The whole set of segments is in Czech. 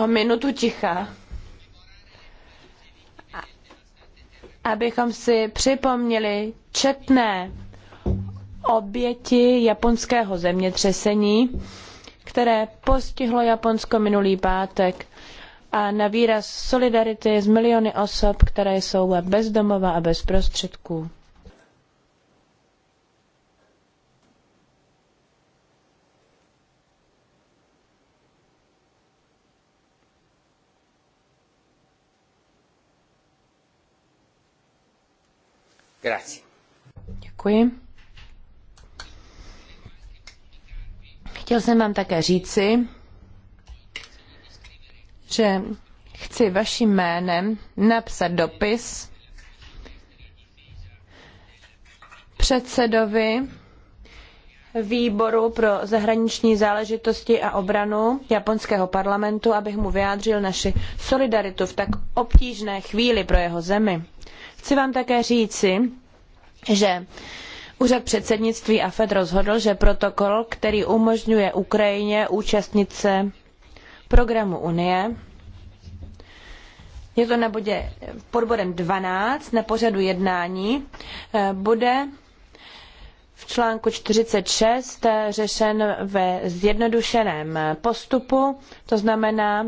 o minutu ticha, abychom si připomněli četné oběti japonského zemětřesení, které postihlo Japonsko minulý pátek a na výraz solidarity s miliony osob, které jsou bezdomova a bez prostředků. Grazie. Děkuji. Chtěl jsem vám také říci, že chci vaším jménem napsat dopis předsedovi výboru pro zahraniční záležitosti a obranu japonského parlamentu, abych mu vyjádřil naši solidaritu v tak obtížné chvíli pro jeho zemi. Chci vám také říci, že Úřad předsednictví afet rozhodl, že protokol, který umožňuje Ukrajině účastnit se programu Unie, je to na bodě, pod bodem 12 na pořadu jednání, eh, bude v článku 46 eh, řešen ve zjednodušeném postupu, to znamená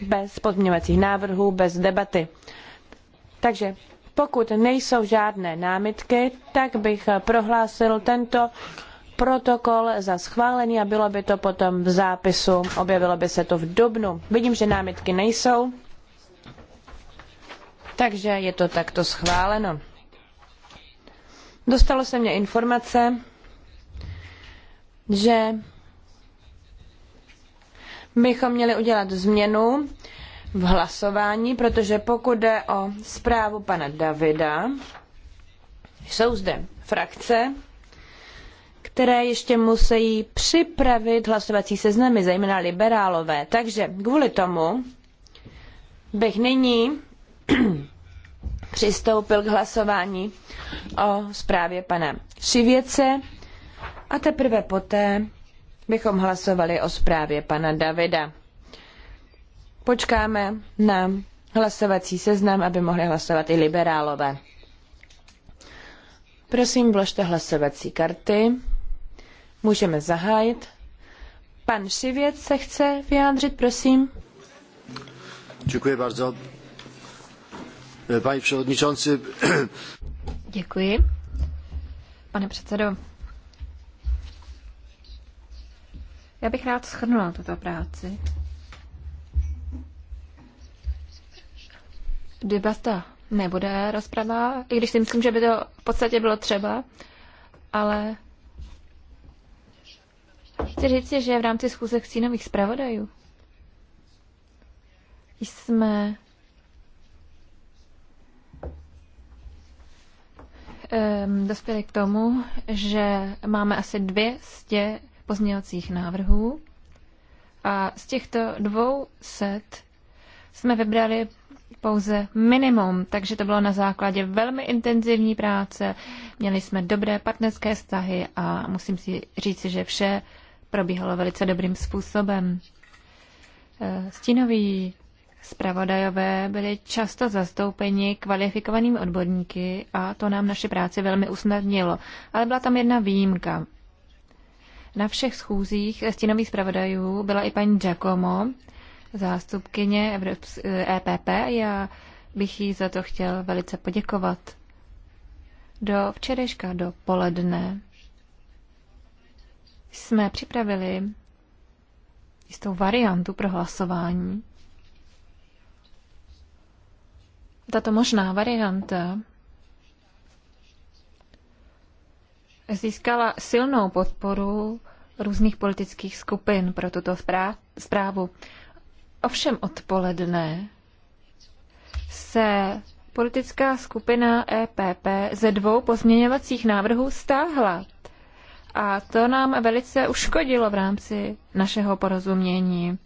bez pozměňovacích návrhů, bez debaty. Takže pokud nejsou žádné námitky, tak bych prohlásil tento protokol za schválený a bylo by to potom v zápisu, objevilo by se to v dubnu. Vidím, že námitky nejsou, takže je to takto schváleno. Dostalo se mě informace, že bychom měli udělat změnu v hlasování, protože pokud jde o zprávu pana Davida, jsou zde frakce, které ještě musí připravit hlasovací seznamy, zejména liberálové. Takže kvůli tomu bych nyní přistoupil k hlasování o zprávě pana Šivěce a teprve poté bychom hlasovali o zprávě pana Davida. Počkáme na hlasovací seznam, aby mohli hlasovat i liberálové. Prosím, vložte hlasovací karty. Můžeme zahájit. Pan Šivěc se chce vyjádřit, prosím. Děkuji bardzo. Pani předsedající. Děkuji. Pane předsedo, já bych rád schrnula tuto práci. debata nebude rozprava, i když si myslím, že by to v podstatě bylo třeba, ale chci říct, že v rámci schůzek stínových zpravodajů jsme um, dospěli k tomu, že máme asi 200 pozměňovacích návrhů a z těchto dvou set jsme vybrali pouze minimum, takže to bylo na základě velmi intenzivní práce, měli jsme dobré partnerské vztahy a musím si říct, že vše probíhalo velice dobrým způsobem. Eh, stínoví zpravodajové byli často zastoupeni kvalifikovanými odborníky a to nám naši práci velmi usnadnilo. Ale byla tam jedna výjimka. Na všech schůzích stínových zpravodajů byla i paní Giacomo, zástupkyně EPP. E Já bych jí za to chtěl velice poděkovat. Do včerejška, do poledne, jsme připravili jistou variantu pro hlasování. Tato možná varianta získala silnou podporu různých politických skupin pro tuto zprávu. Ovšem odpoledne se politická skupina EPP ze dvou pozměňovacích návrhů stáhla. A to nám velice uškodilo v rámci našeho porozumění.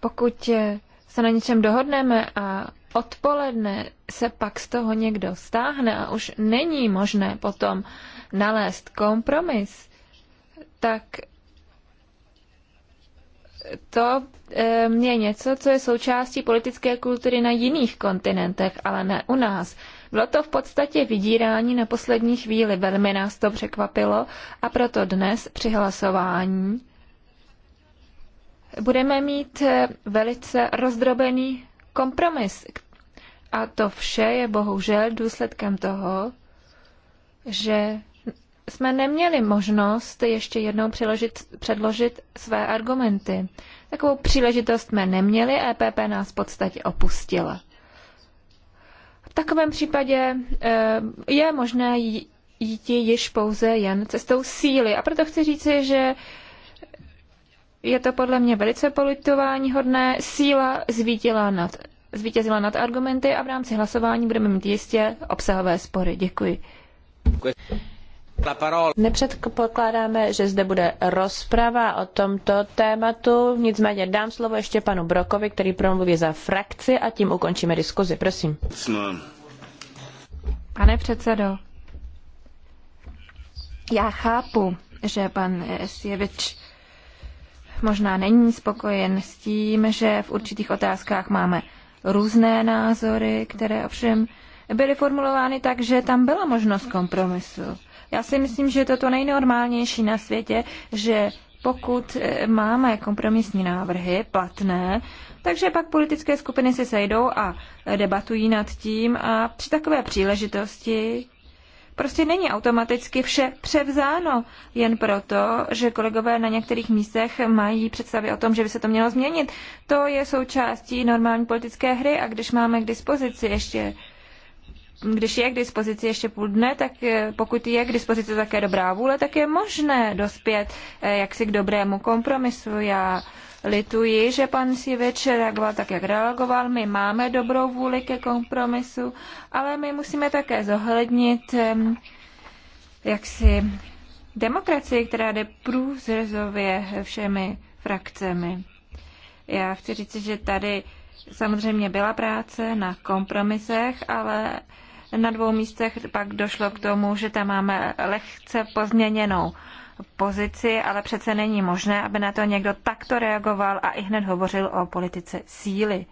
Pokud se na něčem dohodneme a odpoledne se pak z toho někdo stáhne a už není možné potom nalézt kompromis, tak to eh, je něco, co je součástí politické kultury na jiných kontinentech, ale ne u nás. Bylo to v podstatě vydírání na poslední chvíli, velmi nás to překvapilo a proto dnes při hlasování budeme mít eh, velice rozdrobený kompromis. A to vše je bohužel důsledkem toho, že jsme neměli možnost ještě jednou přiložit, předložit své argumenty. Takovou příležitost jsme neměli EPP nás v podstatě opustila. V takovém případě eh, je možné jít již pouze jen cestou síly. A proto chci říci, že je to podle mě velice politování hodné. Síla zvítězila nad, zvítězila nad argumenty a v rámci hlasování budeme mít jistě obsahové spory. Děkuji. Děkuji. Nepředpokládáme, že zde bude rozprava o tomto tématu, nicméně dám slovo ještě panu Brokovi, který promluví za frakci a tím ukončíme diskuzi. Prosím. Pane předsedo, já chápu, že pan Sjevič možná není spokojen s tím, že v určitých otázkách máme různé názory, které ovšem byly formulovány tak, že tam byla možnost kompromisu. Já si myslím, že je to to nejnormálnější na světě, že pokud eh, máme kompromisní návrhy platné, takže pak politické skupiny se sejdou a debatují nad tím a při takové příležitosti prostě není automaticky vše převzáno, jen proto, že kolegové na některých místech mají představy o tom, že by se to mělo změnit. To je součástí normální politické hry a když máme k dispozici ještě když je k dispozici ještě půl dne, tak eh, pokud je k dispozici také dobrá vůle, tak je možné dospět eh, jaksi k dobrému kompromisu. Já lituji, že pan Sivič reagoval tak, jak reagoval. My máme dobrou vůli ke kompromisu, ale my musíme také zohlednit jaksi demokracii, která jde průzrezově všemi frakcemi. Já chci říct, že tady samozřejmě byla práce na kompromisech, ale na dvou místech pak došlo k tomu, že tam máme lehce pozměněnou pozici, ale přece není možné, aby na to někdo takto reagoval a i hned hovořil o politice síly.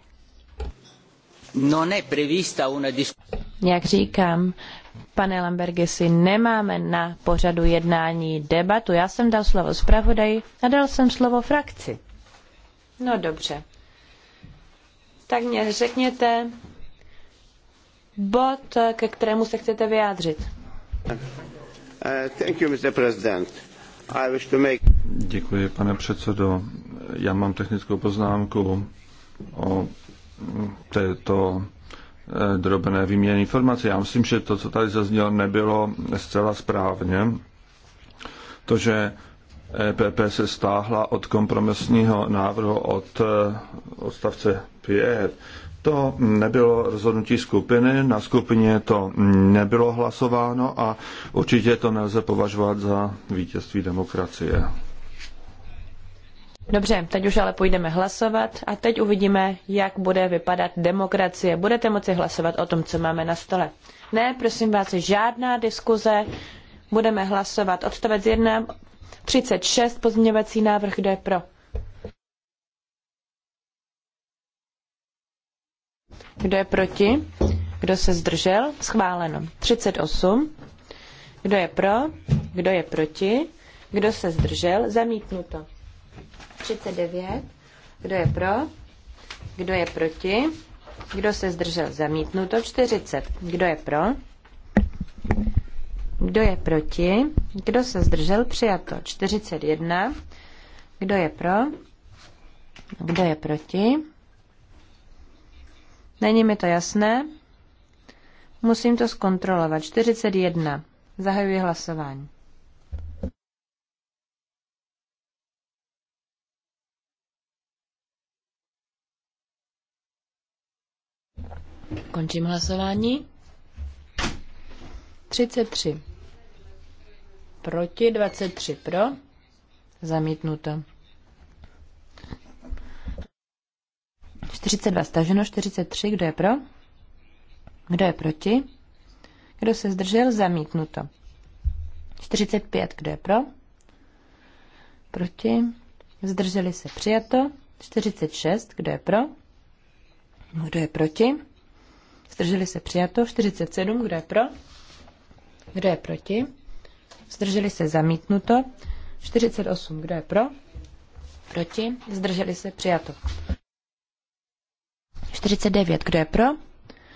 Non è prevista una Jak říkám, pane Lambergesi, nemáme na pořadu jednání debatu. Já jsem dal slovo zpravodaji a dal jsem slovo frakci. No dobře. Tak mě řekněte, bod, ke kterému se chcete vyjádřit. Děkuji, pane předsedo. Já mám technickou poznámku o této eh, drobné výměny informací. Já myslím, že to, co tady zaznělo, nebylo zcela správně. To, že EPP se stáhla od kompromisního návrhu od eh, odstavce 5, to nebylo rozhodnutí skupiny, na skupině to nebylo hlasováno a určitě to nelze považovat za vítězství demokracie. Dobře, teď už ale půjdeme hlasovat a teď uvidíme, jak bude vypadat demokracie. Budete moci hlasovat o tom, co máme na stole. Ne, prosím vás, žádná diskuze. Budeme hlasovat odstavec 1, 36, pozměňovací návrh, kdo je pro? Kdo je proti? Kdo se zdržel? Schváleno. 38. Kdo je pro? Kdo je proti? Kdo se zdržel? Zamítnuto. 39. Kdo je pro? Kdo je proti? Kdo se zdržel? Zamítnuto. 40. Kdo je pro? Kdo je proti? Kdo se zdržel? Přijato. 41. Kdo je pro? Kdo je proti? Není mi to jasné. Musím to zkontrolovat. 41. Zahajuji hlasování. Končím hlasování. 33. Proti 23 pro. Zamítnuto. 42 staženo, 43, kdo je pro? Kdo je proti? Kdo se zdržel? Zamítnuto. 45, kdo je pro? Proti? Zdrželi se přijato. 46, kdo je pro? Kdo je proti? Zdrželi se přijato. 47, kdo je pro? Kdo je proti? Zdrželi se zamítnuto. 48, kdo je pro? Proti? Zdrželi se přijato. 49. Kdo je pro?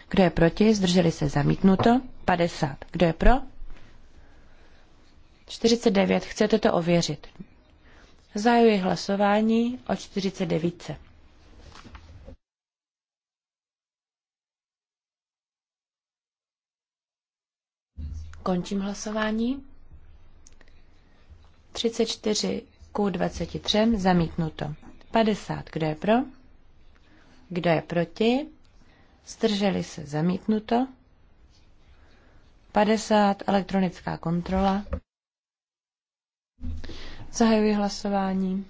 Kdo je proti? Zdrželi se zamítnuto. 50. Kdo je pro? 49. Chcete to ověřit? Zajuji hlasování o 49. Končím hlasování. 34 ku 23 zamítnuto. 50. Kdo je pro? Kdo je proti? Zdrželi se zamítnuto. 50 elektronická kontrola. Zahajuji hlasování.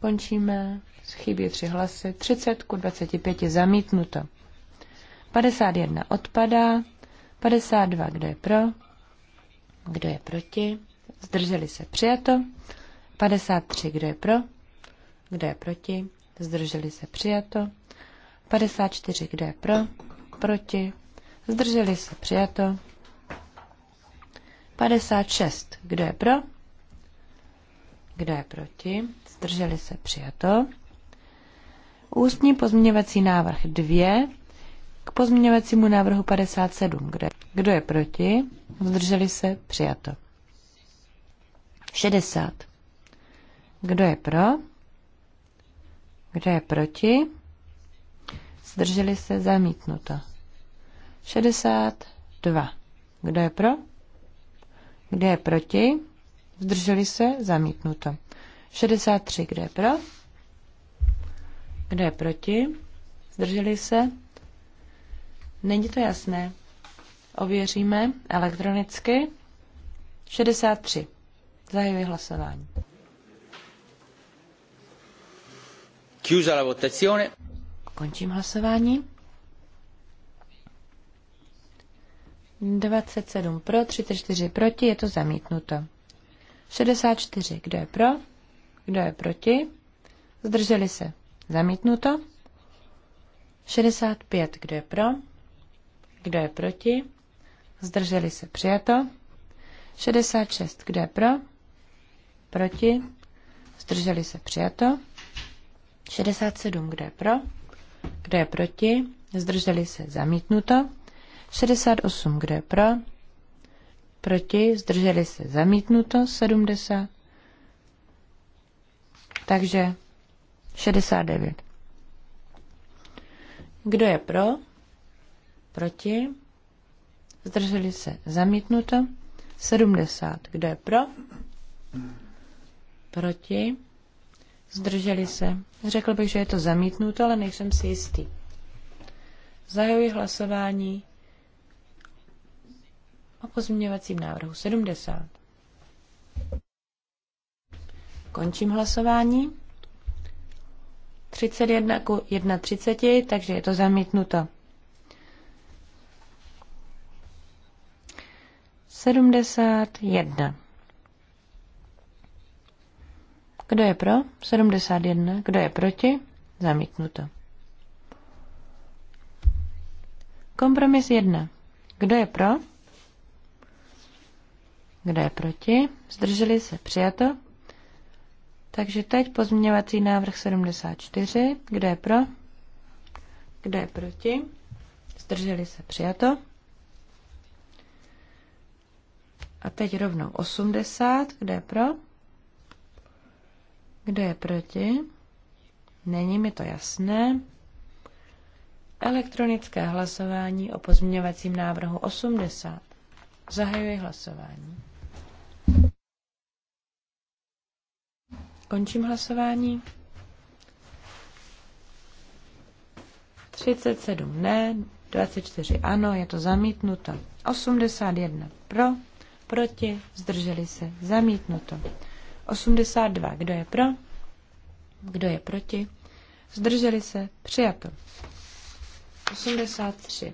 Končíme. Chybí tři hlasy. 30 ku 25 zamítnuto. 51 odpadá. 52 kdo je pro? Kdo je proti? Zdrželi se přijato. 53, kdo je pro? Kdo je proti? Zdrželi se přijato. 54, kdo je pro? Proti? Zdrželi se přijato. 56, kdo je pro? Kdo je proti? Zdrželi se přijato. Ústní pozměňovací návrh 2 k pozměňovacímu návrhu 57. Kdo je, kdo je proti? Zdrželi se přijato. 60. Kdo je pro? Kdo je proti? Zdrželi se zamítnuto. 62. Kdo je pro? Kdo je proti? Zdrželi se zamítnuto. 63. Kdo je pro? Kdo je proti? Zdrželi se? Není to jasné. Ověříme elektronicky. 63. Zahajuji hlasování. Chiusa la votazione. Končím hlasování. 27 pro, 34 proti, je to zamítnuto. 64, kdo je pro, kdo je proti, zdrželi se, zamítnuto. 65, kdo je pro, kdo je proti, zdrželi se, přijato. 66, kdo je pro, Proti? Zdrželi se přijato. 67, kdo je pro? Kdo je proti? Zdrželi se zamítnuto. 68, kdo je pro? Proti? Zdrželi se zamítnuto. 70. Takže 69. Kdo je pro? Proti? Zdrželi se zamítnuto. 70. Kdo je pro? Proti? Zdrželi se. Řekl bych, že je to zamítnuto, ale nejsem si jistý. Zahajuji hlasování o pozměňovacím návrhu 70. Končím hlasování. 31 ku 31, takže je to zamítnuto. 71. Kdo je pro? 71. Kdo je proti? Zamítnuto. Kompromis 1. Kdo je pro? Kdo je proti? Zdrželi se. Přijato. Takže teď pozměňovací návrh 74. Kdo je pro? Kdo je proti? Zdrželi se. Přijato. A teď rovnou 80. Kdo je pro? Kdo je proti? Není mi to jasné. Elektronické hlasování o pozměňovacím návrhu 80. Zahajuji hlasování. Končím hlasování. 37 ne, 24 ano, je to zamítnuto. 81 pro, proti, zdrželi se, zamítnuto. 82. Kdo je pro? Kdo je proti? Zdrželi se? Přijato. 83.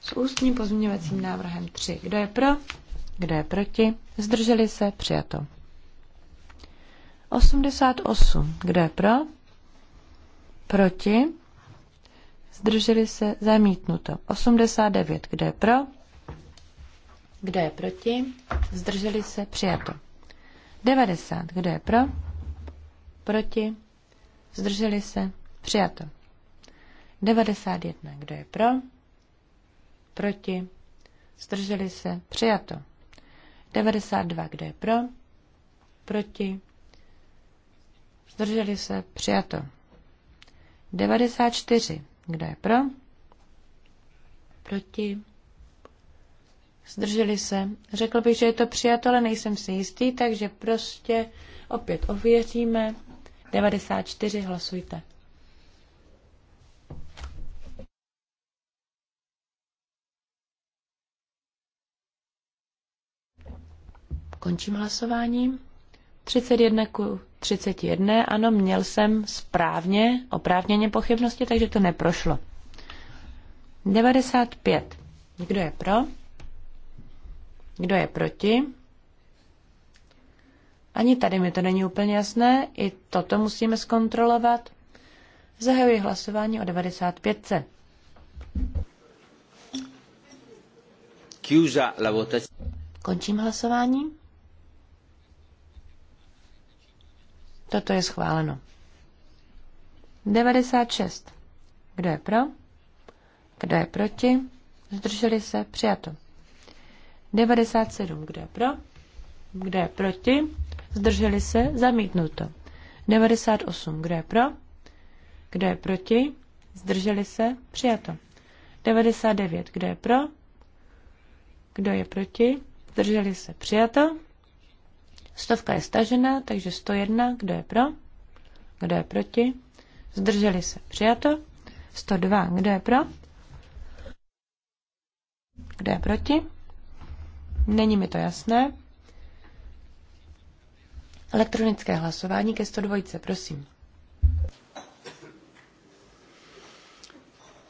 S ústním pozměňovacím návrhem 3. Kdo je pro? Kdo je proti? Zdrželi se? Přijato. 88. Kdo je pro? Proti? Zdrželi se? Zamítnuto. 89. Kdo je pro? Kdo je proti? Zdrželi se? Přijato. 90. Kdo je pro? Proti? Zdrželi se? Přijato. 91. Kdo je pro? Proti? Zdrželi se? Přijato. 92. Kdo je pro? Proti? Zdrželi se? Přijato. 94. Kdo je pro? Proti? Zdrželi se. Řekl bych, že je to přijato, ale nejsem si jistý, takže prostě opět ověříme. 94 hlasujte. Končím hlasování. 31 ku 31. Ano, měl jsem správně, oprávněně pochybnosti, takže to neprošlo. 95. Kdo je pro? Kdo je proti? Ani tady mi to není úplně jasné, i toto musíme zkontrolovat. Zahajuji hlasování o 95. la Končím hlasování. Toto je schváleno. 96. Kdo je pro? Kdo je proti? Zdrželi se? Přijato. 97. Kdo je pro? Kdo je proti? Zdrželi se? Zamítnuto. 98. Kdo je pro? Kdo je proti? Zdrželi se? Přijato. 99. Kdo je pro? Kdo je proti? Zdrželi se? Přijato. Stovka je stažena, takže 101. Kdo je pro? Kdo je proti? Zdrželi se? Přijato. 102. Kdo je pro? Kdo je proti? Není mi to jasné. Elektronické hlasování ke 102, prosím.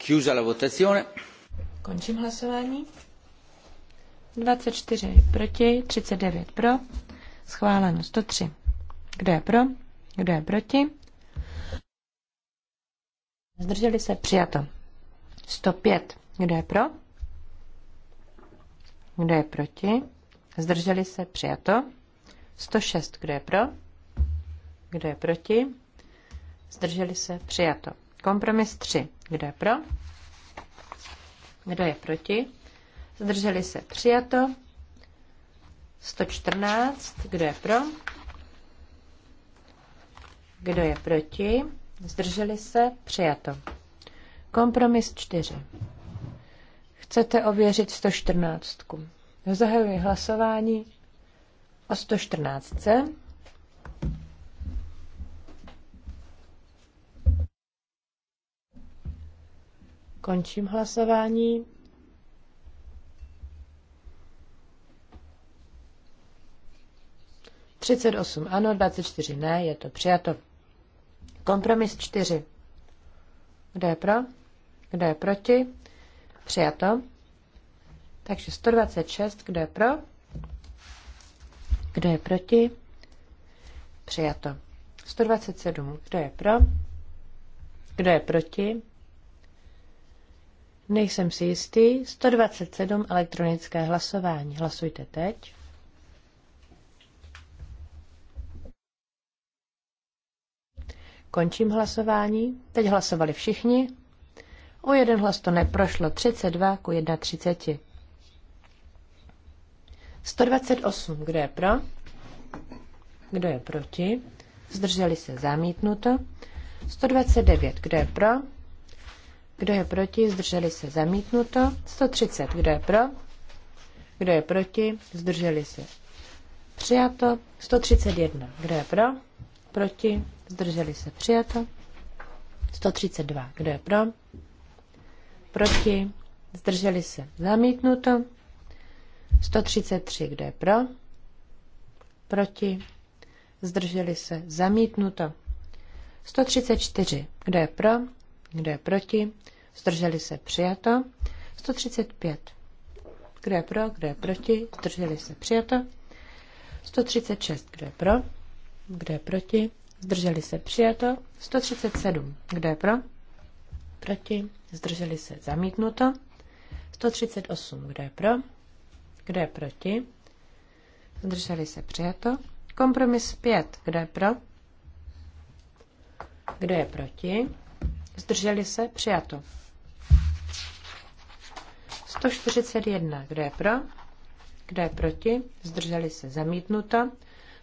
Chiusa la votazione. Končím hlasování. 24 proti, 39 pro. Schváleno 103. Kdo je pro? Kdo je proti? Zdrželi se přijato. 105. Kdo je pro? Kdo je proti? Zdrželi se? Přijato. 106. Kdo je pro? Kdo je proti? Zdrželi se? Přijato. Kompromis 3. Kdo je pro? Kdo je proti? Zdrželi se? Přijato. 114. Kdo je pro? Kdo je proti? Zdrželi se? Přijato. Kompromis 4. Chcete ověřit 114. Zahajuji hlasování o 114. Končím hlasování. Třicet osm ano, dvacet čtyři ne, je to přijato. Kompromis čtyři. Kdo je pro? Kdo je proti? Přijato. Takže 126, kdo je pro? Kdo je proti? Přijato. 127, kdo je pro? Kdo je proti? Nejsem si jistý. 127 elektronické hlasování. Hlasujte teď. Končím hlasování. Teď hlasovali všichni. O jeden hlas to neprošlo. 32 ku 31. 128. Kdo je pro? Kdo je proti? Zdrželi se zamítnuto. 129. Kdo je pro? Kdo je proti? Zdrželi se zamítnuto. 130. Kdo je pro? Kdo je proti? Zdrželi se. Přijato. 131. Kdo je pro? Proti? Zdrželi se. Přijato. 132. Kdo je pro? proti, zdrželi se, zamítnuto. 133, kdo je pro, proti, zdrželi se, zamítnuto. 134, kdo je pro, kdo je proti, zdrželi se, přijato. 135, kdo je pro, kdo je proti, zdrželi se, přijato. 136, kdo je pro, kdo je proti, zdrželi se, přijato. 137, kdo je pro, Proti? Zdrželi se. Zamítnuto. 138. Kdo je pro? Kdo je proti? Zdrželi se. Přijato. Kompromis 5. Kdo je pro? Kdo je proti? Zdrželi se. Přijato. 141. Kdo je pro? Kdo je proti? Zdrželi se. Zamítnuto.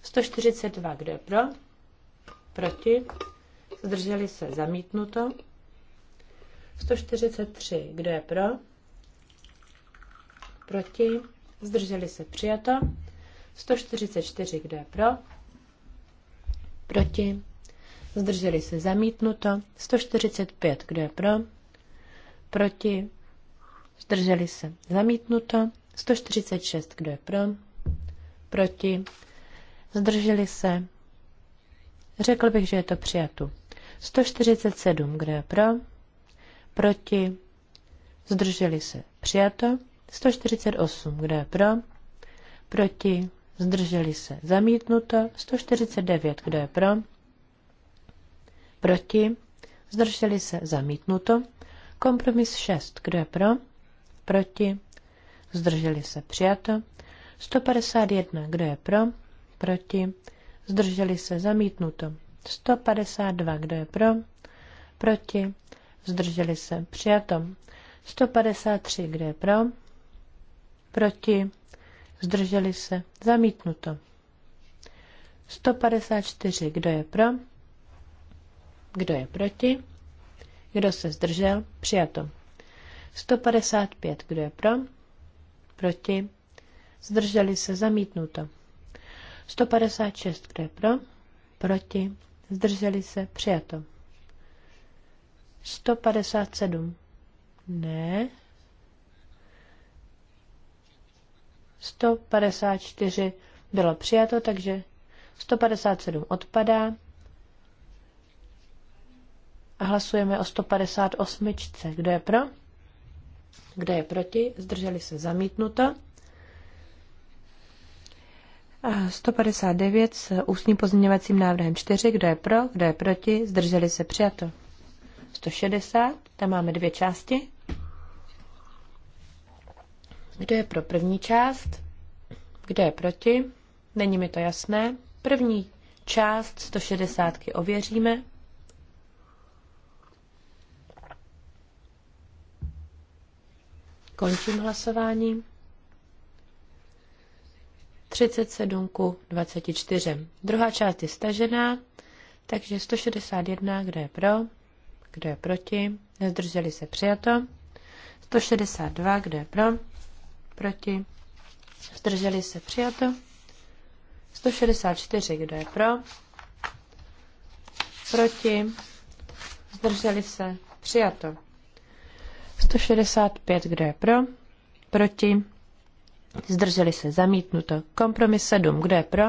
142. Kdo je pro? Proti? Zdrželi se. Zamítnuto. 143. Kdo je pro? Proti? Zdrželi se přijato. 144. Kdo je pro? Proti? Zdrželi se zamítnuto. 145. Kdo je pro? Proti? Zdrželi se zamítnuto. 146. Kdo je pro? Proti? Zdrželi se. Řekl bych, že je to přijato. 147. Kdo je pro? proti, zdrželi se, přijato. 148, kdo je pro, proti, zdrželi se, zamítnuto. 149, kdo je pro, proti, zdrželi se, zamítnuto. Kompromis 6, kdo je pro, proti, zdrželi se, přijato. 151, kdo je pro, proti, zdrželi se, zamítnuto. 152, kdo je pro, proti, zdrželi se, přijato. 153, kde je pro, proti, zdrželi se, zamítnuto. 154, kdo je pro, kdo je proti, kdo se zdržel, přijato. 155, kdo je pro, proti, zdrželi se, zamítnuto. 156, kdo je pro, proti, zdrželi se, přijato. 157. Ne. 154 bylo přijato, takže 157 odpadá. A hlasujeme o 158. Kdo je pro? Kdo je proti? Zdrželi se zamítnuto. 159 s ústním pozměňovacím návrhem 4. Kdo je pro? Kdo je proti? Zdrželi se přijato. 160, tam máme dvě části. Kdo je pro první část? Kdo je proti? Není mi to jasné. První část 160 ověříme. Končím hlasování. 37 ku 24. Druhá část je stažená, takže 161, kdo je pro, kdo je proti, zdrželi se přijato. 162, kdo je pro, proti, zdrželi se přijato. 164, kdo je pro, proti, zdrželi se přijato. 165, kdo je pro, proti, zdrželi se zamítnuto. Kompromis 7, kdo je pro,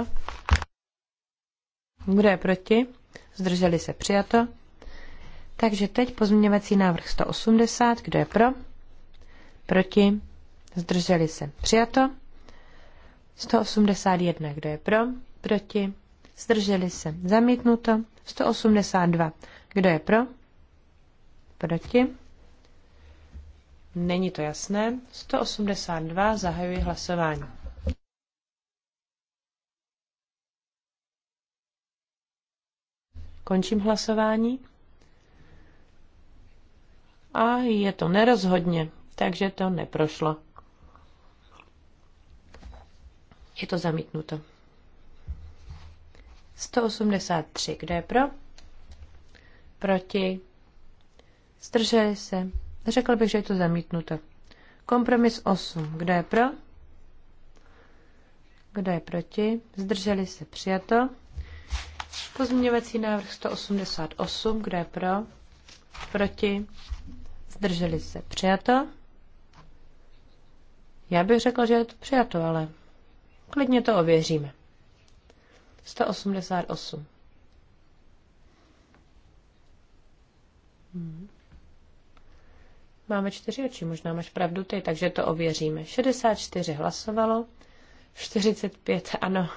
kdo je proti, zdrželi se přijato. Takže teď pozměňovací návrh 180. Kdo je pro? Proti? Zdrželi se. Přijato. 181. Kdo je pro? Proti? Zdrželi se. Zamítnuto. 182. Kdo je pro? Proti? Není to jasné. 182. Zahajuji hlasování. Končím hlasování a je to nerozhodně, takže to neprošlo. Je to zamítnuto. 183. Kdo je pro? Proti? Zdrželi se? Řekl bych, že je to zamítnuto. Kompromis 8. Kdo je pro? Kdo je proti? Zdrželi se? Přijato. Pozměňovací návrh 188. Kdo je pro? Proti? zdrželi se, přijato. Já bych řekl, že je to přijato, ale klidně to ověříme. 188. Hmm. Máme čtyři oči, možná máš pravdu ty, takže to ověříme. 64 hlasovalo, 45 ano.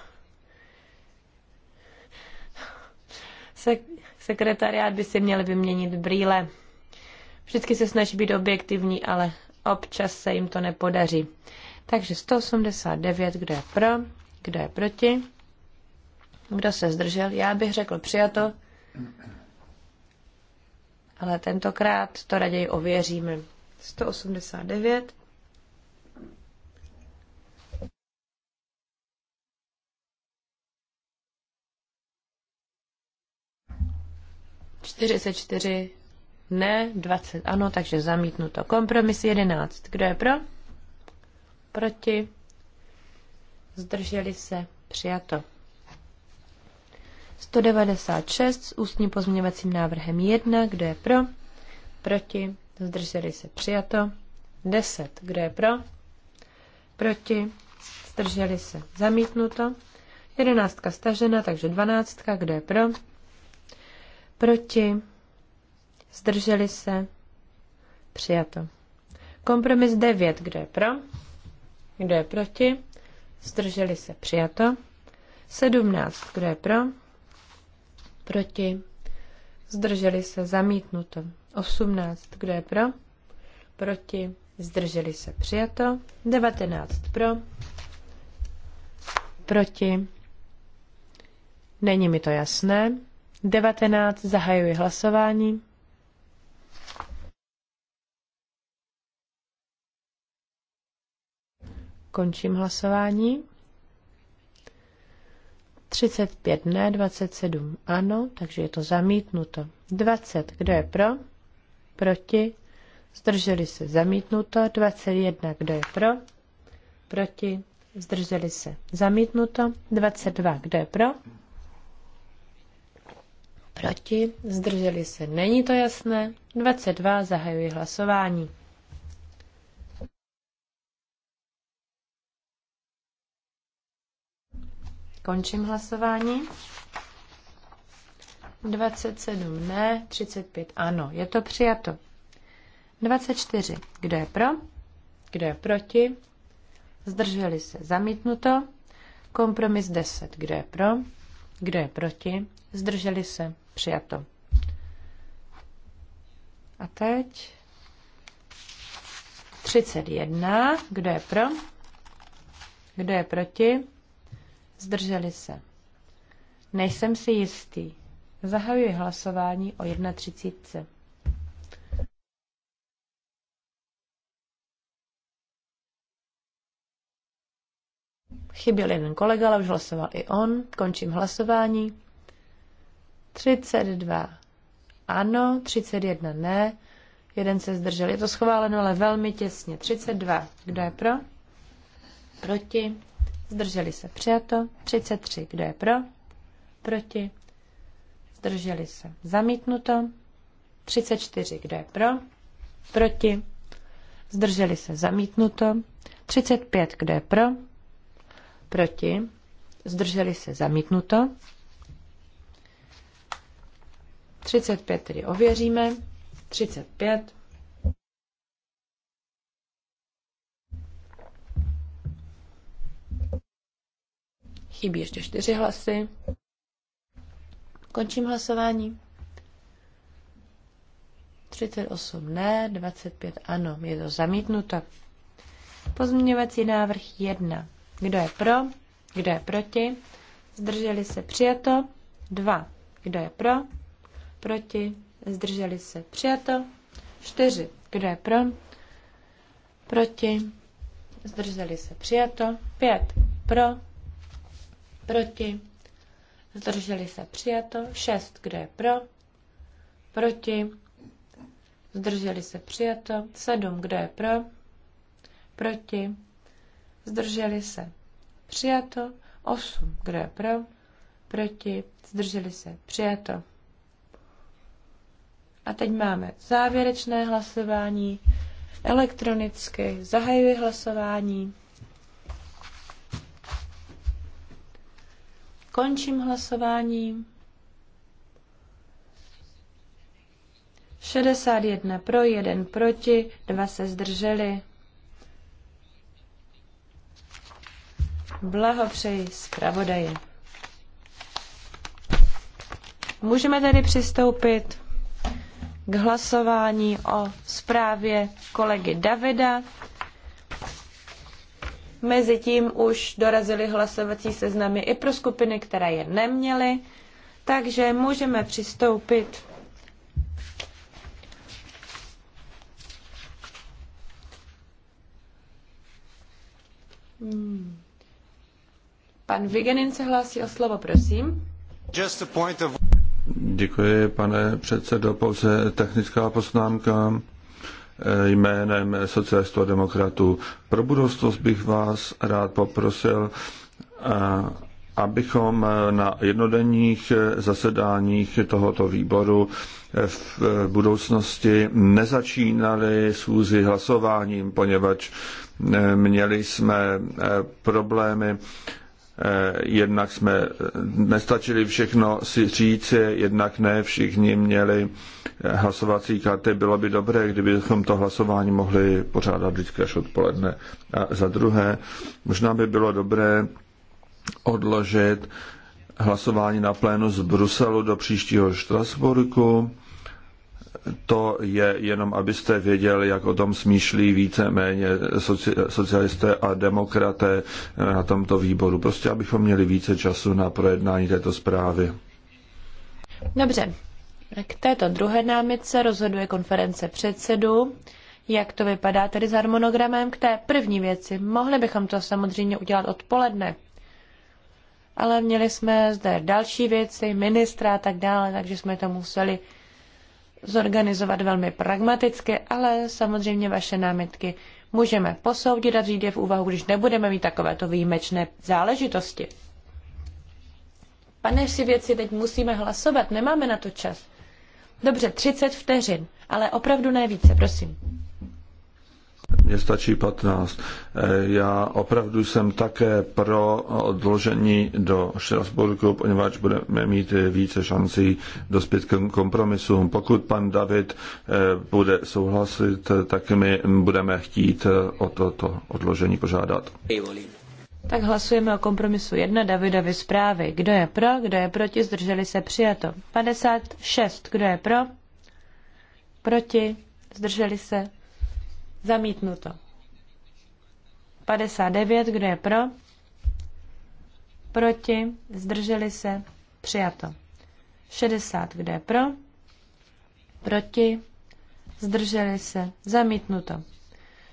Sek- sekretariát by si měl vyměnit brýle. Vždycky se snaží být objektivní, ale občas se jim to nepodaří. Takže 189, kdo je pro, kdo je proti, kdo se zdržel. Já bych řekl přijato, ale tentokrát to raději ověříme. 189. Čtyřicet čtyři ne, 20 ano, takže zamítnuto. Kompromis 11. Kdo je pro? Proti? Zdrželi se? Přijato. 196 s ústním pozměňovacím návrhem 1. Kdo je pro? Proti? Zdrželi se? Přijato. 10. Kdo je pro? Proti? Zdrželi se? Zamítnuto. 11 stažena, takže 12. Kdo je pro? Proti? Zdrželi se? Přijato. Kompromis 9. Kdo je pro? Kdo je proti? Zdrželi se? Přijato. 17. Kdo je pro? Proti? Zdrželi se? Zamítnuto. 18. Kdo je pro? Proti? Zdrželi se? Přijato. 19. Pro? Proti? Není mi to jasné. 19. Zahajuji hlasování. Končím hlasování. 35 ne, 27 ano, takže je to zamítnuto. 20, kdo je pro? Proti? Zdrželi se zamítnuto. 21, kdo je pro? Proti? Zdrželi se zamítnuto. 22, kdo je pro? Proti? Zdrželi se, není to jasné. 22, zahajuji hlasování. Končím hlasování. 27 ne, 35 ano. Je to přijato. 24. Kdo je pro? Kdo je proti? Zdrželi se. Zamítnuto. Kompromis 10. Kdo je pro? Kdo je proti? Zdrželi se. Přijato. A teď 31. Kdo je pro? Kdo je proti? Zdrželi se. Nejsem si jistý. Zahajuji hlasování o 1.30. Chyběl jeden kolega, ale už hlasoval i on. Končím hlasování. 32 ano, 31 ne, jeden se zdržel. Je to schváleno, ale velmi těsně. 32. Kdo je pro? Proti? Zdrželi se přijato. 33. Kdo je pro? Proti? Zdrželi se zamítnuto. 34. Kdo je pro? Proti? Zdrželi se zamítnuto. 35. Kdo je pro? Proti? Zdrželi se zamítnuto. 35 tedy ověříme. 35. Chybí ještě čtyři hlasy. Končím hlasování. 38 ne, 25 ano. Je to zamítnuto. Pozměňovací návrh 1. Kdo je pro? Kdo je proti? Zdrželi se přijato. 2. Kdo je pro? Proti? Zdrželi se přijato. 4. Kdo je pro? Proti? Zdrželi se přijato. 5. Pro? Proti. Zdrželi se přijato. 6. Kdo je pro? Proti. Zdrželi se přijato. 7. Kdo je pro? Proti. Zdrželi se přijato. 8. Kdo je pro? Proti. Zdrželi se přijato. A teď máme závěrečné hlasování. Elektronicky zahajuji hlasování. Končím hlasování. 61 pro, 1 proti, 2 se zdrželi. Blahopřeji zpravodaji. Můžeme tedy přistoupit k hlasování o zprávě kolegy Davida. Mezitím už dorazily hlasovací seznamy i pro skupiny, které je neměly, takže můžeme přistoupit Hmm. Pan Vigenin se hlásí o slovo, prosím. Of... Děkuji, pane předsedo, pouze technická poznámka. Eh, jménem socialistů a demokratů. Pro budoucnost bych vás rád poprosil, eh, abychom na jednodenních zasedáních tohoto výboru eh, v budoucnosti nezačínali schůzi hlasováním, poněvadž měli jsme problémy Eh, jednak jsme eh, nestačili všechno si říci, jednak ne, všichni měli eh, hlasovací karty. Bylo by dobré, kdybychom to hlasování mohli pořádat vždycky až odpoledne. A za druhé, možná by bylo dobré odložit hlasování na plénu z Bruselu do příštího Štrasburku to je jenom, abyste věděli, jak o tom smýšlí méně socialisté a demokraté na tomto výboru. Prostě, abychom měli více času na projednání této zprávy. Dobře. K této druhé námitce rozhoduje konference předsedů. Jak to vypadá tedy s harmonogramem k té první věci? Mohli bychom to samozřejmě udělat odpoledne, ale měli jsme zde další věci, ministra a tak dále, takže jsme to museli zorganizovat velmi pragmaticky, ale samozřejmě vaše námitky můžeme posoudit a vzít je v úvahu, když nebudeme mít takovéto výjimečné záležitosti. Pane si věci, teď musíme hlasovat, nemáme na to čas. Dobře, 30 vteřin, ale opravdu ne více, prosím. Mně stačí 15. E, já opravdu jsem také pro odložení do Štrasburku, poněvadž budeme mít více šancí dospět k kompromisům. Pokud pan David e, bude souhlasit, tak my budeme chtít o toto odložení požádat. Tak hlasujeme o kompromisu 1 Davidovi zprávy. Kdo je pro, kdo je proti, zdrželi se přijato. 56. Kdo je pro? Proti, zdrželi se Zamítnuto. 59, kdo je pro? Proti, zdrželi se, přijato. 60, kdo je pro? Proti, zdrželi se, zamítnuto.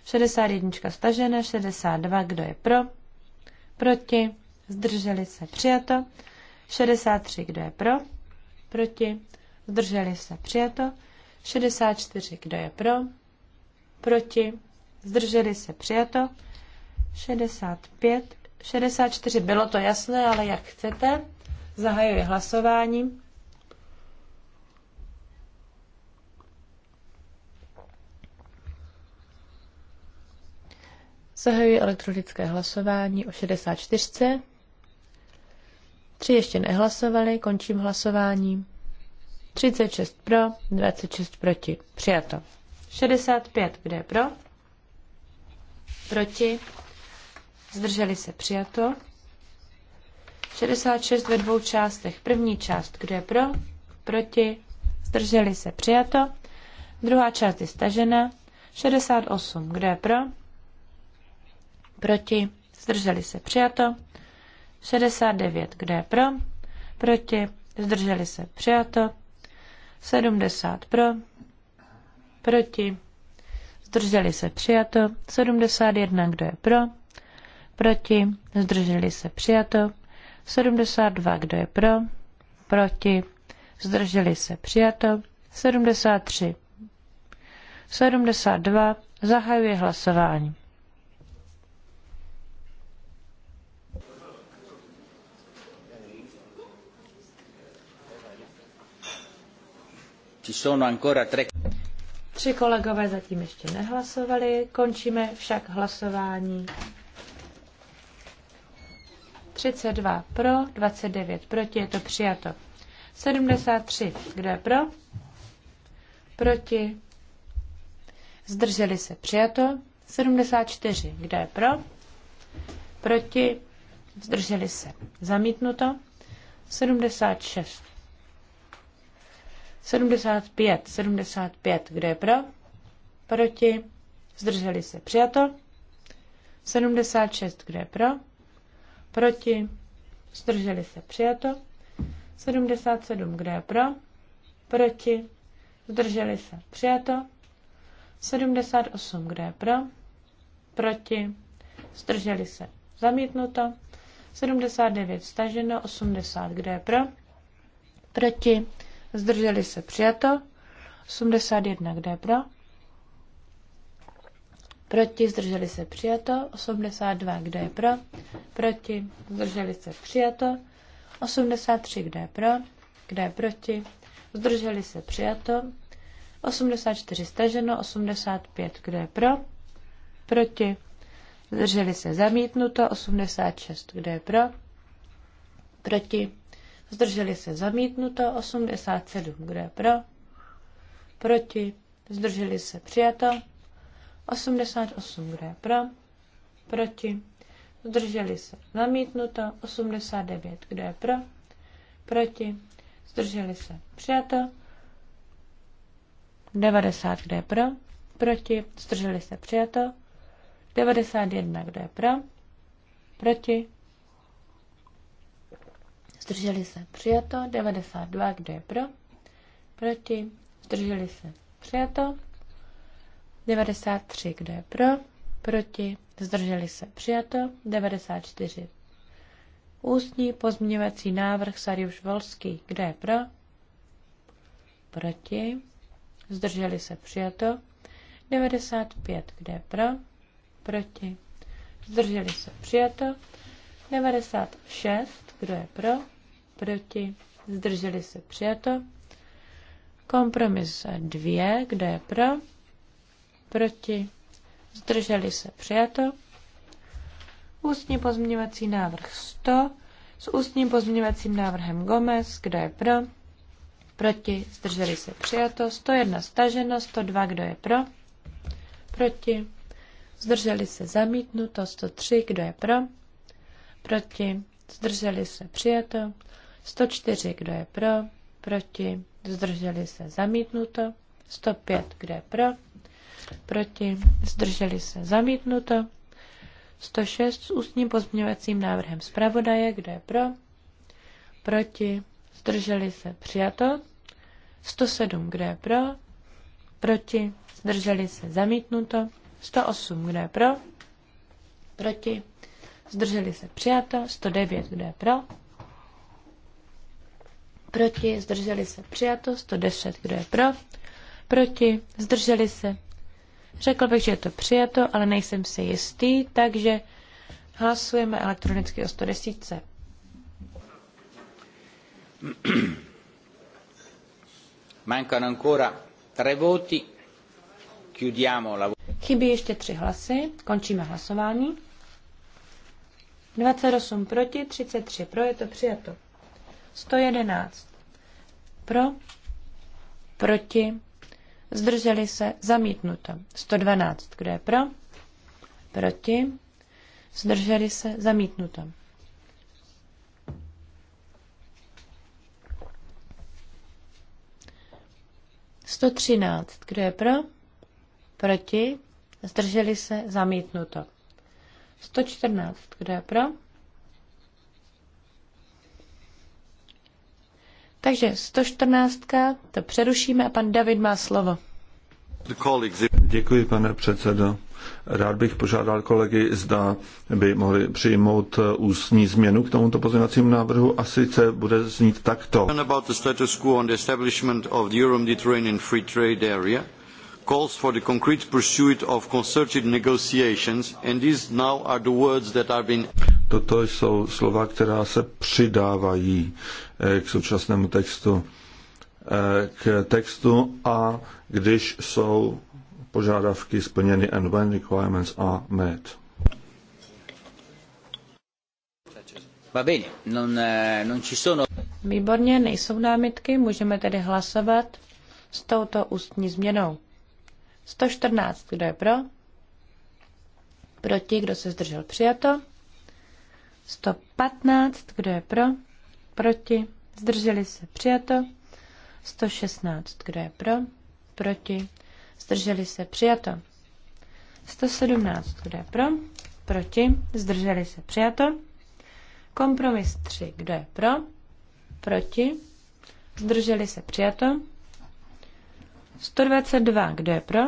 61 stažena, 62, kdo je pro? Proti, zdrželi se, přijato. 63, kdo je pro? Proti, zdrželi se, přijato. 64, kdo je pro? proti, zdrželi se přijato, 65, 64, bylo to jasné, ale jak chcete, zahajuji hlasování. Zahajuji elektronické hlasování o 64. Tři ještě nehlasovali, končím hlasování. 36 pro, 26 proti. Přijato. 65, kde je pro? Proti? Zdrželi se přijato. 66 ve dvou částech. První část, kde je pro? Proti? Zdrželi se přijato. Druhá část je stažena. 68, kde je pro? Proti? Zdrželi se přijato. 69, kde je pro? Proti? Zdrželi se přijato. 70 pro, Proti? Zdrželi se přijato. 71. Kdo je pro? Proti? Zdrželi se přijato. 72. Kdo je pro? Proti? Zdrželi se přijato. 73. 72. Zahajuje hlasování. Ci sono ancora tre Tři kolegové zatím ještě nehlasovali, končíme však hlasování. 32 pro, 29 proti, je to přijato. 73, kdo je pro? Proti. Zdrželi se, přijato. 74, kdo je pro? Proti. Zdrželi se, zamítnuto. 76 75, 75, kdo je pro? Proti? Zdrželi se. Přijato. 76, kdo je pro? Proti? Zdrželi se. Přijato. 77, kdo je pro? Proti? Zdrželi se. Přijato. 78, kdo je pro? Proti? Zdrželi se. Zamítnuto. 79, staženo. 80, kdo je pro? Proti? Zdrželi se přijato. 81, kde je pro? Proti, zdrželi se přijato. 82, kde je pro? Proti, zdrželi se přijato. 83, kde je pro? Kde je proti? Zdrželi se přijato. 84 staženo, 85 kde je pro, proti, zdrželi se zamítnuto, 86 kde je pro, proti, zdrželi se zamítnuto, 87, kdo je pro, proti, zdrželi se přijato, 88, kdo je pro, proti, zdrželi se zamítnuto, 89, kdo je pro, proti, zdrželi se přijato, 90, kdo je pro, proti, zdrželi se přijato, 91, kdo je pro, proti, Zdrželi se přijato. 92, kdo je pro? Proti. Zdrželi se přijato. 93, kdo je pro? Proti. Zdrželi se přijato. 94. Ústní pozměňovací návrh Sariuš Volský. Kdo je pro? Proti. Zdrželi se přijato. 95. Kdo je pro? Proti. Zdrželi se přijato. 96, kdo je pro, proti, zdrželi se přijato. Kompromis 2, kdo je pro, proti, zdrželi se přijato. Ústní pozměňovací návrh 100 s ústním pozměňovacím návrhem Gomez, kdo je pro, proti, zdrželi se přijato. 101 staženo, 102, kdo je pro, proti, zdrželi se zamítnuto, 103, kdo je pro, proti, zdrželi se přijato, 104, kdo je pro, proti, zdrželi se zamítnuto, 105, kdo je pro, proti, zdrželi se zamítnuto, 106 s ústním pozměňovacím návrhem zpravodaje, kdo je pro, proti, zdrželi se přijato, 107, kdo je pro, proti, zdrželi se zamítnuto, 108, kdo je pro, proti, zdrželi se přijato, 109, kdo je pro, proti, zdrželi se přijato, 110, kdo je pro, proti, zdrželi se. Řekl bych, že je to přijato, ale nejsem si jistý, takže hlasujeme elektronicky o 110. Mancano ancora tre voti. Chiudiamo la Chybí ještě tři hlasy. Končíme hlasování. 28 proti, 33 pro, je to přijato. 111 pro, proti, zdrželi se, zamítnuto. 112, kdo je pro, proti, zdrželi se, zamítnuto. Sto třináct, kdo je pro, proti, zdrželi se, zamítnuto. 114. Kdo je pro? Takže 114. to přerušíme a pan David má slovo. Děkuji, pane předsedo. Rád bych požádal kolegy, zda by mohli přijmout ústní změnu k tomuto pozměňovacímu návrhu a sice bude znít takto calls for the concrete pursuit of concerted negotiations, and these now are the words that are being... Toto jsou slova, která se přidávají eh, k současnému textu, eh, k textu a když jsou požádavky splněny and when requirements are met. Eh, Výborně, nejsou námitky, můžeme tedy hlasovat s touto ústní změnou. 114, kdo je pro? Proti, kdo se zdržel? Přijato. 115, kdo je pro? Proti, zdrželi se? Přijato. 116, kdo je pro? Proti, zdrželi se? Přijato. 117, kdo je pro? Proti, zdrželi se? Přijato. Kompromis 3, kdo je pro? Proti, zdrželi se? Přijato. 122. Kdo je pro?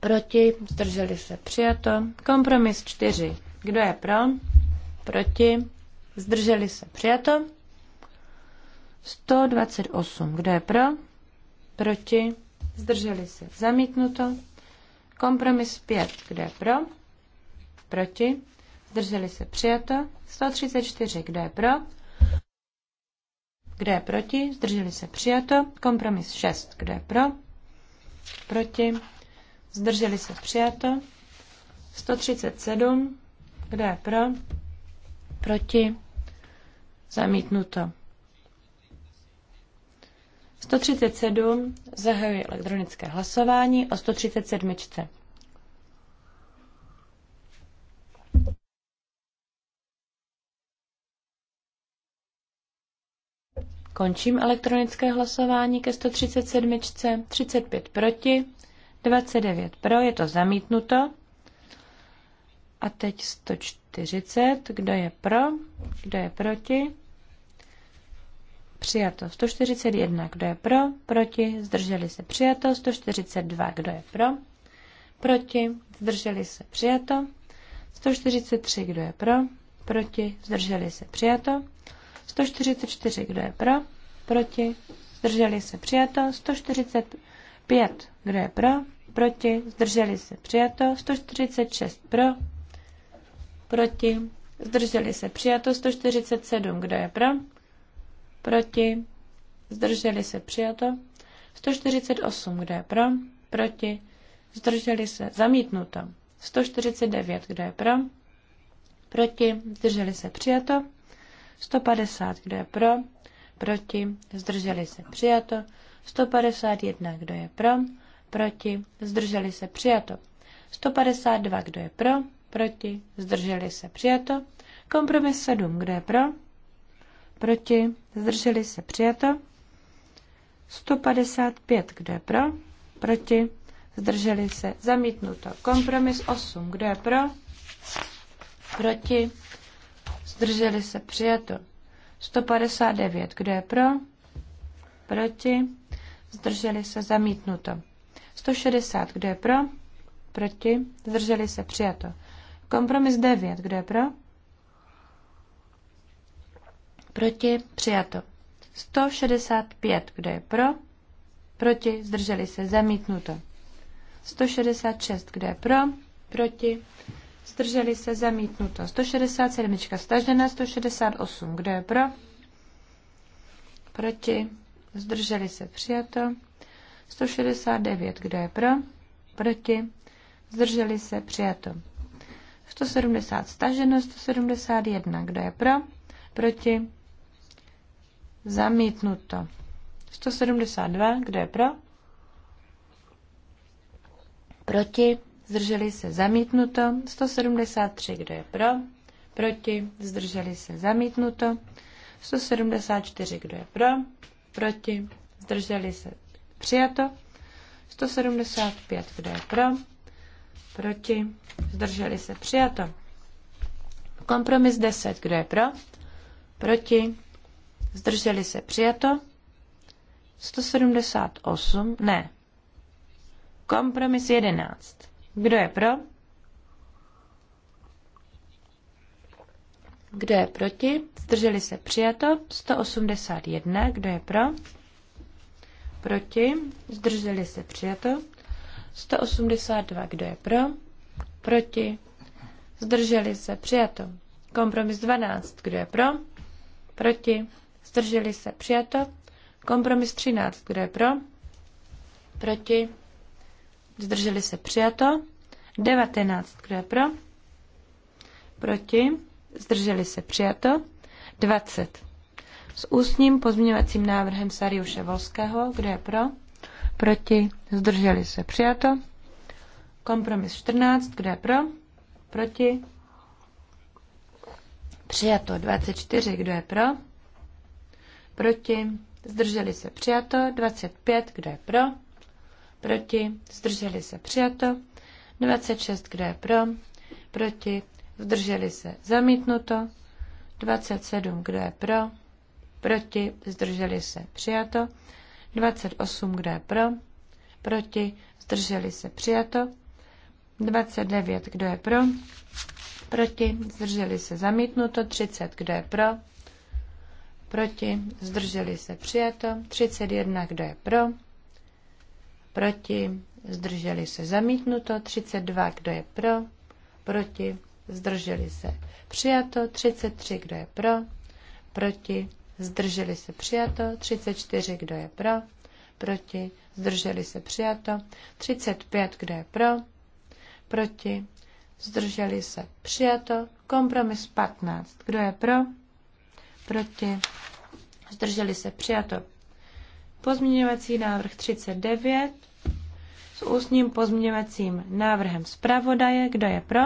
Proti? Zdrželi se. Přijato. Kompromis 4. Kdo je pro? Proti? Zdrželi se. Přijato. 128. Kdo je pro? Proti? Zdrželi se. Zamítnuto. Kompromis 5. Kdo je pro? Proti? Zdrželi se. Přijato. 134. Kdo je pro? Kdo je proti? Zdrželi se přijato. Kompromis 6. Kdo je pro? Proti. Zdrželi se přijato. 137. Kdo je pro? Proti. Zamítnuto. 137. Zahajuji elektronické hlasování o 137. Končím elektronické hlasování ke 137. 35 proti, 29 pro, je to zamítnuto. A teď 140, kdo je pro, kdo je proti. Přijato 141, kdo je pro, proti, zdrželi se přijato, 142, kdo je pro, proti, zdrželi se přijato, 143, kdo je pro, proti, zdrželi se přijato, 144, kdo je pro, proti, zdrželi se přijato, 145, kdo je pro, proti, zdrželi se přijato, 146 pro, proti, zdrželi se přijato, 147, kdo je pro, proti, zdrželi se přijato, 148, kdo je pro, proti, zdrželi se zamítnuto, 149, kdo je pro, proti, zdrželi se přijato, 150, kdo je pro, proti, zdrželi se přijato. 151, kdo je pro, proti, zdrželi se přijato. 152, kdo je pro, proti, zdrželi se přijato. Kompromis 7, kdo je pro, proti, zdrželi se přijato. 155, kdo je pro, proti, zdrželi se zamítnuto. Kompromis 8, kdo je pro, proti, Zdrželi se přijato. 159. Kdo je pro? Proti? Zdrželi se zamítnuto. 160. Kdo je pro? Proti? Zdrželi se přijato. Kompromis 9. Kdo je pro? Proti? Přijato. 165. Kdo je pro? Proti? Zdrželi se zamítnuto. 166. Kdo je pro? Proti? zdrželi se, zamítnuto. 167 stažena, 168, kdo je pro, proti, zdrželi se, přijato. 169, kdo je pro, proti, zdrželi se, přijato. 170 staženo, 171, kdo je pro, proti, zamítnuto. 172, kdo je pro, proti, zdrželi se zamítnuto, 173, kdo je pro, proti, zdrželi se zamítnuto, 174, kdo je pro, proti, zdrželi se přijato, 175, kdo je pro, proti, zdrželi se přijato. Kompromis 10, kdo je pro, proti, zdrželi se přijato, 178, ne, kompromis 11. Kdo je pro? Kdo je proti? Zdrželi se přijato. 181. Kdo je pro? Proti. Zdrželi se přijato. 182. Kdo je pro? Proti. Zdrželi se přijato. Kompromis 12. Kdo je pro? Proti. Zdrželi se přijato. Kompromis 13. Kdo je pro? Proti. Zdrželi se přijato. 19. Kdo je pro? Proti. Zdrželi se přijato. 20. S ústním pozměňovacím návrhem Sariuše Volského. Kdo je pro? Proti. Zdrželi se přijato. Kompromis 14. Kdo je pro? Proti. Přijato 24. Kdo je pro? Proti. Zdrželi se přijato. 25. Kdo je pro? proti, zdrželi se přijato, 26, kdo je pro, proti, zdrželi se zamítnuto, 27, kdo je pro, proti, zdrželi se přijato, 28, kdo je pro, proti, zdrželi se přijato, 29, kdo je pro, proti, zdrželi se zamítnuto, 30, kdo je pro, proti, zdrželi se přijato, 31, kdo je pro, proti, zdrželi se zamítnuto, 32, kdo je pro, proti, zdrželi se přijato, 33, kdo je pro, proti, zdrželi se přijato, 34, kdo je pro, proti, zdrželi se přijato, 35, kdo je pro, proti, zdrželi se přijato, kompromis 15, kdo je pro, proti, zdrželi se přijato, Pozměňovací návrh 39 s ústním pozměňovacím návrhem zpravodaje. Kdo je pro?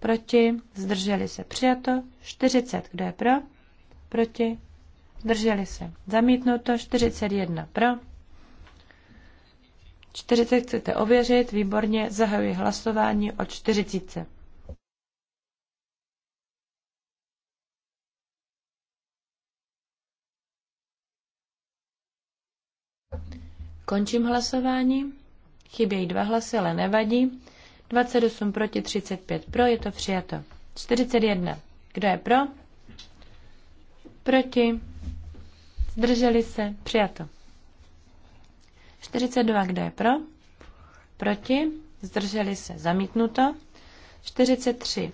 Proti? Zdrželi se přijato. 40. Kdo je pro? Proti? Zdrželi se. Zamítnuto. 41. Pro? 40 chcete ověřit. Výborně. Zahajuji hlasování o 40. Končím hlasování. Chybějí dva hlasy, ale nevadí. 28 proti 35 pro, je to přijato. 41. Kdo je pro? Proti? Zdrželi se? Přijato. 42. Kdo je pro? Proti? Zdrželi se? Zamítnuto. 43.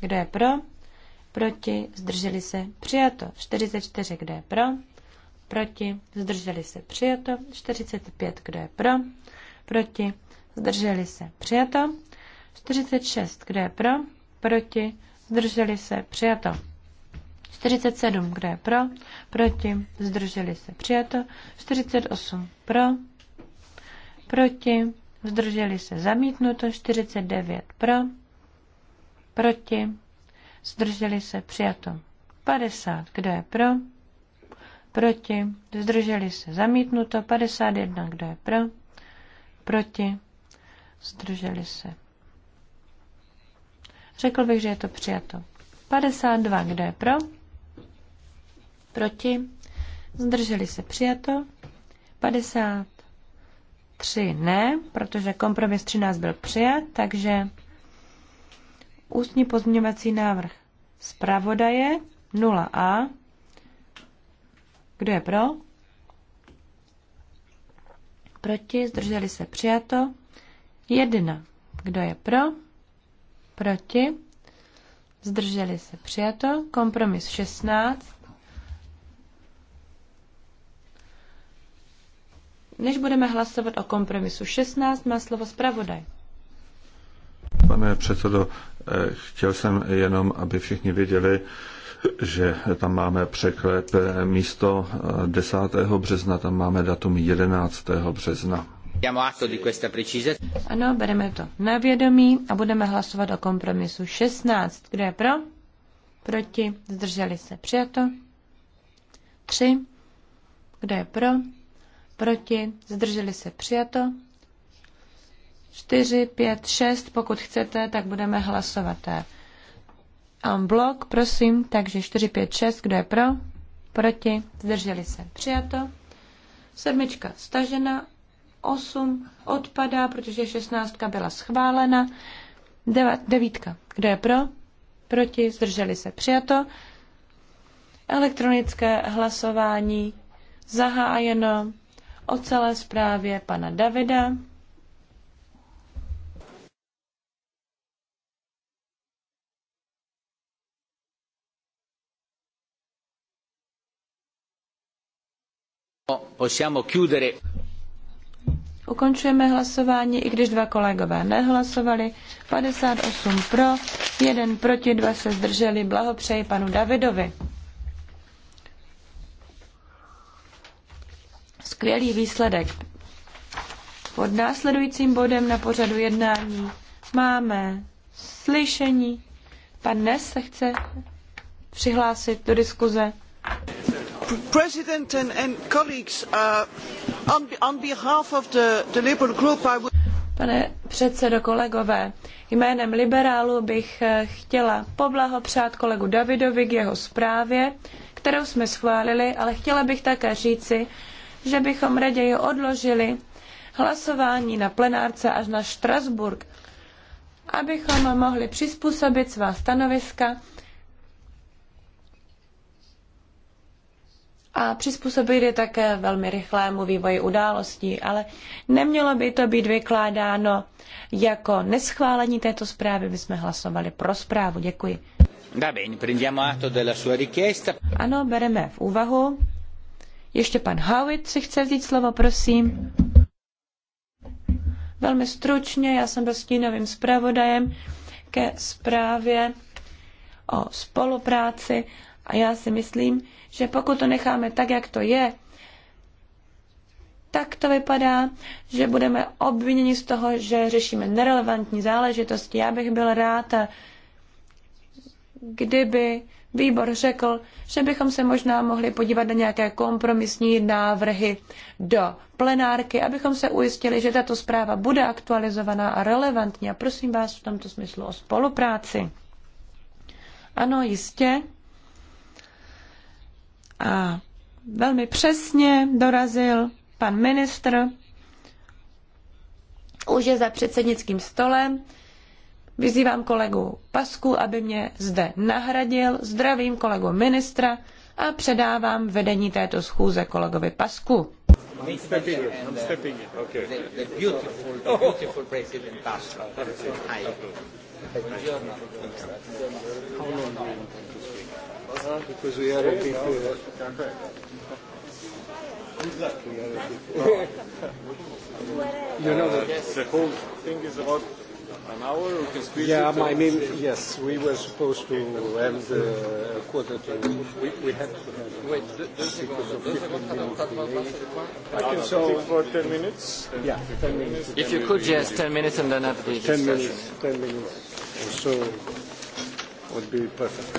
Kdo je pro? Proti? Zdrželi se? Přijato. 44. Kdo je pro? proti, zdrželi se přijato, 45, kdo je pro, proti, zdrželi se přijato, 46, kdo je pro, proti, zdrželi se přijato. 47, kdo je pro, proti, zdrželi se přijato, 48 pro, proti, zdrželi se zamítnuto, 49 pro, proti, zdrželi se přijato. 50, kdo je pro, proti, zdrželi se zamítnuto, 51, kdo je pro, proti, zdrželi se. Řekl bych, že je to přijato. 52, kdo je pro, proti, zdrželi se přijato, 53 ne, protože kompromis 13 byl přijat, takže ústní pozměňovací návrh zpravodaje 0a kdo je pro? Proti? Zdrželi se? Přijato. Jedna. Kdo je pro? Proti? Zdrželi se? Přijato. Kompromis 16. Než budeme hlasovat o kompromisu 16, má slovo zpravodaj. Pane předsedo, eh, chtěl jsem jenom, aby všichni věděli, že tam máme překlep eh, místo 10. Eh, března, tam máme datum 11. března. Ano, bereme to na vědomí a budeme hlasovat o kompromisu 16. Kdo je pro? Proti? Zdrželi se? Přijato? 3. Kdo je pro? Proti? Zdrželi se? Přijato? 4, 5, 6. Pokud chcete, tak budeme hlasovat eh, En blok, prosím, takže 4, 5, 6, kdo je pro? Proti, zdrželi se, přijato. Sedmička stažena, 8 odpadá, protože 16 byla schválena. Deva, devítka, kdo je pro? Proti, zdrželi se, přijato. Elektronické hlasování zahájeno o celé zprávě pana Davida. Ukončujeme hlasování, i když dva kolegové nehlasovali. 58 pro, jeden proti, dva se zdrželi. Blahopřeji panu Davidovi. Skvělý výsledek. Pod následujícím bodem na pořadu jednání máme slyšení. Pan Nes se chce přihlásit do diskuze. President and, colleagues, uh, on, behalf of the, Liberal Group, I would... Pane předsedo, kolegové, jménem liberálů bych eh, chtěla poblahopřát kolegu Davidovi k jeho zprávě, kterou jsme schválili, ale chtěla bych také říci, že bychom raději odložili hlasování na plenárce až na Štrasburg, abychom mohli přizpůsobit svá stanoviska a přizpůsobit je také velmi rychlému vývoji událostí, ale nemělo by to být vykládáno jako neschválení této zprávy, my jsme hlasovali pro zprávu. Děkuji. Ano, bereme v úvahu. Ještě pan Howitt si chce vzít slovo, prosím. Velmi stručně, já jsem byl stínovým zpravodajem ke zprávě o spolupráci a já si myslím, že pokud to necháme tak, jak to je, tak to vypadá, že budeme obviněni z toho, že řešíme nerelevantní záležitosti. Já bych byl rád, kdyby výbor řekl, že bychom se možná mohli podívat na nějaké kompromisní návrhy do plenárky, abychom se ujistili, že tato zpráva bude aktualizovaná a relevantní. A prosím vás v tomto smyslu o spolupráci. Ano, jistě a velmi přesně dorazil pan ministr, už je za předsednickým stolem. Vyzývám kolegu Pasku, aby mě zde nahradil. Zdravím kolegu ministra a předávám vedení této schůze kolegovi Pasku. you because we had a big... Uh, you know, the, yes, the whole thing is about an hour. We can speak yeah, I mean, yes, we were supposed to end the uh, quarter to... We, we had to have... Wait, deux secondes. Deux secondes. I can so, for 10 minutes. Yeah, 10 minutes. If you could, yes, 10 minutes and then have the 10 minutes, 10 minutes. So would be perfect.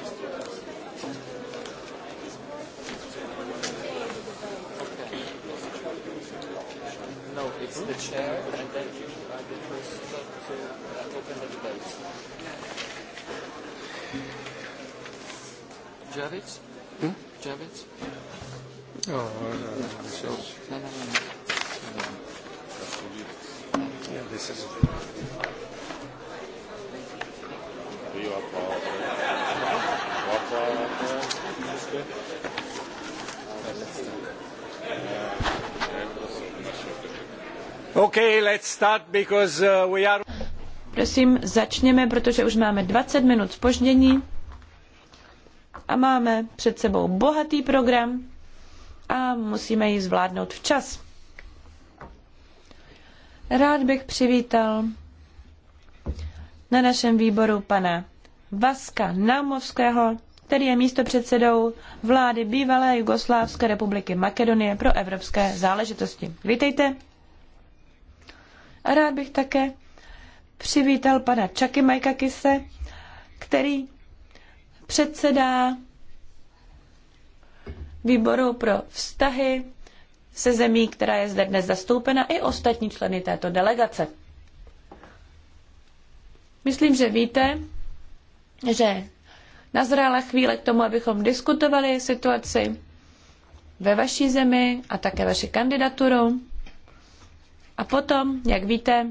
the chair, and then you are the first to uh, open the debate. Javits? Hmm? Javits? Oh, no, so. no, no, no. no. Yeah, this is. Rio Applaus. Applaus. Applaus. Applaus. Uh, Prosím, začněme, protože už máme 20 minut spoždění a máme před sebou bohatý program a musíme ji zvládnout včas. Rád bych přivítal na našem výboru pana Vaska Naumovského, který je místopředsedou vlády bývalé Jugoslávské republiky Makedonie pro evropské záležitosti. Vítejte, Rád bych také přivítal pana Čaky Majkakise, který předsedá výboru pro vztahy se zemí, která je zde dnes zastoupena, i ostatní členy této delegace. Myslím, že víte, že nazrála chvíle k tomu, abychom diskutovali situaci ve vaší zemi a také vaši kandidaturu. A potom, jak víte,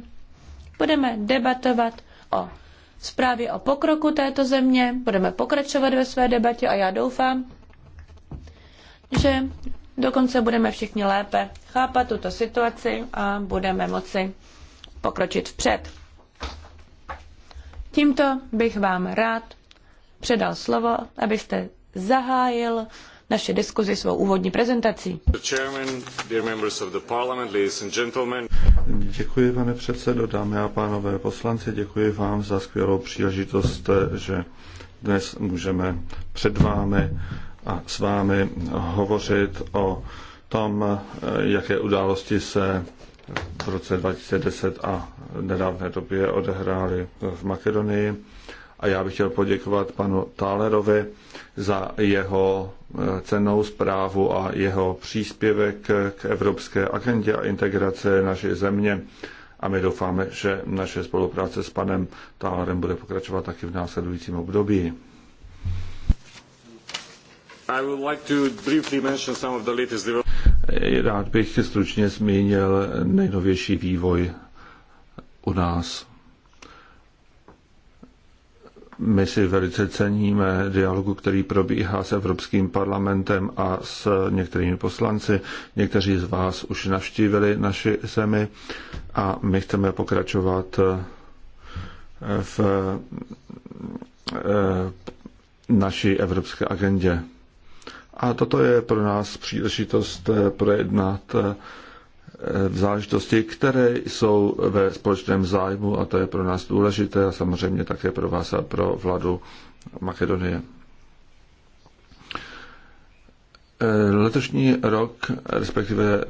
budeme debatovat o zprávě o pokroku této země, budeme pokračovat ve své debatě a já doufám, že dokonce budeme všichni lépe chápat tuto situaci a budeme moci pokročit vpřed. Tímto bych vám rád předal slovo, abyste zahájil naše diskuzi svou úvodní prezentací. Děkuji, pane předsedo, dámy a pánové poslanci, děkuji vám za skvělou příležitost, že dnes můžeme před vámi a s vámi hovořit o tom, jaké události se v roce 2010 a nedávné době odehrály v Makedonii a já bych chtěl poděkovat panu Thalerovi za jeho eh, cenou zprávu a jeho příspěvek k evropské agendě a integrace naší země. A my doufáme, že naše spolupráce s panem Tálerem bude pokračovat taky v následujícím období. Eh, rád bych stručně zmínil nejnovější vývoj u nás. My si velice ceníme dialogu, který probíhá s Evropským parlamentem a s některými poslanci. Někteří z vás už navštívili naši zemi a my chceme pokračovat eh, v eh, naší evropské agendě. A toto je pro nás příležitost eh, projednat v záležitosti, které jsou ve společném zájmu a to je pro nás důležité a samozřejmě také pro vás a pro vládu Makedonie. Eh, letošní rok, respektive eh,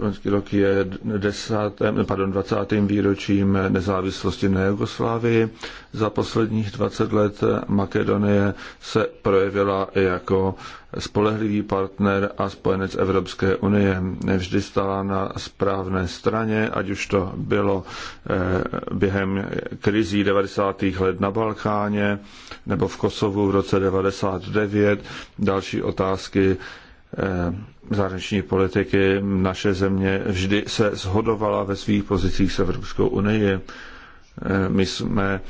loňský rok je desátém, pardon, 20. výročím nezávislosti na Jugoslávii. Za posledních 20 let Makedonie se projevila jako spolehlivý partner a spojenec Evropské unie. Vždy stála na správné straně, ať už to bylo eh, během krizí 90. let na Balkáně nebo v Kosovu v roce 99. Další otázky eh, zahraniční politiky naše země vždy se shodovala ve svých pozicích s Evropskou unii. Eh, my jsme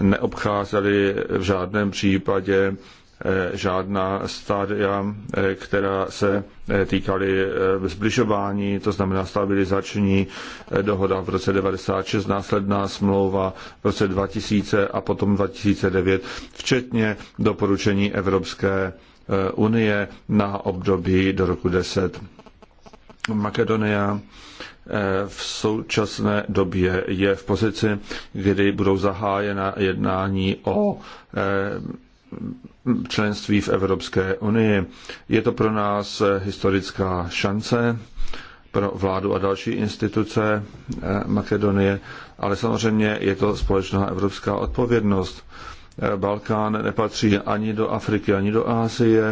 neobcházeli v žádném případě Eh, žádná stádia, eh, která se eh, týkaly zbližování, to znamená stabilizační dohoda v roce 96, následná smlouva v roce 2000 a potom 2009, včetně doporučení Evropské unie na období do roku 10. Makedonia v současné době je v pozici, kdy budou zahájena jednání o členství v Evropské unii. Je to pro nás historická šance pro vládu a další instituce eh, Makedonie, ale samozřejmě je to společná evropská odpovědnost. Eh, Balkán nepatří ani do Afriky, ani do Asie,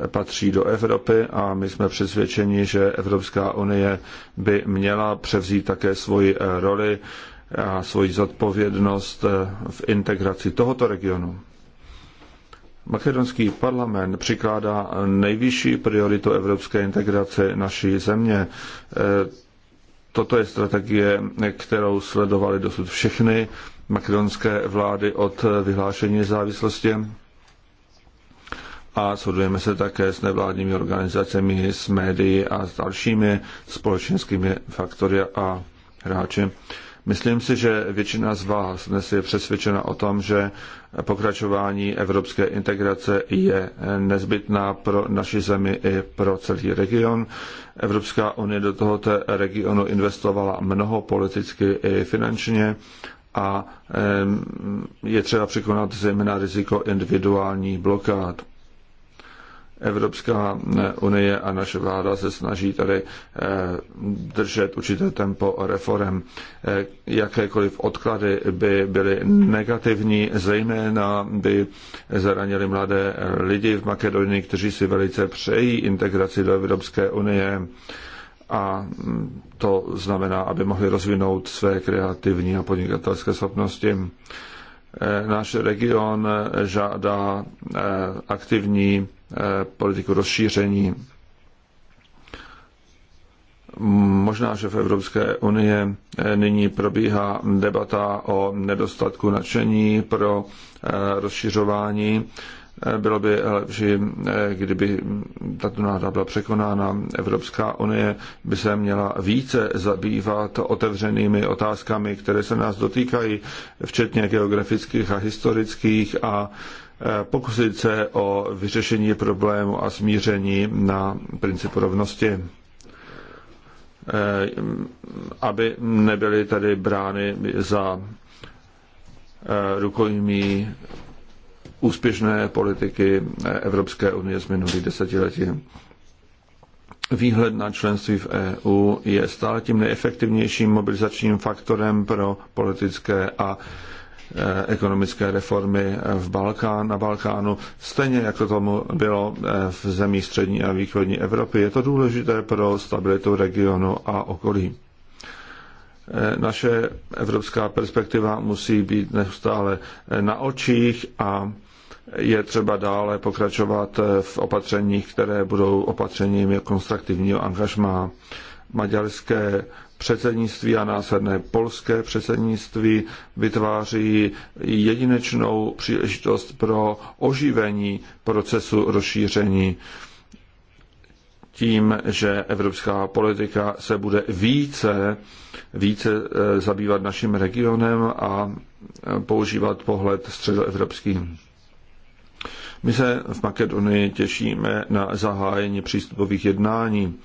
eh, patří do Evropy a my jsme přesvědčeni, že Evropská unie by měla převzít také svoji roli a svoji zodpovědnost v integraci tohoto regionu. Makedonský parlament přikládá nejvyšší prioritu evropské integrace naší země. E, toto je strategie, kterou sledovali dosud všechny makedonské vlády od vyhlášení nezávislosti. A shodujeme se také s nevládními organizacemi, s médií a s dalšími společenskými faktory a hráči. Myslím si, že většina z vás dnes je přesvědčena o tom, že pokračování evropské integrace je nezbytná pro naši zemi i pro celý region. Evropská unie do tohoto regionu investovala mnoho politicky i finančně a je třeba překonat zejména riziko individuálních blokád. Evropská unie a naše vláda se snaží tady eh, držet určité tempo reform. Eh, jakékoliv odklady by byly negativní, zejména by zranili mladé lidi v Makedonii, kteří si velice přejí integraci do Evropské unie a to znamená, aby mohli rozvinout své kreativní a podnikatelské schopnosti. Eh, náš region eh, žádá eh, aktivní politiku rozšíření. Možná, že v Evropské unii nyní probíhá debata o nedostatku nadšení pro rozšiřování Eh, bylo by lepší, eh, kdyby tato náda byla překonána. Evropská unie by se měla více zabývat otevřenými otázkami, které se nás dotýkají, včetně geografických a historických a eh, pokusit se o vyřešení problému a smíření na principu rovnosti aby nebyly tady brány za rukojmí úspěšné politiky Evropské unie z minulých desetiletí. Výhled na členství v EU je stále tím nejefektivnějším mobilizačním faktorem pro politické a eh, ekonomické reformy v Balkán, na Balkánu, stejně jako tomu bylo eh, v zemí střední a východní Evropy. Je to důležité pro stabilitu regionu a okolí. Eh, naše evropská perspektiva musí být neustále na očích a je třeba dále pokračovat v opatřeních, které budou opatřeními konstruktivního angažmá. Maďarské předsednictví a následné polské předsednictví vytváří jedinečnou příležitost pro oživení procesu rozšíření tím, že evropská politika se bude více, více eh, zabývat naším regionem a eh, používat pohled středoevropský. My se v Makedonii těšíme na zahájení přístupových jednání.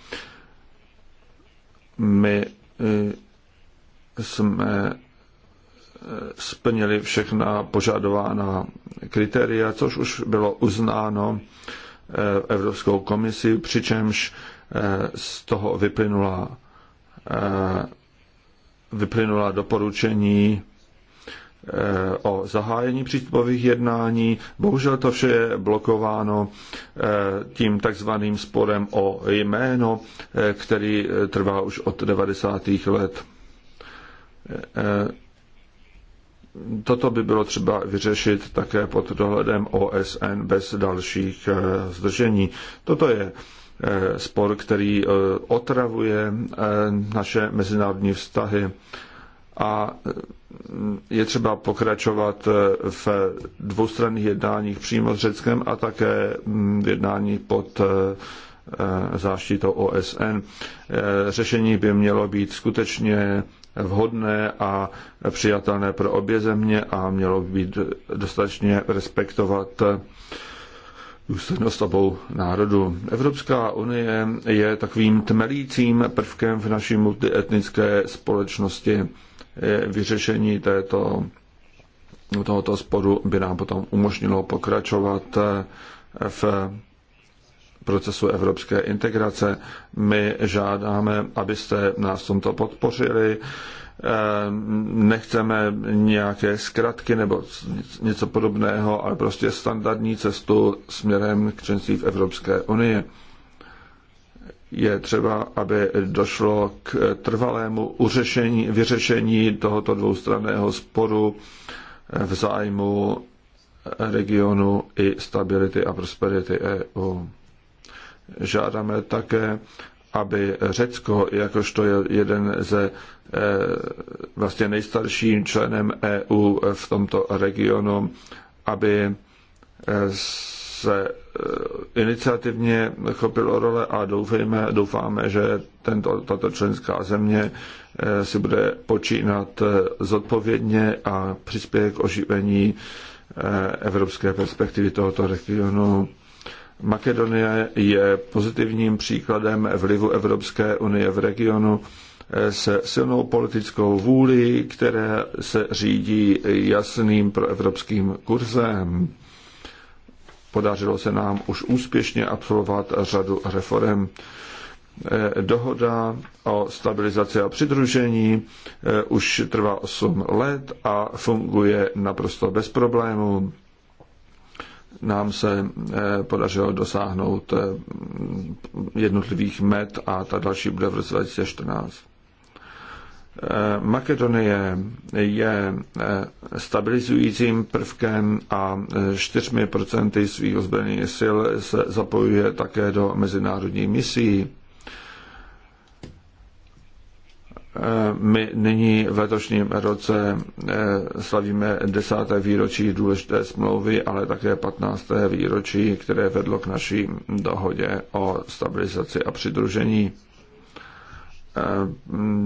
My eh, jsme eh, splnili všechna požadována kritéria, což už bylo uznáno eh, Evropskou komisi, přičemž z toho vyplynula, vyplynula doporučení Eh, o zahájení přístupových jednání. Bohužel to vše je blokováno eh, tím takzvaným sporem o jméno, eh, který trvá už od 90. let. Toto by bylo třeba vyřešit také pod dohledem OSN bez dalších zdržení. Toto je spor, který otravuje naše mezinárodní vztahy a mm, je třeba pokračovat v dvoustranných jednáních přímo s Řeckem a také mm, jednání pod e, záštitou OSN. E, řešení by mělo být skutečně vhodné a přijatelné pro obě země a mělo by být dostatečně respektovat důstojnost obou národů. Evropská unie je takovým tmelícím prvkem v naší multietnické společnosti vyřešení této, tohoto sporu by nám potom umožnilo pokračovat v procesu evropské integrace. My žádáme, abyste nás v tomto podpořili. Ehm, nechceme nějaké zkratky nebo něco podobného, ale prostě standardní cestu směrem k členství v Evropské unii je třeba, aby došlo k trvalému uřešení, vyřešení tohoto dvoustranného sporu v zájmu regionu i stability a prosperity EU. Žádáme také, aby Řecko, jakožto je jeden ze eh, vlastně nejstarším členem EU v tomto regionu, aby eh, s se eh, iniciativně chopilo role a doufejme, doufáme, že tento, tato členská země eh, si bude počínat eh, zodpovědně a přispěje k oživení evropské perspektivy tohoto regionu. Makedonie je pozitivním příkladem vlivu Evropské unie v regionu se silnou politickou vůli, které se řídí jasným proevropským kurzem. Podařilo se nám už úspěšně absolvovat řadu reform. Eh, dohoda o stabilizaci a přidružení eh, už trvá 8 let a funguje naprosto bez problémů nám se eh, podařilo dosáhnout jednotlivých met a ta další bude v roce 2014. Makedonie je eh, stabilizujícím prvkem a 4% eh, svých ozbrojených sil se zapojuje také do mezinárodní misí. Eh, my nyní v letošním roce slavíme desáté výročí důležité smlouvy, ale také 15. výročí, které vedlo k naší dohodě o stabilizaci a přidružení. Eh,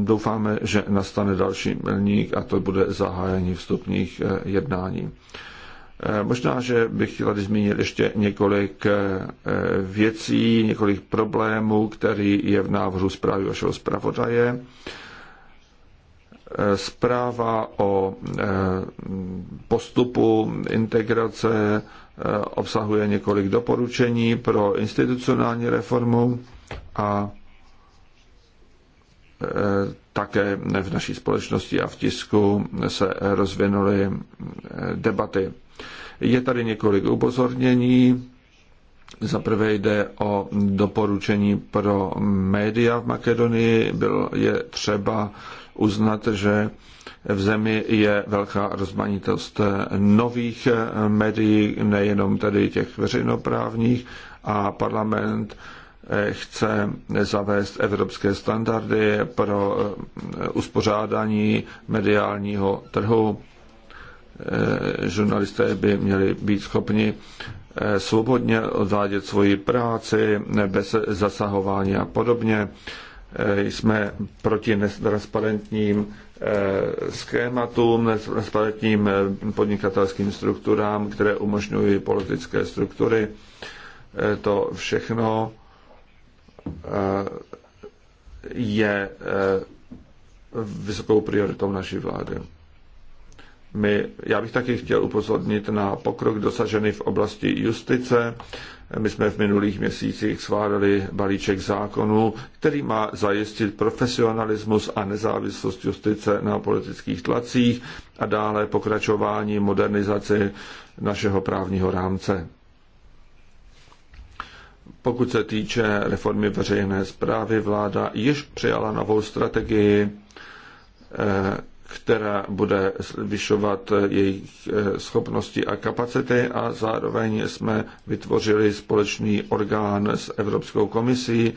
doufáme, že nastane další milník a to bude zahájení vstupních eh, jednání. Eh, možná, že bych tady zmínit ještě několik věcí, několik problémů, který je v návrhu zprávy vašeho zpravodaje. Zpráva o postupu integrace obsahuje několik doporučení pro institucionální reformu a také v naší společnosti a v tisku se rozvinuly debaty. Je tady několik upozornění. Za prvé jde o doporučení pro média v Makedonii. Bylo je třeba uznat, že v zemi je velká rozmanitost nových médií, nejenom tedy těch veřejnoprávních, a parlament chce zavést evropské standardy pro eh, uspořádání mediálního trhu. Eh, žurnalisté by měli být schopni eh, svobodně odvádět svoji práci bez zasahování a podobně. Jsme proti netransparentním schématům, netransparentním podnikatelským strukturám, které umožňují politické struktury. To všechno Eh, je eh, vysokou prioritou naší vlády. My, já bych taky chtěl upozornit na pokrok dosažený v oblasti justice. My jsme v minulých měsících schválili balíček zákonů, který má zajistit profesionalismus a nezávislost justice na politických tlacích a dále pokračování modernizaci našeho právního rámce. Pokud se týče reformy veřejné zprávy, vláda již přijala novou strategii, eh, která bude zvyšovat jejich eh, schopnosti a kapacity a zároveň jsme vytvořili společný orgán s Evropskou komisí,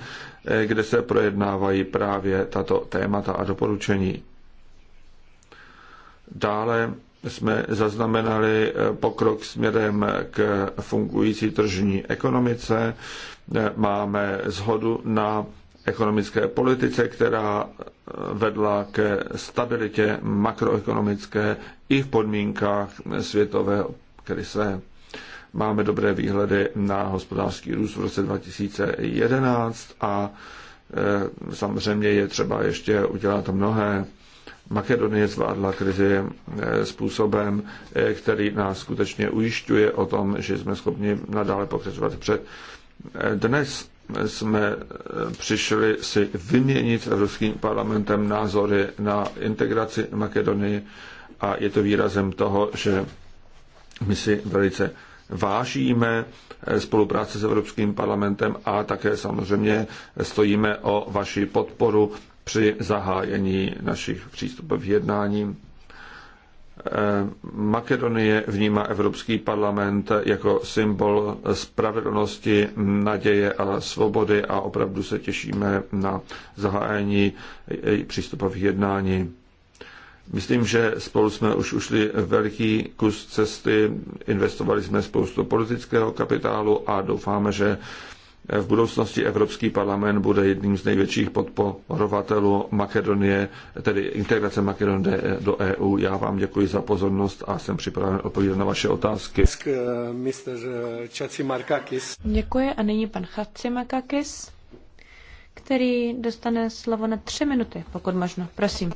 eh, kde se projednávají právě tato témata a doporučení. Dále jsme zaznamenali eh, pokrok směrem k fungující tržní ekonomice, eh, máme zhodu na ekonomické politice, která eh, vedla ke stabilitě makroekonomické i v podmínkách světové krize. Máme dobré výhledy na hospodářský růst v roce 2011 a samozřejmě je třeba ještě udělat mnohé. Makedonie zvládla krizi eh, způsobem, eh, který nás skutečně ujišťuje o tom, že jsme schopni nadále pokračovat před. Eh, dnes jsme přišli si vyměnit s Evropským parlamentem názory na integraci Makedonie a je to výrazem toho, že my si velice vážíme spolupráce s Evropským parlamentem a také samozřejmě stojíme o vaši podporu při zahájení našich přístupových jednání. Eh, Makedonie vnímá Evropský parlament jako symbol spravedlnosti, naděje a svobody a opravdu se těšíme na zahájení přístupových jednání. Myslím, že spolu jsme už ušli velký kus cesty, investovali jsme spoustu politického kapitálu a doufáme, že v budoucnosti Evropský parlament bude jedním z největších podporovatelů Makedonie, tedy integrace Makedonie do EU. Já vám děkuji za pozornost a jsem připraven odpovědět na vaše otázky. Děkuji a nyní pan Chatsimakakis který dostane slovo na tři minuty, pokud možno. Prosím.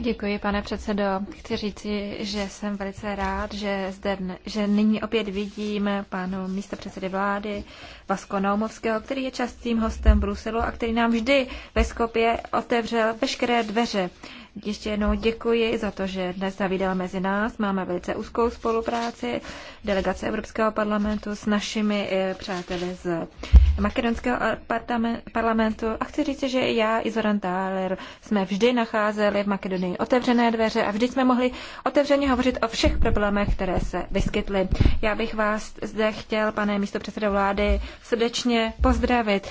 Děkuji, pane předsedo. Chci říci, že jsem velice rád, že, zde, že nyní opět vidím pánu místopředsedy vlády Vasko Naumovského, který je častým hostem Bruselu a který nám vždy ve Skopě otevřel veškeré dveře. Ještě jednou děkuji za to, že dnes zavídal mezi nás. Máme velice úzkou spolupráci delegace Evropského parlamentu s našimi eh, přáteli z makedonského parlamentu. A chci říct, že já i Zoran Thaler jsme vždy nacházeli v Makedonii otevřené dveře a vždy jsme mohli otevřeně hovořit o všech problémech, které se vyskytly. Já bych vás zde chtěl, pane místo předsedo vlády, srdečně pozdravit.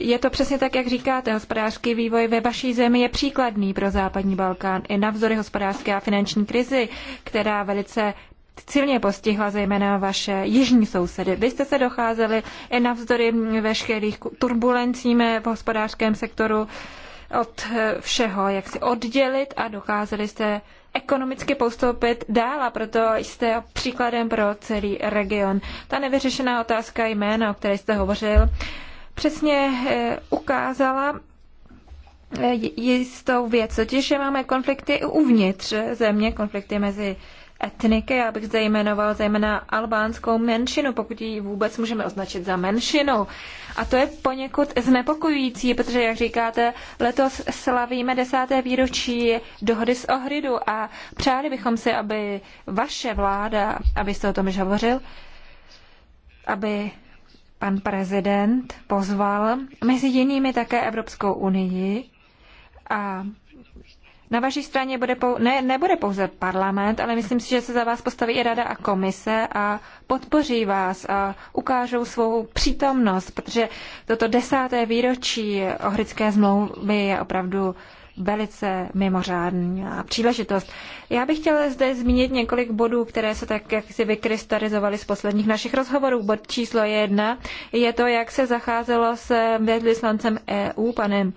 Je to přesně tak, jak říkáte, hospodářský vývoj ve vaší zemi je příkladný pro západní Balkán i navzory hospodářské a finanční krizi, která velice silně postihla zejména vaše jižní sousedy. Vy jste se docházeli i navzdory veškerých turbulencím v hospodářském sektoru od všeho, jak si oddělit a docházeli jste ekonomicky postoupit dál a proto jste příkladem pro celý region. Ta nevyřešená otázka jména, o které jste hovořil, přesně eh, ukázala eh, jistou věc, totiž že máme konflikty uvnitř eh, země, konflikty mezi etniky, já bych zde jmenoval zejména albánskou menšinu, pokud ji vůbec můžeme označit za menšinu. A to je poněkud znepokojující, protože, jak říkáte, letos slavíme desáté výročí dohody z Ohridu a přáli bychom si, aby vaše vláda, abyste o tom již hovořil, aby pan prezident pozval mezi jinými také Evropskou unii a na vaší straně bude pou, ne, nebude pouze parlament, ale myslím si, že se za vás postaví i rada a komise a podpoří vás a ukážou svou přítomnost, protože toto desáté výročí ohrické zmlouvy je opravdu uh, velice mimořádná příležitost. Já bych chtěla zde zmínit několik bodů, které se tak jak si vykrystalizovaly z posledních našich rozhovorů. Bod číslo jedna je to, jak se zacházelo s velvyslancem EU, panem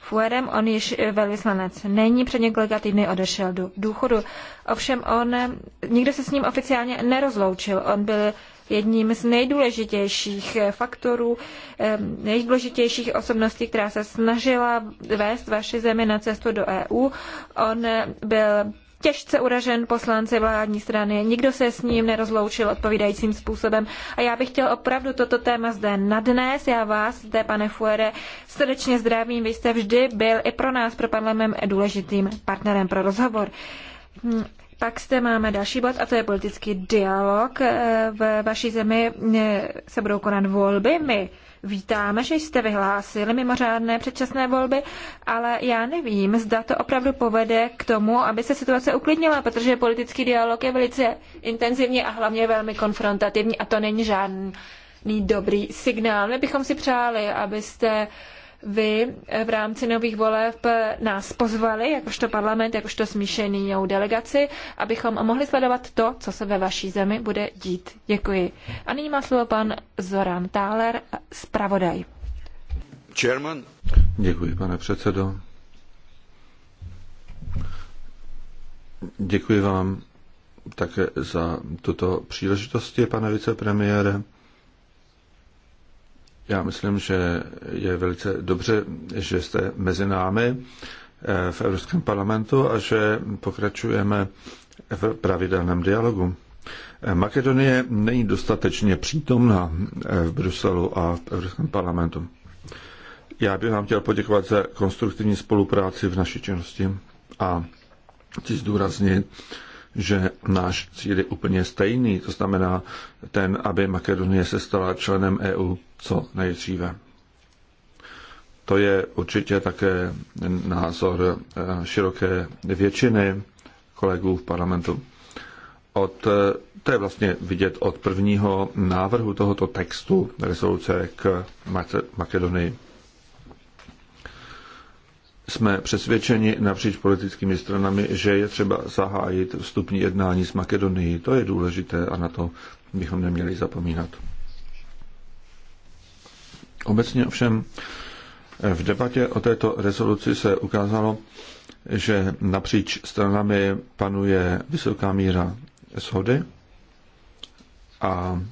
Fuerem, on již velvyslanec není, před několika týdny odešel do důchodu. Ovšem on, nikdo se s ním oficiálně nerozloučil, on byl jedním z nejdůležitějších eh, faktorů, nejdůležitějších osobností, která se snažila vést vaši zemi na cestu do EU. On eh, byl těžce uražen poslanci vládní strany. Nikdo se s ním nerozloučil odpovídajícím způsobem. A já bych chtěl opravdu toto téma zde nadnést. Já vás zde, pane Fuere, srdečně zdravím. Vy jste vždy byl i pro nás, pro parlament, důležitým partnerem pro rozhovor. Hm, pak zde máme další bod a to je politický dialog. Eh, v vaší zemi eh, se budou konat volby. My vítáme, že jste vyhlásili mimořádné předčasné volby, ale já nevím, zda to opravdu povede k tomu, aby se situace uklidnila, protože politický dialog je velice intenzivní a hlavně velmi konfrontativní a to není žádný dobrý signál. My bychom si přáli, abyste vy v rámci nových voleb nás pozvali, jakožto parlament, jakožto smíšený delegaci, abychom mohli sledovat to, co se ve vaší zemi bude dít. Děkuji. A nyní má slovo pan Zoran Táler, zpravodaj. Chairman. Děkuji, pane předsedo. Děkuji vám také za tuto příležitost, pane vicepremiére. Já myslím, že je velice dobře, že jste mezi námi eh, v Evropském parlamentu a že pokračujeme v pravidelném dialogu. Eh, Makedonie není dostatečně přítomná eh, v Bruselu a v Evropském parlamentu. Já bych vám chtěl poděkovat za konstruktivní spolupráci v naší činnosti a chci zdůraznit, že náš cíl je úplně stejný, to znamená ten, aby Makedonie se stala členem EU co nejdříve. To je určitě také názor eh, široké většiny kolegů v parlamentu. Od, eh, to je vlastně vidět od prvního návrhu tohoto textu rezoluce k Makedonii. Jsme přesvědčeni napříč politickými stranami, že je třeba zahájit vstupní jednání s Makedonií. To je důležité a na to bychom neměli zapomínat. Obecně ovšem eh, v debatě o této rezoluci se ukázalo, že napříč stranami panuje vysoká míra shody a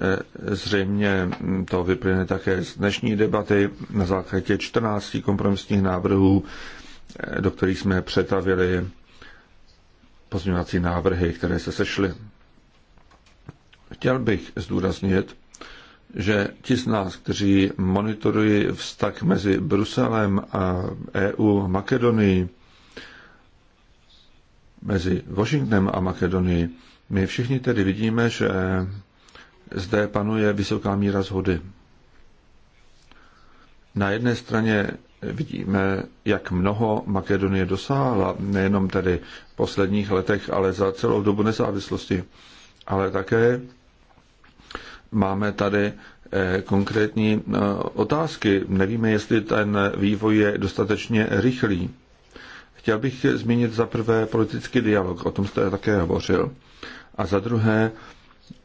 eh, zřejmě to vyplyne také z dnešní debaty na základě 14 kompromisních návrhů, eh, do kterých jsme přetavili pozměňovací návrhy, které se sešly. Chtěl bych zdůraznit, že ti z nás, kteří monitorují vztah mezi Bruselem a EU Makedonii, mezi Washingtonem a Makedonii, my všichni tedy vidíme, že zde panuje vysoká míra zhody. Na jedné straně vidíme, jak mnoho Makedonie dosáhla, nejenom tedy v posledních letech, ale za celou dobu nezávislosti, ale také Máme tady eh, konkrétní eh, otázky. Nevíme, jestli ten vývoj je dostatečně rychlý. Chtěl bych zmínit za prvé politický dialog, o tom jste také hovořil, a za druhé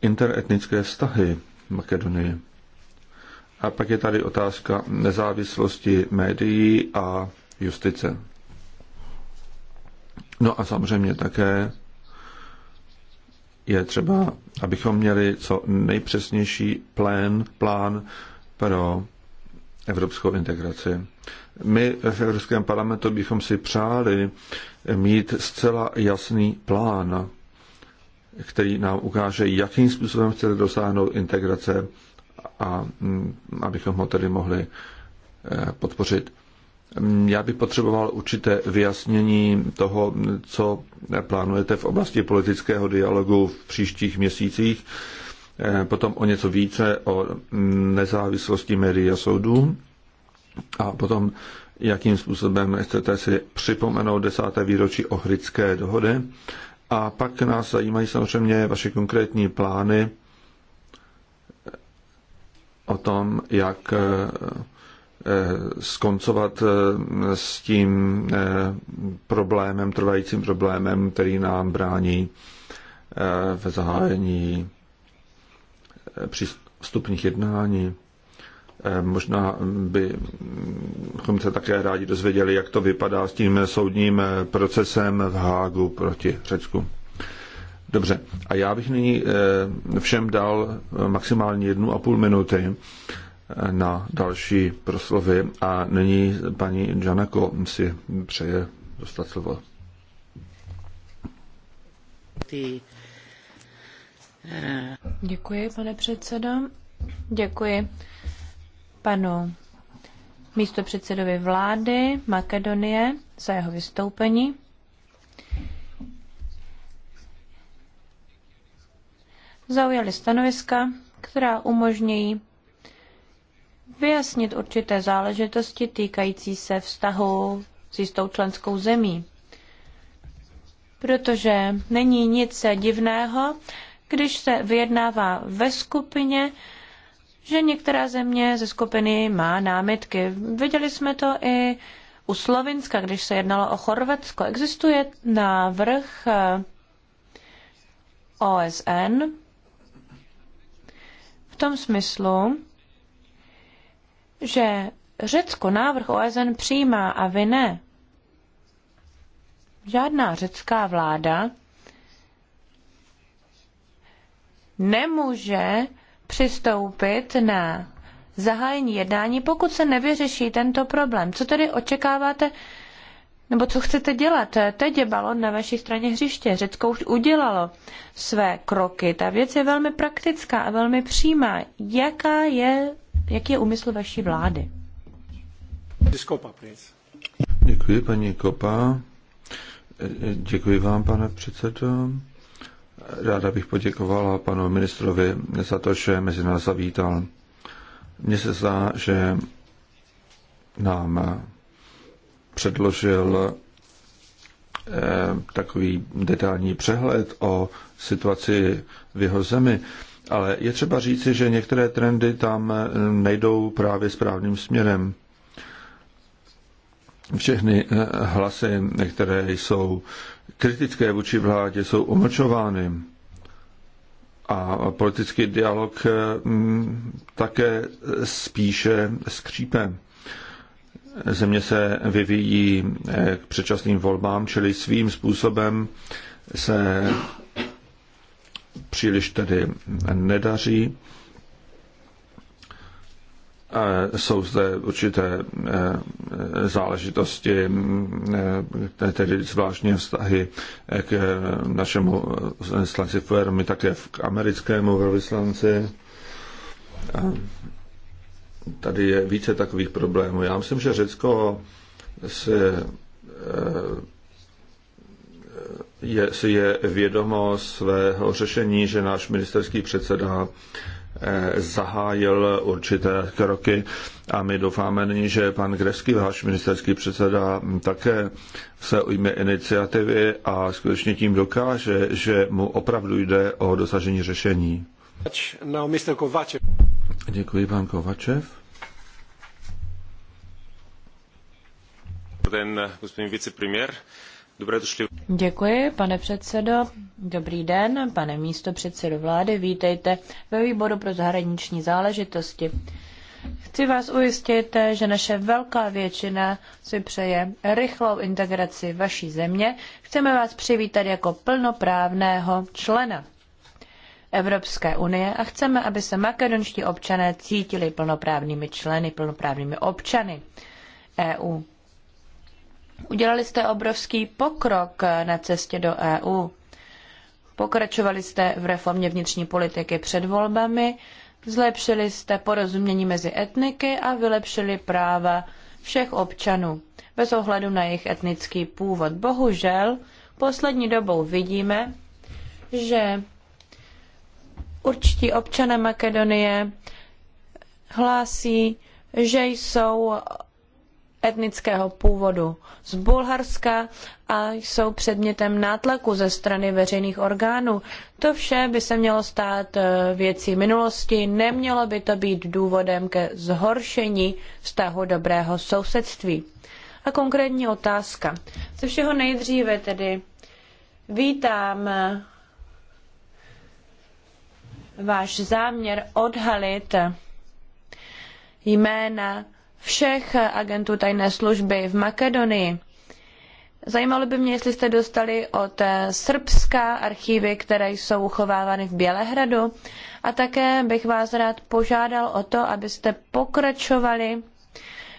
interetnické vztahy Makedonie. A pak je tady otázka nezávislosti médií a justice. No a samozřejmě také je třeba, abychom měli co nejpřesnější plán, plán pro evropskou integraci. My v Evropském parlamentu bychom si přáli mít zcela jasný plán, který nám ukáže, jakým způsobem chceme dosáhnout integrace a mm, abychom ho tedy mohli eh, podpořit. Já bych potřeboval určité vyjasnění toho, co plánujete v oblasti politického dialogu v příštích měsících, eh, potom o něco více o nezávislosti médií a soudů a potom jakým způsobem chcete si připomenout desáté výročí Ohrické dohody. A pak nás zajímají samozřejmě vaše konkrétní plány o tom, jak eh, Eh, skoncovat eh, s tím eh, problémem, trvajícím problémem, který nám brání ve zahájení přístupních jednání. Možná bychom se také rádi dozvěděli, jak to vypadá s tím soudním procesem v Hágu proti Řecku. Dobře, a já bych nyní všem dal maximálně jednu a půl minuty, na další proslovy a nyní paní Janako si přeje dostat slovo. Děkuji, pane předsedo. Děkuji panu místopředsedovi vlády Makedonie za jeho vystoupení. Zaujali stanoviska, která umožňují vyjasnit určité záležitosti týkající se vztahu s jistou členskou zemí. Protože není nic divného, když se vyjednává ve skupině, že některá země ze skupiny má námitky. Viděli jsme to i u Slovinska, když se jednalo o Chorvatsko. Existuje návrh eh, OSN v tom smyslu, že Řecko návrh OSN přijímá a vy ne. Žádná řecká vláda nemůže přistoupit na zahájení jednání, pokud se nevyřeší tento problém. Co tedy očekáváte, nebo co chcete dělat? Teď je balon na vaší straně hřiště. Řecko už udělalo své kroky. Ta věc je velmi praktická a velmi přímá. Jaká je Jaký je úmysl vaší vlády? Děkuji, paní Kopa. Děkuji vám, pane předsedo. Ráda bych poděkovala panu ministrovi za to, že mezi nás zavítal. Mně se zdá, že nám předložil eh, takový detailní přehled o situaci v jeho zemi. Ale je třeba říci, že některé trendy tam eh, nejdou právě správným směrem. Všechny eh, hlasy, které jsou kritické vůči vládě, jsou omlčovány. A politický dialog eh, také spíše skřípe. Země se vyvíjí k předčasným volbám, čili svým způsobem se příliš tedy nedaří. Jsou zde určité eh, záležitosti, eh, tedy zvláštně vztahy k našemu vyslanci Fuermi, také k americkému velvyslanci. Tady je více takových problémů. Já myslím, že Řecko se eh, je, si je vědomo svého řešení, že náš ministerský předseda eh, zahájil určité kroky a my doufáme nyní, že pan Grevský, váš ministerský předseda, také se ujme iniciativy a skutečně tím dokáže, že mu opravdu jde o dosažení řešení. No, Mr. Kovačev. Děkuji, pan Kovačev. Ten, господин вице-премьер, Dobré došli. Děkuji, pane předsedo. Dobrý den, pane místo předsedo vlády. Vítejte ve výboru pro zahraniční záležitosti. Chci vás ujistit, že naše velká většina si přeje rychlou integraci vaší země. Chceme vás přivítat jako plnoprávného člena Evropské unie a chceme, aby se makedonští občané cítili plnoprávnými členy, plnoprávnými občany EU. Udělali jste obrovský pokrok na cestě do EU. Pokračovali jste v reformě vnitřní politiky před volbami, zlepšili jste porozumění mezi etniky a vylepšili práva všech občanů, bez ohledu na jejich etnický původ. Bohužel, poslední dobou vidíme, že určití občané Makedonie hlásí, že jsou etnického původu z Bulharska a jsou předmětem nátlaku ze strany veřejných orgánů. To vše by se mělo stát eh, věcí minulosti, nemělo by to být důvodem ke zhoršení vztahu dobrého sousedství. A konkrétní otázka. Ze všeho nejdříve tedy vítám eh, váš záměr odhalit jména všech agentů tajné služby v Makedonii. Zajímalo by mě, jestli jste dostali od Srbska archívy, které jsou uchovávány v Bělehradu. A také bych vás rád požádal o to, abyste pokračovali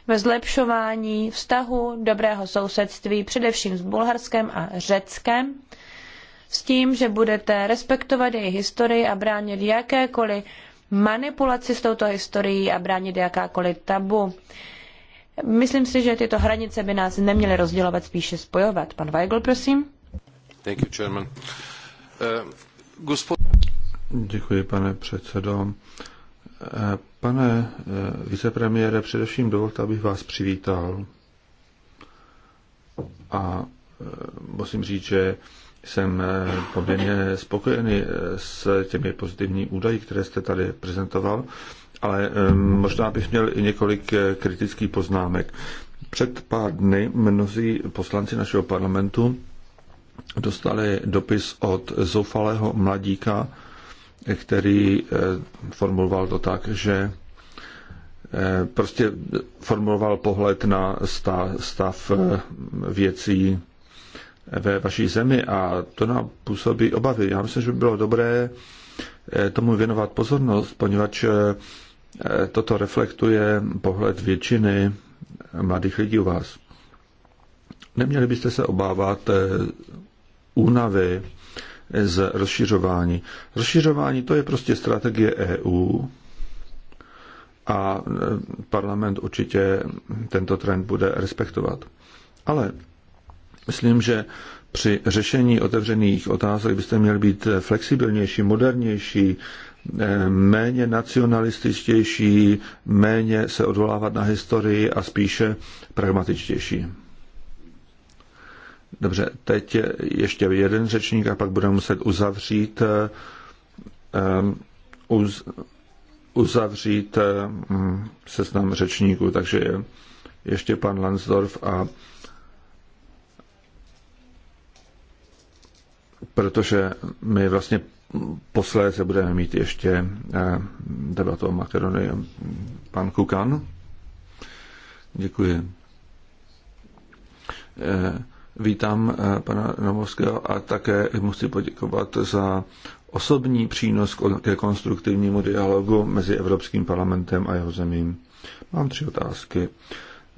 ve zlepšování vztahu dobrého sousedství především s Bulharskem a Řeckem s tím, že budete respektovat jejich historii a bránit jakékoliv manipulaci s touto historií a bránit jakákoliv tabu. Myslím si, že tyto hranice by nás neměly rozdělovat, spíše spojovat. Pan Weigl, prosím. Thank you, chairman. Uh, eh, gospod... Děkuji, pane předsedo. Eh, pane eh, vicepremiére, především dovolte, abych vás přivítal. A musím říct, že jsem eh, poměrně spokojený eh, s těmi pozitivní údaji, které jste tady prezentoval, ale eh, možná bych měl i několik kritických poznámek. Před pár dny mnozí poslanci našeho parlamentu dostali dopis od zoufalého mladíka, který formuloval to tak, že prostě formuloval pohled na stav věcí ve vaší zemi a to nám působí obavy. Já myslím, že by bylo dobré eh, tomu věnovat pozornost, poněvadž eh, toto reflektuje pohled většiny mladých lidí u vás. Neměli byste se obávat eh, únavy z rozšiřování. Rozšiřování to je prostě strategie EU a parlament určitě tento trend bude respektovat. Ale Myslím, že při řešení otevřených otázek byste měli být flexibilnější, modernější, eh, méně nacionalističtější, méně se odvolávat na historii a spíše pragmatičtější. Dobře, teď ještě jeden řečník a pak budeme muset uzavřít eh, uz, uzavřít eh, mm, seznam řečníků, takže ještě pan Lansdorf a protože my vlastně posléze budeme mít ještě eh, debatu o Makedonii. Pan Kukan. Děkuji. Eh, vítám eh, pana Novovského a také musím poděkovat za osobní přínos ke konstruktivnímu dialogu mezi Evropským parlamentem a jeho zemím. Mám tři otázky.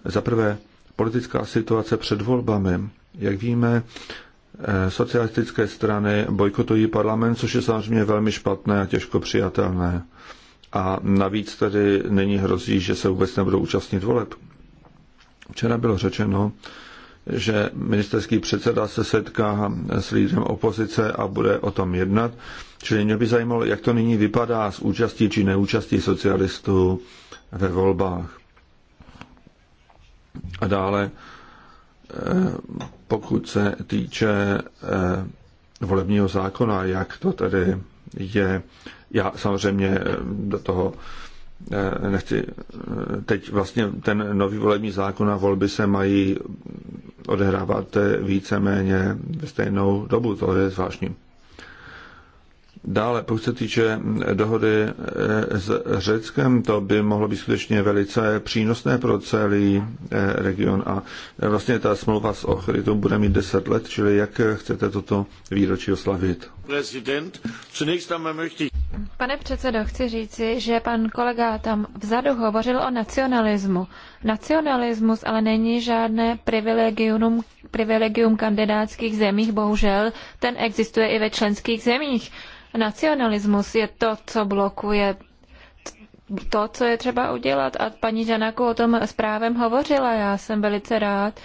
Za prvé, politická situace před volbami. Jak víme, Eh, socialistické strany bojkotují parlament, což je samozřejmě velmi špatné a těžko přijatelné. A navíc tedy není hrozí, že se vůbec nebudou účastnit voleb. Včera bylo řečeno, že ministerský předseda se setká s lídrem opozice a bude o tom jednat. Čili mě by zajímalo, jak to nyní vypadá s účastí či neúčastí socialistů ve volbách. A dále Eh, pokud se týče eh, volebního zákona, jak to tedy je. Já samozřejmě eh, do toho nechci. Teď vlastně ten nový volební zákon a volby se mají odehrávat víceméně ve stejnou dobu, to je zvláštní. Dále, pokud se týče dohody eh, s Řeckem, to by mohlo být skutečně velice přínosné pro celý eh, region a eh, vlastně ta smlouva s Ochrytou bude mít 10 let, čili jak chcete toto výročí oslavit? Pane předsedo, chci říci, že pan kolega tam vzadu hovořil o nacionalismu. Nacionalismus ale není žádné privilegium, privilegium kandidátských zemích, bohužel ten existuje i ve členských zemích. Nacionalismus je to, co blokuje to, co je třeba udělat. A paní Žanaku o tom s právem hovořila. Já jsem velice rád,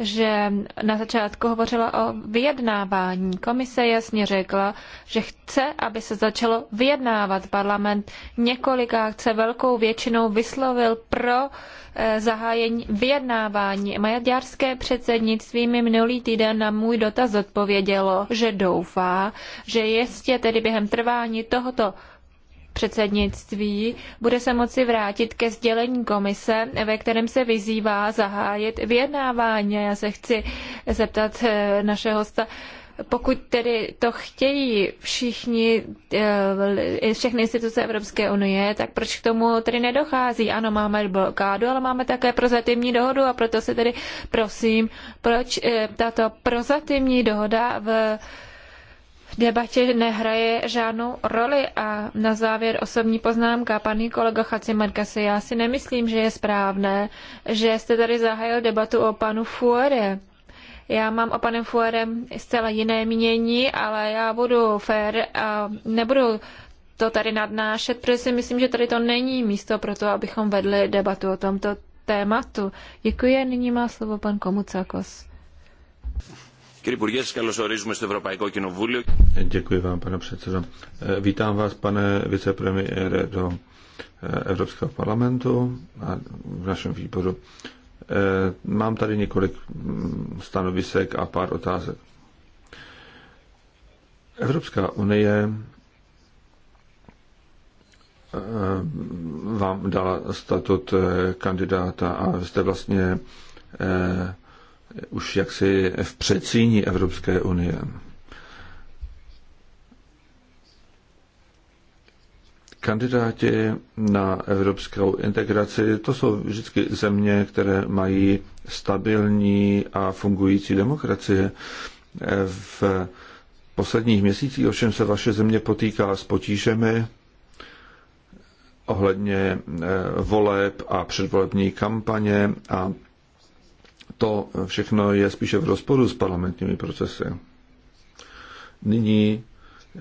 že na začátku hovořila o vyjednávání. Komise jasně řekla, že chce, aby se začalo vyjednávat. Parlament několika chce velkou většinou vyslovil pro eh, zahájení vyjednávání. Maďarské předsednictví mi minulý týden na můj dotaz odpovědělo, že doufá, že jistě tedy během trvání tohoto předsednictví bude se moci vrátit ke sdělení komise, ve kterém se vyzývá zahájit vyjednávání. Já se chci zeptat eh, našeho hosta, pokud tedy to chtějí všichni, eh, všechny instituce Evropské unie, tak proč k tomu tedy nedochází? Ano, máme blokádu, ale máme také prozatímní dohodu a proto se tedy prosím, proč eh, tato prozatímní dohoda v debatě nehraje žádnou roli. A na závěr osobní poznámka, paní kolego Markasi, já si nemyslím, že je správné, že jste tady zahájil debatu o panu Fuere. Já mám o panem Fuerem zcela jiné mínění, ale já budu fair a nebudu to tady nadnášet, protože si myslím, že tady to není místo pro to, abychom vedli debatu o tomto tématu. Děkuji a nyní má slovo pan Komucakos. Děkuji vám, pane předsedo. Eh, vítám vás, pane vicepremiére, do eh, Evropského parlamentu a v našem výboru. Eh, mám tady několik mm, stanovisek a pár otázek. Evropská unie vám dala statut kandidáta a jste vlastně už jaksi v předsíní Evropské unie. Kandidáti na evropskou integraci to jsou vždycky země, které mají stabilní a fungující demokracie. V posledních měsících ovšem se vaše země potýká s potížemi ohledně eh, voleb a předvolební kampaně a to všechno je spíše v rozporu s parlamentními procesy. Nyní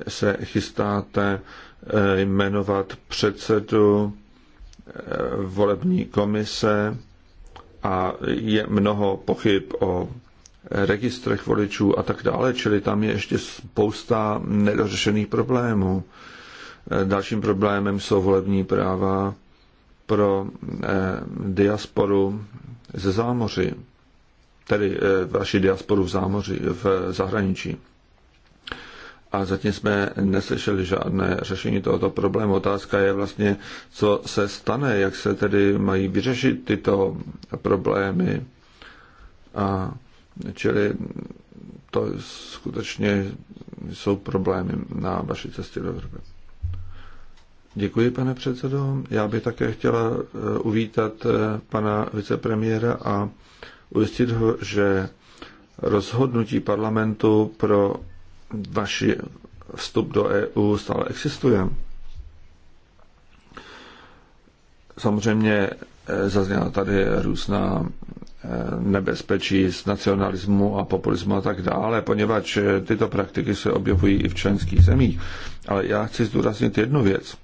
se chystáte eh, jmenovat předsedu eh, volební komise a je mnoho pochyb o registrech voličů a tak dále, čili tam je ještě spousta nedořešených problémů. Eh, dalším problémem jsou volební práva pro diasporu ze zámoří tedy eh, vaši diasporu v, zámoři, v zahraničí. A zatím jsme neslyšeli žádné řešení tohoto problému. Otázka je vlastně, co se stane, jak se tedy mají vyřešit tyto problémy. A čili to skutečně jsou problémy na vaší cestě do Evropy. Děkuji, pane předsedo. Já bych také chtěla eh, uvítat eh, pana vicepremiéra a ujistit ho, že rozhodnutí parlamentu pro vaši vstup do EU stále existuje. Samozřejmě eh, zazněla tady různá eh, nebezpečí z nacionalismu a populismu a tak dále, poněvadž eh, tyto praktiky se objevují i v členských zemích. Ale já chci zdůraznit jednu věc.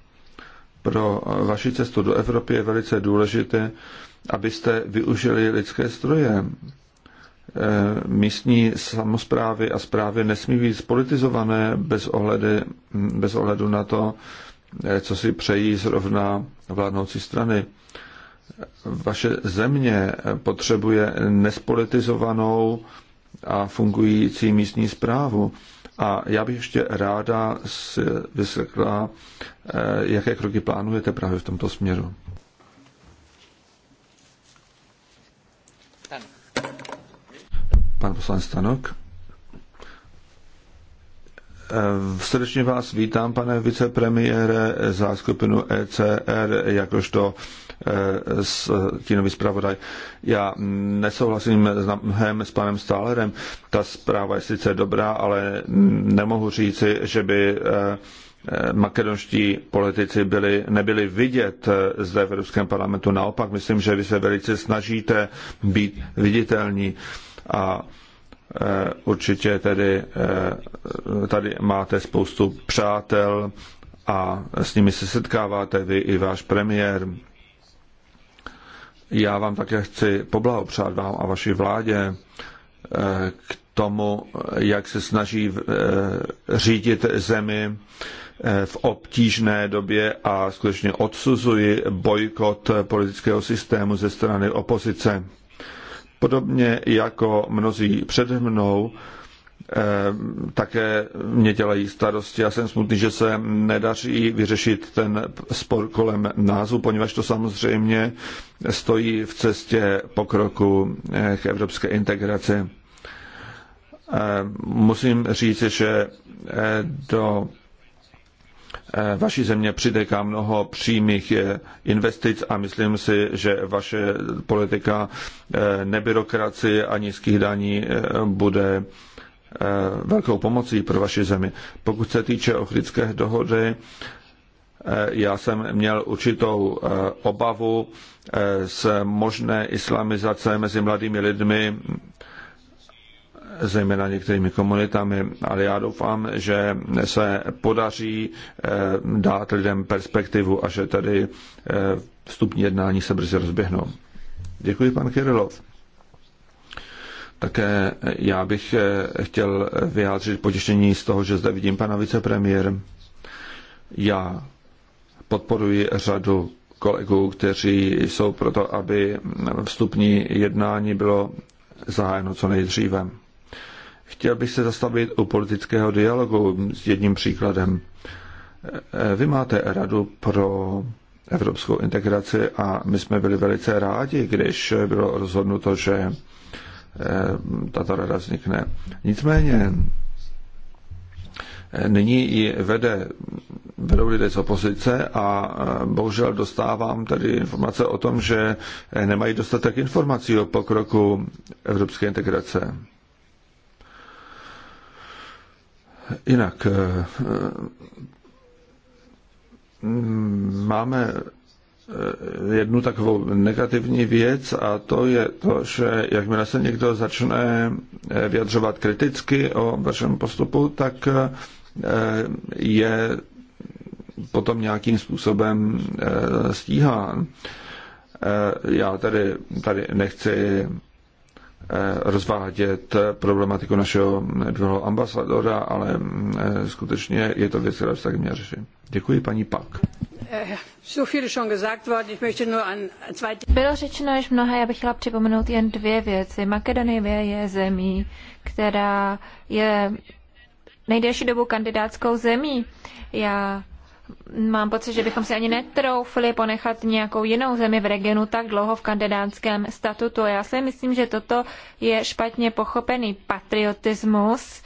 Pro vaši cestu do Evropy je velice důležité, abyste využili lidské stroje. Eh, místní samozprávy a zprávy nesmí být spolitizované bez, ohledy, bez ohledu na to, eh, co si přejí zrovna vládnoucí strany. Vaše země potřebuje nespolitizovanou a fungující místní zprávu. A já bych ještě ráda si eh, jaké kroky plánujete právě v tomto směru. Pan poslanec Stanok. Eh, srdečně vás vítám, pane vicepremiére, za skupinu ECR, jakožto eh, stínový zpravodaj. Já nesouhlasím s, mnohem s panem Stálerem. Ta zpráva je sice dobrá, ale nemohu říci, že by eh, makedonští politici byli, nebyli vidět zde v Evropském parlamentu. Naopak, myslím, že vy se velice snažíte být viditelní a e, určitě tedy e, tady máte spoustu přátel a s nimi se setkáváte vy i váš premiér. Já vám také chci poblahopřát vám a vaší vládě e, k tomu, jak se snaží řídit zemi v obtížné době a skutečně odsuzuji bojkot politického systému ze strany opozice. Podobně jako mnozí přede mnou, eh, také mě dělají starosti. Já jsem smutný, že se nedaří vyřešit ten spor kolem názvu, poněvadž to samozřejmě stojí v cestě pokroku eh, k evropské integraci. Eh, musím říct, že do Eh, vaší země přideká mnoho přímých eh, investic a myslím si, že vaše politika eh, nebyrokracie a nízkých daní bude velkou pomocí pro vaši zemi. Pokud se týče ochrické dohody, já jsem měl určitou obavu z možné islamizace mezi mladými lidmi zejména některými komunitami, ale já doufám, že se podaří eh, dát lidem perspektivu a že tady eh, vstupní jednání se brzy rozběhnou. Děkuji, pan Kirilov. Také já bych eh, chtěl vyjádřit potěšení z toho, že zde vidím pana vicepremiér. Já podporuji řadu kolegů, kteří jsou proto, aby vstupní jednání bylo zahájeno co nejdříve. Chtěl bych se zastavit u politického dialogu s jedním příkladem. Vy máte Radu pro evropskou integraci a my jsme byli velice rádi, když bylo rozhodnuto, že eh, tato rada vznikne. Nicméně eh, nyní ji vede, vedou lidé z opozice a eh, bohužel dostávám tady informace o tom, že nemají dostatek informací o pokroku evropské integrace. Jinak eh, mm, máme eh, jednu takovou negativní věc a to je to, že jakmile se někdo začne eh, vyjadřovat kriticky o vašem postupu, tak je potom nějakým způsobem stíhán. Já tady, tady nechci Eh, rozvádět problematiku našeho bývalého ambasadora, ale eh, skutečně je to věc, která se tak měla řešit. Děkuji, paní Pak. Eh, Bylo řečeno již mnohé, já bych chtěla připomenout jen dvě věci. Makedonie je zemí, která je nejdelší dobu kandidátskou zemí. Já mám pocit, že bychom si ani netroufli ponechat nějakou jinou zemi v regionu tak dlouho v kandidátském statutu. Já si myslím, že toto je špatně pochopený patriotismus.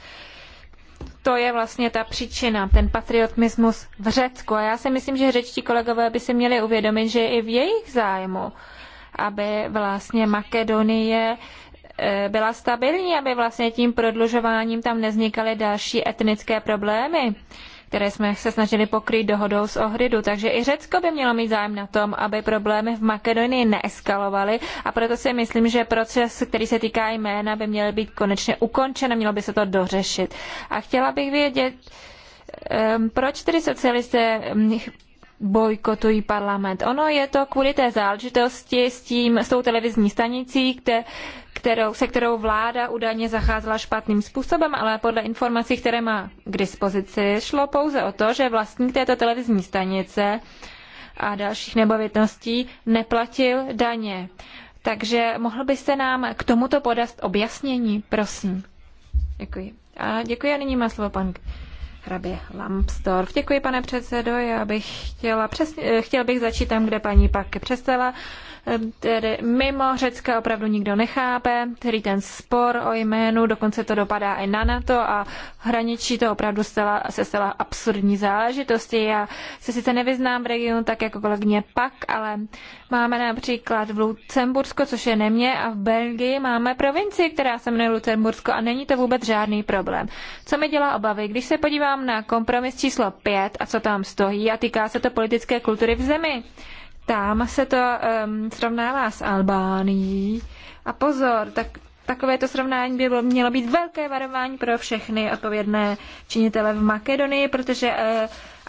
To je vlastně ta příčina, ten patriotismus v Řecku. A já si myslím, že řečtí kolegové by si měli uvědomit, že i v jejich zájmu, aby vlastně Makedonie eh, byla stabilní, aby vlastně tím prodlužováním tam neznikaly další etnické problémy které jsme se snažili pokrýt dohodou z Ohridu. Takže i Řecko by mělo mít zájem na tom, aby problémy v Makedonii neeskalovaly a proto si myslím, že proces, který se týká jména, by měl být konečně ukončen a mělo by se to dořešit. A chtěla bych vědět, ehm, proč tedy socialisté hm, bojkotují parlament. Ono je to kvůli té záležitosti s, tím, s tou televizní stanicí, kde, kterou, se kterou vláda údajně zacházela špatným způsobem, ale podle informací, které má k dispozici, šlo pouze o to, že vlastník této televizní stanice a dalších nebavitností neplatil daně. Takže mohl byste nám k tomuto podat objasnění, prosím. Děkuji. A děkuji a nyní má slovo pan hrabě Lambsdorff. Děkuji, pane předsedo. Já bych chtěla přesně, chtěl bych začít tam, kde paní Paky přestala tedy mimo Řecka opravdu nikdo nechápe, který ten spor o jménu, dokonce to dopadá i na NATO a hraničí to opravdu stala, se stala absurdní záležitosti. Já se sice nevyznám v regionu tak jako kolegyně pak, ale máme například v Lucembursko, což je nemě, a v Belgii máme provincii, která se jmenuje Lucembursko a není to vůbec žádný problém. Co mi dělá obavy, když se podívám na kompromis číslo 5 a co tam stojí a týká se to politické kultury v zemi. Tam se to um, srovnává s Albánií. A pozor, tak Takovéto srovnání by bylo, mělo být velké varování pro všechny odpovědné činitele v Makedonii, protože uh,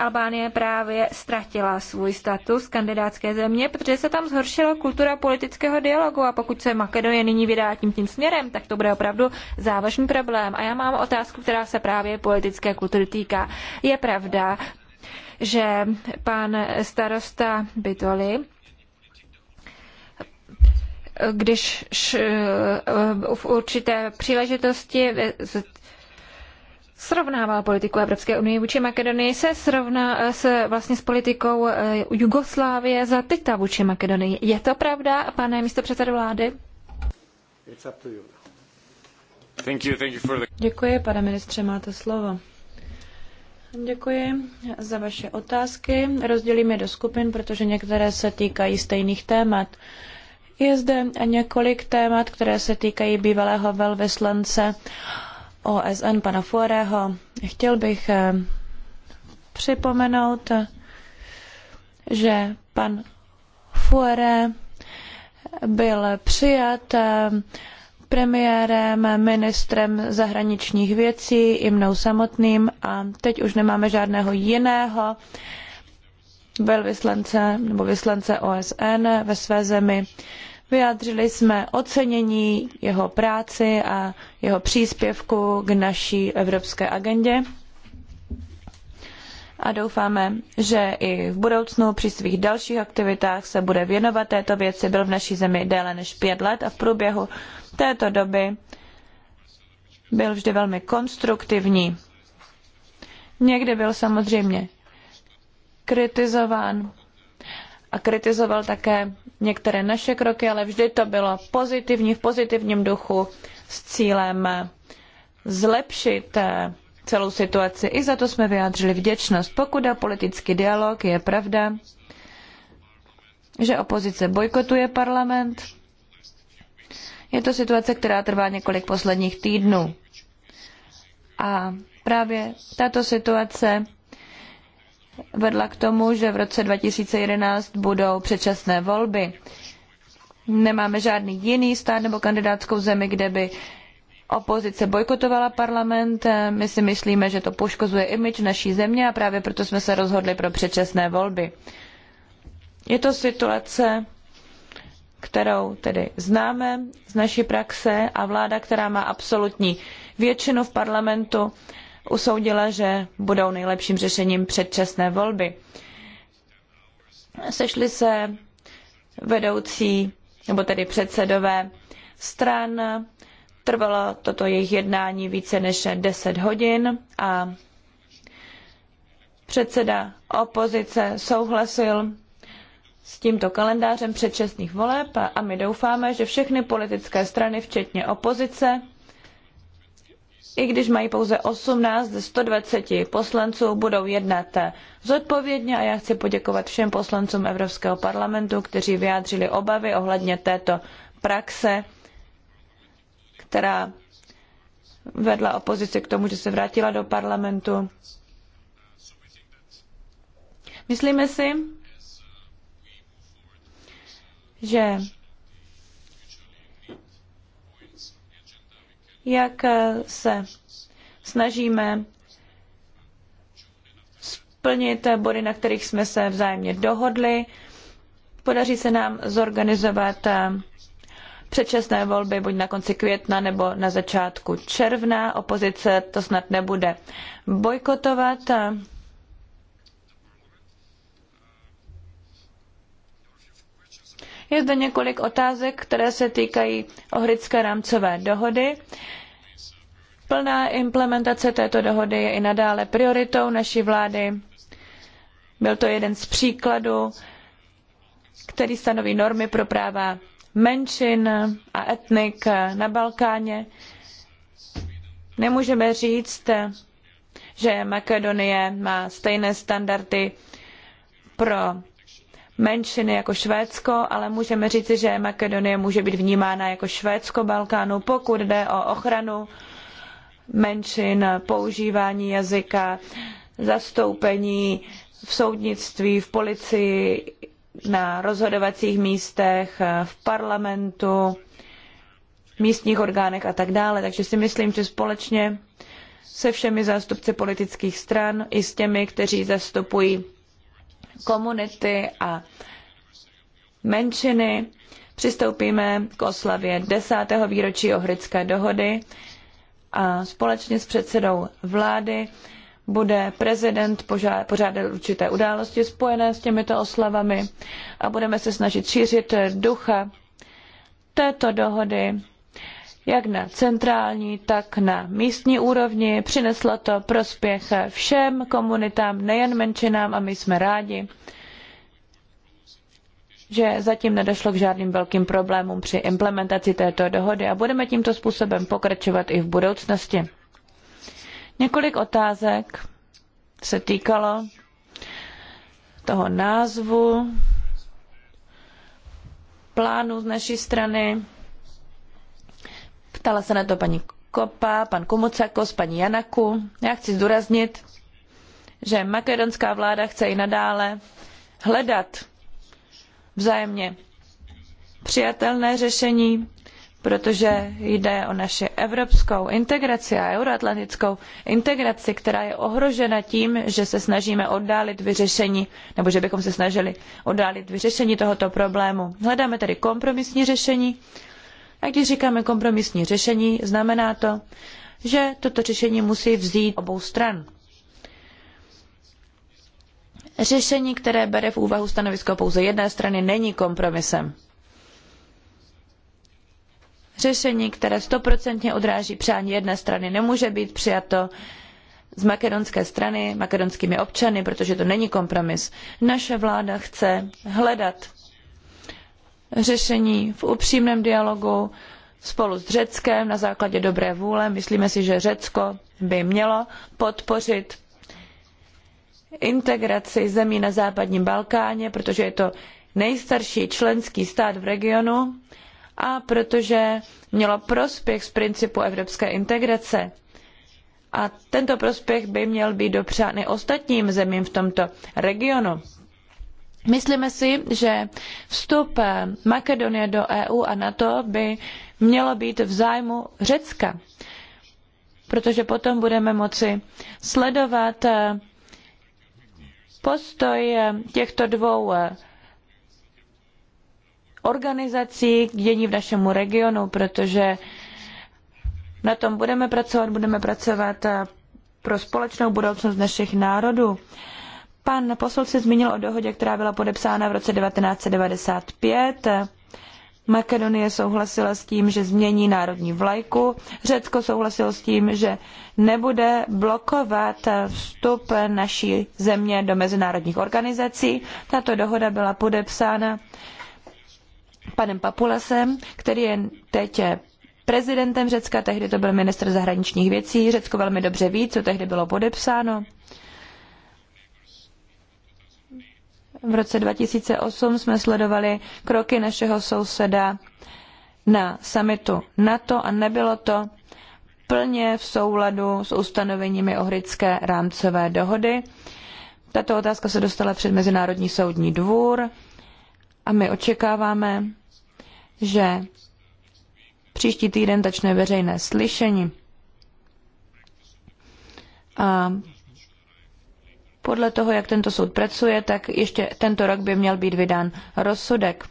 Albánie právě ztratila svůj status kandidátské země, protože se tam zhoršila kultura politického dialogu a pokud se Makedonie nyní vydá tím tím směrem, tak to bude opravdu závažný problém. A já mám otázku, která se právě politické kultury týká. Je pravda, že pan starosta Bitoli když eh, v určité příležitosti srovnával politiku Evropské unie vůči Makedonii, se srovná eh, s, vlastně s politikou eh, Jugoslávie za Tita vůči Makedonii. Je to pravda, pane místo předsedo vlády? Thank you, thank you the... Děkuji, pane ministře, máte slovo. Děkuji za vaše otázky. Rozdělím je do skupin, protože některé se týkají stejných témat. Je zde několik témat, které se týkají bývalého velvyslance OSN pana Fuoreho. Chtěl bych eh, připomenout, že pan Fuore byl přijat eh, premiérem, ministrem zahraničních věcí i mnou samotným a teď už nemáme žádného jiného velvyslance nebo vyslance OSN ve své zemi. Vyjádřili jsme ocenění jeho práci a jeho příspěvku k naší evropské agendě a doufáme, že i v budoucnu při svých dalších aktivitách se bude věnovat této věci. Byl v naší zemi déle než pět let a v průběhu této doby byl vždy velmi konstruktivní. Někdy byl samozřejmě kritizován a kritizoval také některé naše kroky, ale vždy to bylo pozitivní, v pozitivním duchu s cílem zlepšit eh, celou situaci. I za to jsme vyjádřili vděčnost. Pokud a politický dialog, je pravda, že opozice bojkotuje parlament, je to situace, která trvá několik posledních týdnů. A právě tato situace vedla k tomu, že v roce 2011 budou předčasné volby. Nemáme žádný jiný stát nebo kandidátskou zemi, kde by opozice bojkotovala parlament. My si myslíme, že to poškozuje imič naší země a právě proto jsme se rozhodli pro předčasné volby. Je to situace, kterou tedy známe z naší praxe a vláda, která má absolutní většinu v parlamentu, usoudila, že budou nejlepším řešením předčasné volby. Sešli se vedoucí, nebo tedy předsedové stran. Trvalo toto jejich jednání více než 10 hodin a předseda opozice souhlasil s tímto kalendářem předčasných voleb a my doufáme, že všechny politické strany, včetně opozice, i když mají pouze 18 ze 120 poslanců, budou jednat zodpovědně a já chci poděkovat všem poslancům Evropského parlamentu, kteří vyjádřili obavy ohledně této praxe, která vedla opozici k tomu, že se vrátila do parlamentu. Myslíme si, že jak se snažíme splnit body, na kterých jsme se vzájemně dohodli. Podaří se nám zorganizovat předčasné volby buď na konci května nebo na začátku června. Opozice to snad nebude bojkotovat. Je zde několik otázek, které se týkají ohrické rámcové dohody. Plná implementace této dohody je i nadále prioritou naší vlády. Byl to jeden z příkladů, který stanoví normy pro práva menšin a etnik na Balkáně. Nemůžeme říct, že Makedonie má stejné standardy pro menšiny jako Švédsko, ale můžeme říci, že Makedonie může být vnímána jako Švédsko Balkánu, pokud jde o ochranu menšin, používání jazyka, zastoupení v soudnictví, v policii, na rozhodovacích místech, v parlamentu, místních orgánech a tak dále. Takže si myslím, že společně se všemi zástupci politických stran i s těmi, kteří zastupují komunity a menšiny přistoupíme k oslavě desátého výročí Ohridské dohody a společně s předsedou vlády bude prezident pořádat určité události spojené s těmito oslavami a budeme se snažit šířit ducha této dohody jak na centrální, tak na místní úrovni. Přineslo to prospěch všem komunitám, nejen menšinám a my jsme rádi, že zatím nedošlo k žádným velkým problémům při implementaci této dohody a budeme tímto způsobem pokračovat i v budoucnosti. Několik otázek se týkalo toho názvu, plánu z naší strany Ptala se na to paní Kopa, pan Kumucakos, paní Janaku. Já chci zdůraznit, že makedonská vláda chce i nadále hledat vzájemně přijatelné řešení, protože jde o naši evropskou integraci a euroatlantickou integraci, která je ohrožena tím, že se snažíme oddálit vyřešení, nebo že bychom se snažili oddálit vyřešení tohoto problému. Hledáme tedy kompromisní řešení, a když říkáme kompromisní řešení, znamená to, že toto řešení musí vzít obou stran. Řešení, které bere v úvahu stanovisko pouze jedné strany, není kompromisem. Řešení, které stoprocentně odráží přání jedné strany, nemůže být přijato z makedonské strany, makedonskými občany, protože to není kompromis. Naše vláda chce hledat řešení v upřímném dialogu spolu s Řeckem na základě dobré vůle. Myslíme si, že Řecko by mělo podpořit integraci zemí na západním Balkáně, protože je to nejstarší členský stát v regionu a protože mělo prospěch z principu evropské integrace. A tento prospěch by měl být dopřán i ostatním zemím v tomto regionu. Myslíme si, že vstup eh, Makedonie do EU a NATO by mělo být v zájmu Řecka, protože potom budeme moci sledovat eh, postoj eh, těchto dvou organizací k dění v našem regionu, protože na tom budeme pracovat, budeme pracovat pro společnou budoucnost našich národů. Pan posol se zmínil o dohodě, která byla podepsána v roce 1995. Makedonie souhlasila s tím, že změní národní vlajku. Řecko souhlasilo s tím, že nebude blokovat vstup naší země do mezinárodních organizací. Tato dohoda byla podepsána panem Papulasem, který je teď prezidentem Řecka, tehdy to byl ministr zahraničních věcí. Řecko velmi dobře ví, co tehdy bylo podepsáno. V roce 2008 jsme sledovali kroky našeho souseda na summitu NATO a nebylo to plně v souladu s ustanoveními ohridské rámcové dohody. Tato otázka se dostala před Mezinárodní soudní dvůr a my očekáváme, že příští týden začne veřejné slyšení. A podle toho, jak tento soud pracuje, tak ještě tento rok by měl být vydán rozsudek.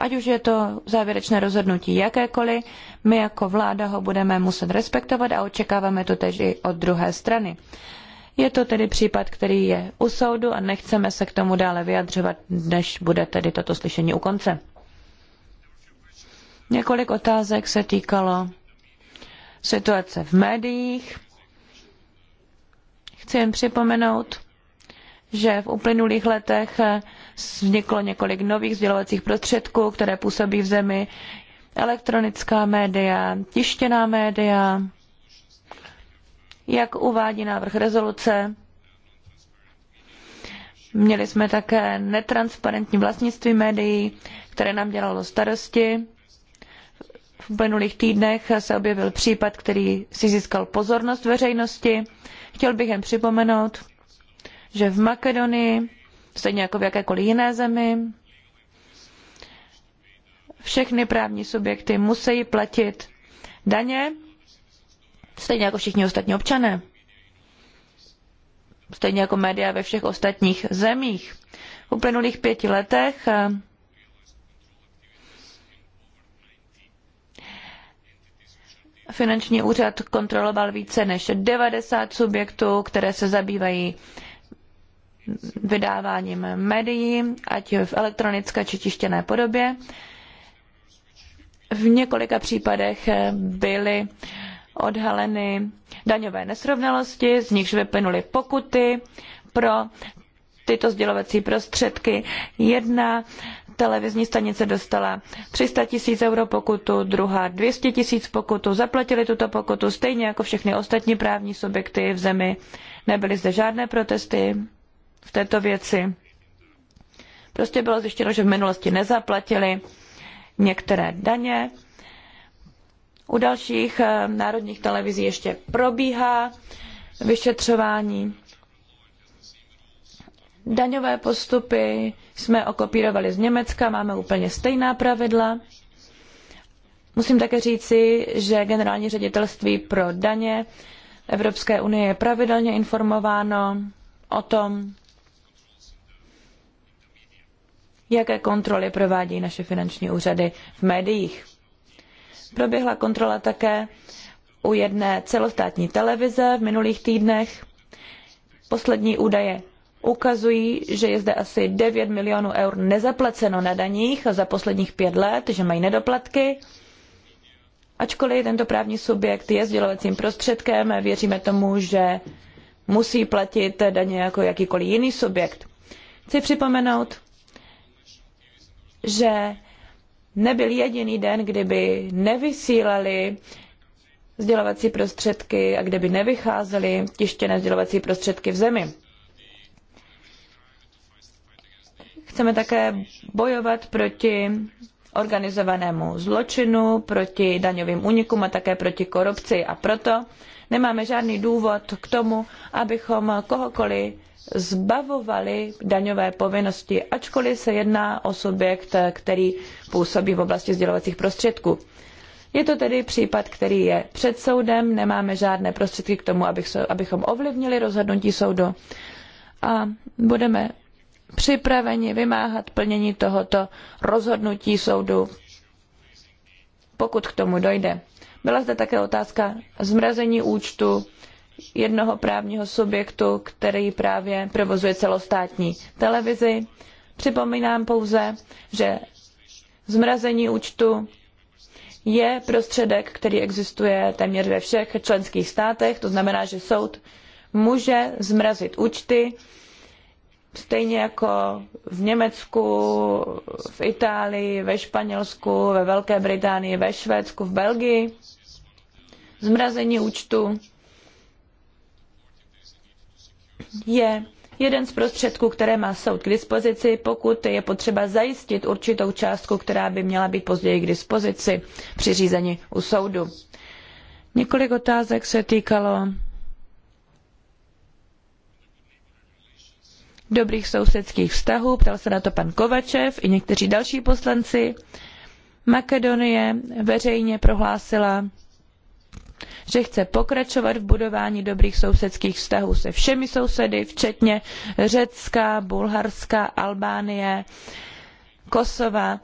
Ať už je to závěrečné rozhodnutí jakékoliv, my jako vláda ho budeme muset respektovat a očekáváme to tež i od druhé strany. Je to tedy případ, který je u soudu a nechceme se k tomu dále vyjadřovat, než bude tedy toto slyšení u konce. Několik otázek se týkalo situace v médiích. Chci jen připomenout, že v uplynulých letech vzniklo několik nových sdělovacích prostředků, které působí v zemi elektronická média, tištěná média, jak uvádí návrh rezoluce. Měli jsme také netransparentní vlastnictví médií, které nám dělalo starosti Uplynulých týdnech se objevil případ, který si získal pozornost veřejnosti. Chtěl bych jen připomenout, že v Makedonii, stejně jako v jakékoliv jiné zemi, všechny právní subjekty musí platit daně, stejně jako všichni ostatní občané. Stejně jako média ve všech ostatních zemích. V uplynulých pěti letech finanční úřad kontroloval více než 90 subjektů, které se zabývají vydáváním médií, ať v elektronické či tištěné podobě. V několika případech byly odhaleny daňové nesrovnalosti, z nichž vyplynuly pokuty pro tyto sdělovací prostředky. Jedna televizní stanice dostala 300 tisíc euro pokutu, druhá 200 tisíc pokutu, zaplatili tuto pokutu stejně jako všechny ostatní právní subjekty v zemi. Nebyly zde žádné protesty v této věci. Prostě bylo zjištěno, že v minulosti nezaplatili některé daně. U dalších eh, národních televizí ještě probíhá vyšetřování. Daňové postupy jsme okopírovali z Německa, máme úplně stejná pravidla. Musím také říci, že generální ředitelství pro daně Evropské unie je pravidelně informováno o tom, jaké kontroly provádí naše finanční úřady v médiích. Proběhla kontrola také u jedné celostátní televize v minulých týdnech. Poslední údaje ukazují, že je zde asi 9 milionů eur nezaplaceno na daních za posledních pět let, že mají nedoplatky. Ačkoliv tento právní subjekt je sdělovacím prostředkem, věříme tomu, že musí platit daně jako jakýkoliv jiný subjekt. Chci připomenout, že nebyl jediný den, kdyby nevysílali sdělovací prostředky a kdyby nevycházely tištěné sdělovací prostředky v zemi. Chceme také bojovat proti organizovanému zločinu, proti daňovým únikům a také proti korupci. A proto nemáme žádný důvod k tomu, abychom kohokoliv zbavovali daňové povinnosti, ačkoliv se jedná o subjekt, který působí v oblasti sdělovacích prostředků. Je to tedy případ, který je před soudem, nemáme žádné prostředky k tomu, abychom ovlivnili rozhodnutí soudu a budeme připraveni vymáhat plnění tohoto rozhodnutí soudu, pokud k tomu dojde. Byla zde také otázka zmrazení účtu jednoho právního subjektu, který právě provozuje celostátní televizi. Připomínám pouze, že zmrazení účtu je prostředek, který existuje téměř ve všech členských státech, to znamená, že soud může zmrazit účty stejně jako v Německu, v Itálii, ve Španělsku, ve Velké Británii, ve Švédsku, v Belgii, zmrazení účtu je jeden z prostředků, které má soud k dispozici, pokud je potřeba zajistit určitou částku, která by měla být později k dispozici při řízení u soudu. Několik otázek se týkalo dobrých sousedských vztahů, ptal se na to pan Kovačev i někteří další poslanci. Makedonie veřejně prohlásila, že chce pokračovat v budování dobrých sousedských vztahů se všemi sousedy, včetně Řecka, Bulharska, Albánie, Kosova.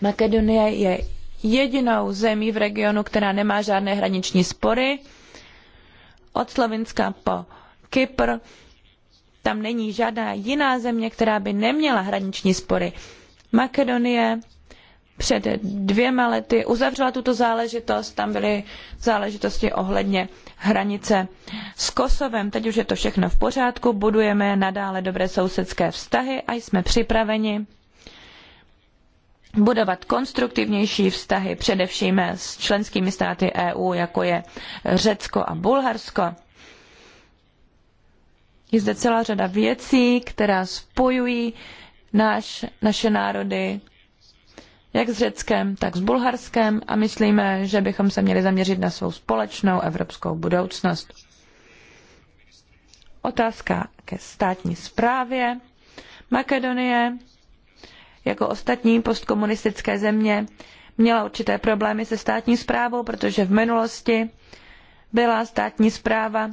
Makedonie je jedinou zemí v regionu, která nemá žádné hraniční spory. Od Slovinska po Kypr tam není žádná jiná země, která by neměla hraniční spory. Makedonie před dvěma lety uzavřela tuto záležitost. Tam byly záležitosti ohledně hranice s Kosovem. Teď už je to všechno v pořádku, budujeme nadále dobré sousedské vztahy a jsme připraveni budovat konstruktivnější vztahy především s členskými státy EU, jako je Řecko a Bulharsko. Je zde celá řada věcí, která spojují náš, naše národy, jak s Řeckem, tak s Bulharskem a myslíme, že bychom se měli zaměřit na svou společnou evropskou budoucnost. Otázka ke státní správě. Makedonie, jako ostatní postkomunistické země, měla určité problémy se státní správou, protože v minulosti byla státní správa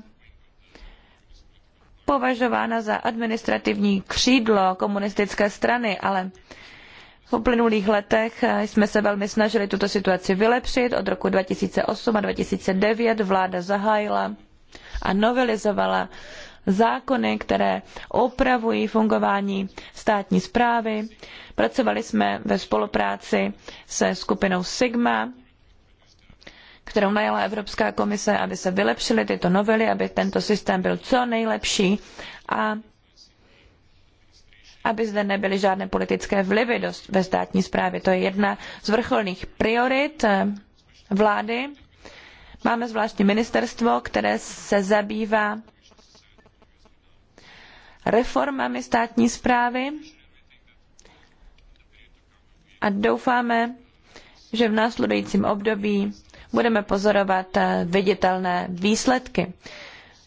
považována za administrativní křídlo komunistické strany, ale v uplynulých letech jsme se velmi snažili tuto situaci vylepšit. Od roku 2008 a 2009 vláda zahájila a novelizovala zákony, které upravují fungování státní správy. Pracovali jsme ve spolupráci se skupinou Sigma, kterou najala Evropská komise, aby se vylepšily tyto novely, aby tento systém byl co nejlepší a aby zde nebyly žádné politické vlivy do, ve státní správě. To je jedna z vrcholných priorit eh, vlády. Máme zvláštní ministerstvo, které se zabývá reformami státní správy a doufáme, že v následujícím období budeme pozorovat eh, viditelné výsledky.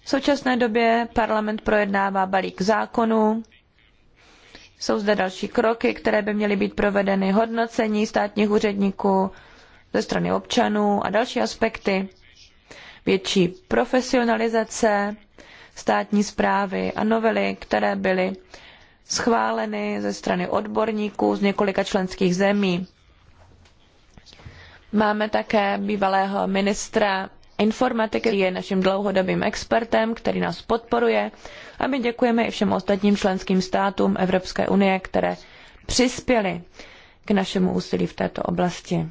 V současné době parlament projednává balík zákonů, jsou zde další kroky, které by měly být provedeny, hodnocení státních úředníků ze strany občanů a další aspekty, větší profesionalizace státní zprávy a novely, které byly schváleny ze strany odborníků z několika členských zemí. Máme také bývalého ministra informatiky, který je naším dlouhodobým expertem, který nás podporuje. A my děkujeme i všem ostatním členským státům Evropské unie, které přispěly k našemu úsilí v této oblasti.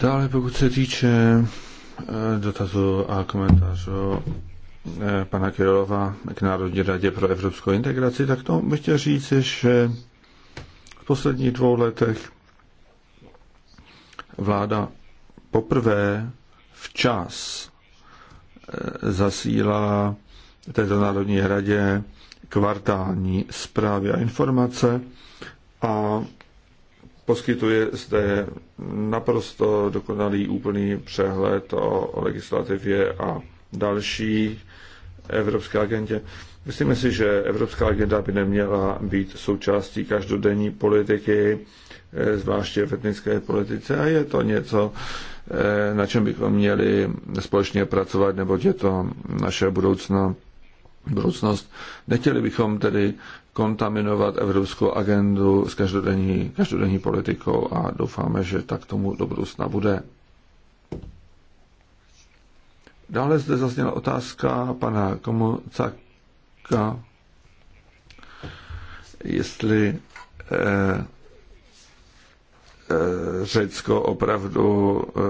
Dále pokud se týče eh, dotazu a komentářů Eh, pana Kirilova k Národní radě pro evropskou integraci, tak to bych chtěl říct, že v posledních dvou letech vláda poprvé včas eh, zasílá této Národní radě kvartální zprávy a informace a poskytuje zde naprosto dokonalý úplný přehled o legislativě a další evropské agendě. Myslíme si, že evropská agenda by neměla být součástí každodenní politiky, eh, zvláště v etnické politice a je to něco, eh, na čem bychom měli společně pracovat, nebo je to naše budoucna, budoucnost. Nechtěli bychom tedy kontaminovat evropskou agendu s každodenní, každodenní politikou a doufáme, že tak tomu do budoucna bude. Dále zde zazněla otázka pana Komocaka, jestli eh, eh, Řecko opravdu eh,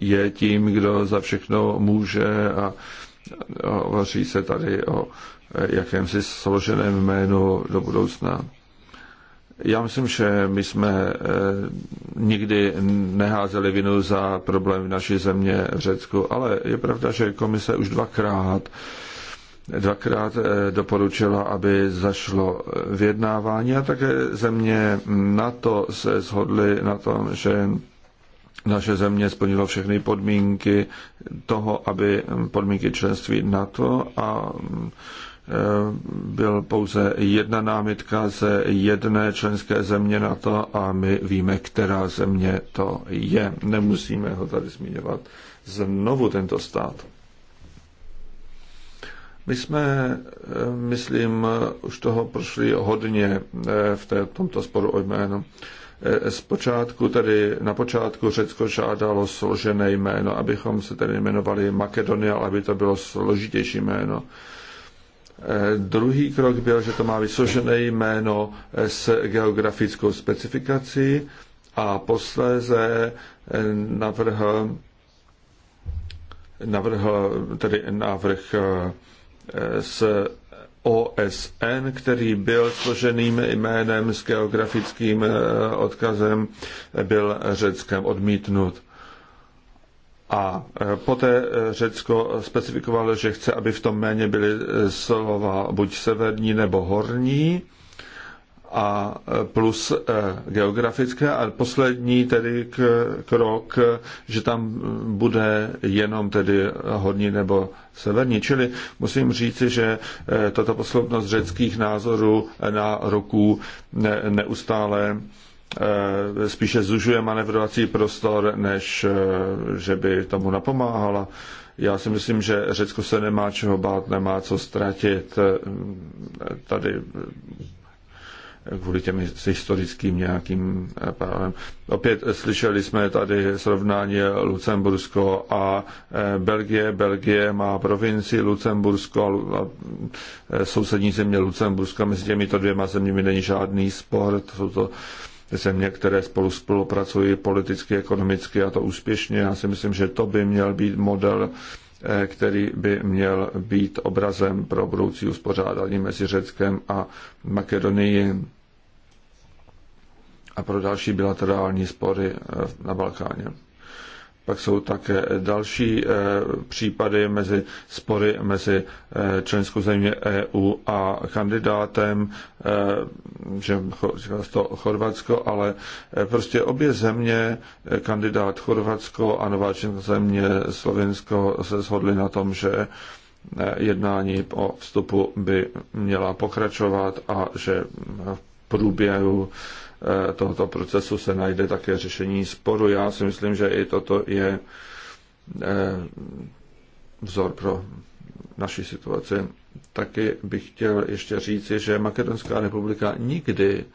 je tím, kdo za všechno může a hovoří se tady o jakémsi složeném jménu do budoucna. Já myslím, že my jsme eh, nikdy neházeli vinu za problém v naší země v Řecku, ale je pravda, že komise už dvakrát dvakrát eh, doporučila, aby zašlo eh, vyjednávání a také země to se shodly na tom, že naše země splnilo všechny podmínky toho, aby podmínky členství to a Eh, byl pouze jedna námitka ze jedné členské země na to a my víme, která země to je. Nemusíme ho tady zmiňovat znovu tento stát. My jsme, eh, myslím, už toho prošli hodně eh, v té, tomto sporu o jméno. Zpočátku tedy, na počátku Řecko žádalo složené jméno, abychom se tedy jmenovali Makedonie, ale aby to bylo složitější jméno. Eh, druhý krok byl, že to má vysložené jméno s geografickou specifikací a posléze eh, navrhl, navrhl tedy návrh eh, s OSN, který byl složeným jménem s geografickým odkazem, byl Řeckem odmítnut. A e, poté e, Řecko specifikovalo, že chce, aby v tom méně byly e, slova buď severní nebo horní a plus geografické a poslední tedy krok, že tam bude jenom tedy horní nebo severní. Čili musím říci, že tato posloupnost řeckých názorů na roku neustále Eh, spíše zužuje manevrovací prostor, než eh, že by tomu napomáhala. Já si myslím, že Řecko se nemá čeho bát, nemá co ztratit eh, tady kvůli těm historickým nějakým právem. Opět slyšeli jsme tady srovnání Lucembursko a Belgie. Belgie má provinci Lucembursko a sousední země Lucemburska. Mezi těmito dvěma zeměmi není žádný sport. Jsou to země, které spolu spolupracují politicky, ekonomicky a to úspěšně. Já si myslím, že to by měl být model, eh, který by měl být obrazem pro budoucí uspořádání mezi Řeckem a Makedonii a pro další bilaterální spory eh, na Balkáně. Pak jsou také další eh, případy mezi spory mezi eh, členskou země EU a kandidátem, eh, že to Chorvatsko, ale prostě obě země, kandidát Chorvatsko a nová země Slovensko se shodly na tom, že jednání o vstupu by měla pokračovat a že v průběhu Eh, tohoto procesu se najde také řešení sporu. Já si myslím, že i toto je eh, vzor pro naší situaci. Taky bych chtěl ještě říci, že Makedonská republika nikdy eh,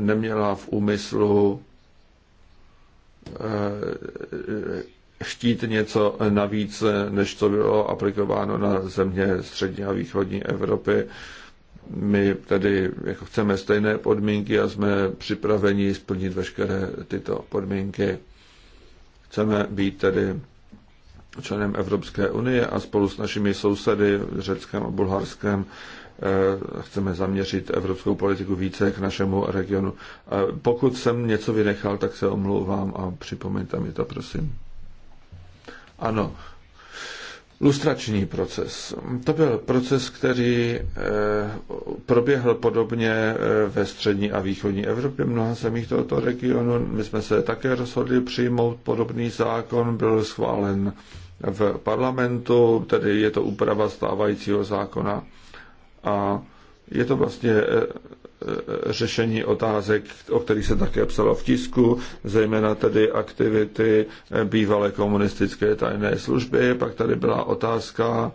neměla v úmyslu chtít něco navíc, než co bylo aplikováno na země střední a východní Evropy my tedy jako chceme stejné podmínky a jsme připraveni splnit veškeré tyto podmínky. Chceme být tedy členem Evropské unie a spolu s našimi sousedy Řeckem a Bulharskem eh, chceme zaměřit evropskou politiku více k našemu regionu. Pokud jsem něco vynechal, tak se omlouvám a připomeňte mi to, prosím. Ano, Lustrační proces. To byl proces, který eh, proběhl podobně eh, ve střední a východní Evropě, mnoha zemích tohoto regionu. My jsme se také rozhodli přijmout podobný zákon, byl schválen v parlamentu, tedy je to úprava stávajícího zákona a je to vlastně eh, E, řešení otázek, o kterých se také psalo v tisku, zejména tedy aktivity bývalé komunistické tajné služby. Pak tady byla otázka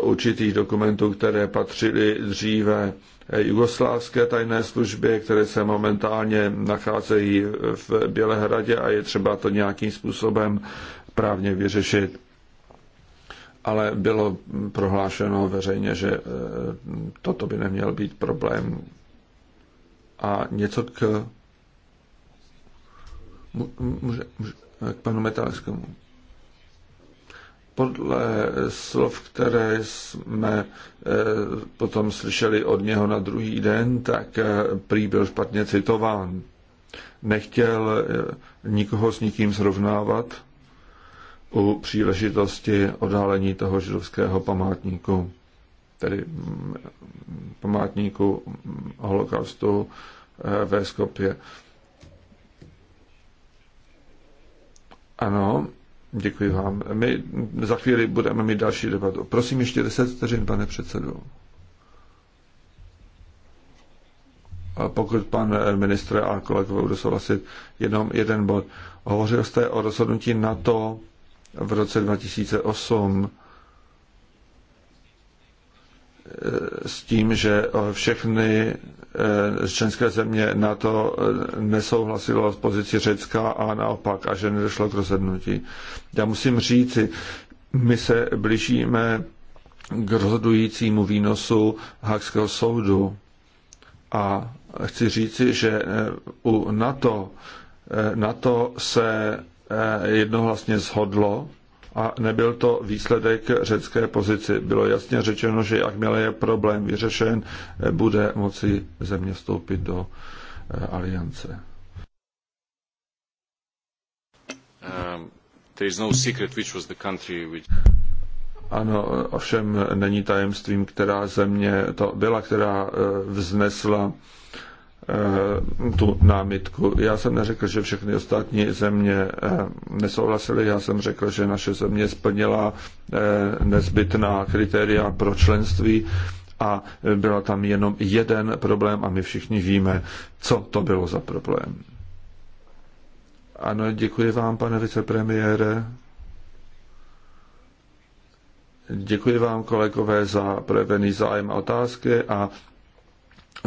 určitých dokumentů, které patřily dříve jugoslávské tajné službě, které se momentálně nacházejí v Bělehradě a je třeba to nějakým způsobem právně vyřešit. Ale bylo prohlášeno veřejně, že e, toto by neměl být problém a něco k, může, může, k panu Metalskému. Podle slov, které jsme eh, potom slyšeli od něho na druhý den, tak eh, prý byl špatně citován. Nechtěl eh, nikoho s nikým srovnávat u příležitosti odhalení toho židovského památníku tedy mm, památníku holokaustu eh, ve Skopě. Ano, děkuji vám. My za chvíli budeme mít další debatu. Prosím ještě 10 vteřin, pane předsedo. A pokud pan eh, ministr a kolegové budou souhlasit, jenom jeden bod. Hovořil jste o rozhodnutí NATO v roce 2008 Eh, s tím, že eh, všechny eh, členské země na to nesouhlasilo s pozici Řecka a naopak, a že nedošlo k rozhodnutí. Já musím říci, my se blížíme k rozhodujícímu výnosu Hákského soudu a chci říci, že u NATO, NATO se jednohlasně shodlo a nebyl to výsledek řecké pozici. Bylo jasně řečeno, že jakmile je problém vyřešen, bude moci země vstoupit do eh, aliance. Um, no secret which was the country which... Ano, ovšem není tajemstvím, která země to byla, která eh, vznesla Eh, tu námitku. Já jsem neřekl, že všechny ostatní země eh, nesouhlasily, já jsem řekl, že naše země splnila eh, nezbytná kritéria pro členství a byla tam jenom jeden problém a my všichni víme, co to bylo za problém. Ano, děkuji vám, pane vicepremiére. Děkuji vám, kolegové, za projevený zájem a otázky a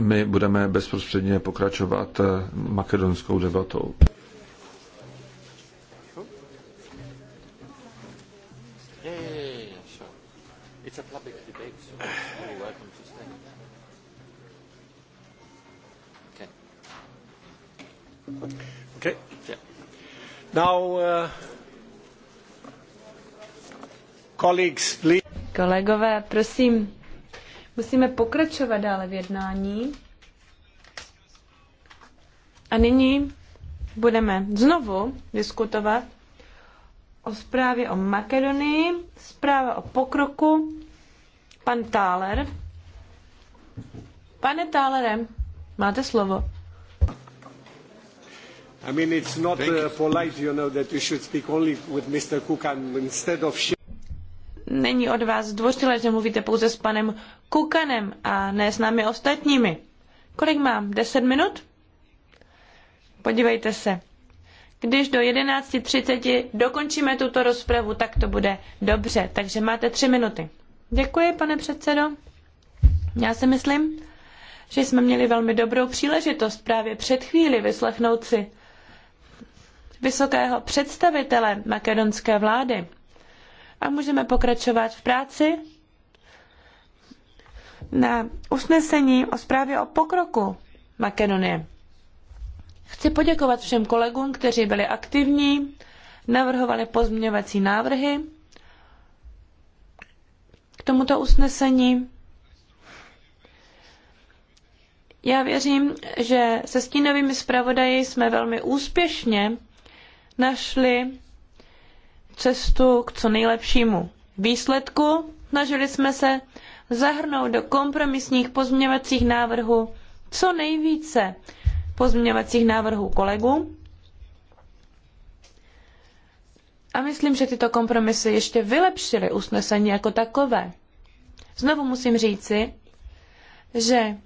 my budeme bezprostředně pokračovat eh, makedonskou debatou. Okay. Now, uh, colleagues, please. Kolegové, prosím, Musíme pokračovat dále v jednání. A nyní budeme znovu diskutovat o zprávě o Makedonii, zpráva o pokroku. Pan Táler. Pane Tálere, máte slovo. I mean, it's not uh, polite, you know, that you should speak only with Mr. Kukan instead of není od vás zdvořile, že mluvíte pouze s panem Kukanem a ne s námi ostatními. Kolik mám? Deset minut? Podívejte se. Když do 11.30 dokončíme tuto rozpravu, tak to bude dobře. Takže máte tři minuty. Děkuji, pane předsedo. Já si myslím, že jsme měli velmi dobrou příležitost právě před chvíli vyslechnout si vysokého představitele makedonské vlády a můžeme pokračovat v práci na usnesení o zprávě o pokroku Makedonie. Chci poděkovat všem kolegům, kteří byli aktivní, navrhovali pozměňovací návrhy k tomuto usnesení. Já věřím, že se stínovými zpravodaji jsme velmi úspěšně našli cestu k co nejlepšímu výsledku. Snažili jsme se zahrnout do kompromisních pozměňovacích návrhů co nejvíce pozměňovacích návrhů kolegů. A myslím, že tyto kompromisy ještě vylepšily usnesení jako takové. Znovu musím říci, že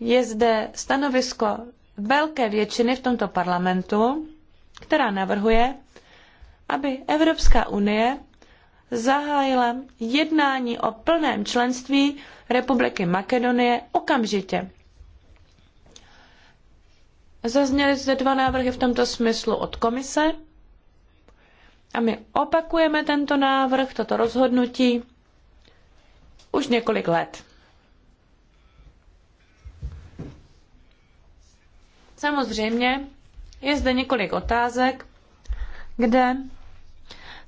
je zde stanovisko velké většiny v tomto parlamentu, která navrhuje, aby Evropská unie zahájila jednání o plném členství Republiky Makedonie okamžitě. Zazněly zde dva návrhy v tomto smyslu od komise a my opakujeme tento návrh, toto rozhodnutí už několik let. Samozřejmě je zde několik otázek, kde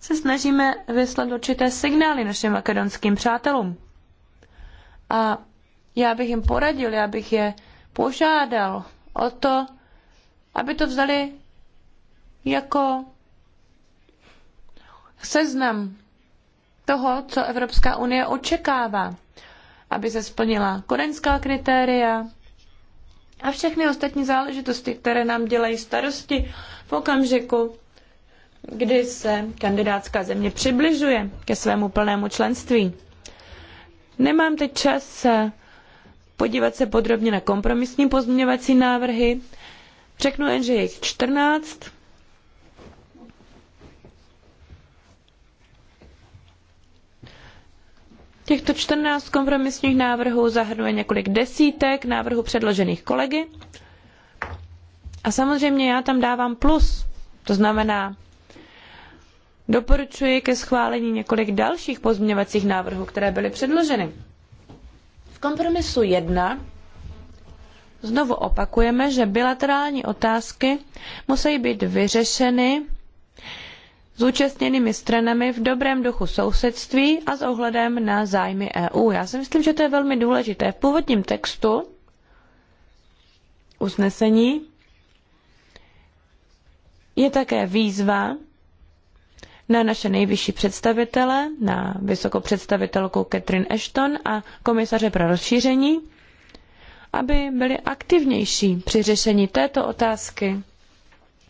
se snažíme vyslat určité signály našim makedonským přátelům. A já bych jim poradil, já bych je požádal o to, aby to vzali jako seznam toho, co Evropská unie očekává, aby se splnila kodaňská kritéria a všechny ostatní záležitosti, které nám dělají starosti v okamžiku, kdy se kandidátská země přibližuje ke svému plnému členství. Nemám teď čas eh, podívat se podrobně na kompromisní pozměňovací návrhy. Řeknu jen, že je jich 14. Těchto 14 kompromisních návrhů zahrnuje několik desítek návrhů předložených kolegy. A samozřejmě já tam dávám plus. To znamená doporučuji ke schválení několik dalších pozměňovacích návrhů, které byly předloženy. V kompromisu 1 znovu opakujeme, že bilaterální otázky musí být vyřešeny zúčastněnými stranami v dobrém duchu sousedství a s ohledem na zájmy EU. Já si myslím, že to je velmi důležité. V původním textu usnesení je také výzva na naše nejvyšší představitele, na vysokou představitelku Catherine Ashton a komisaře pro rozšíření, aby byli aktivnější při řešení této otázky,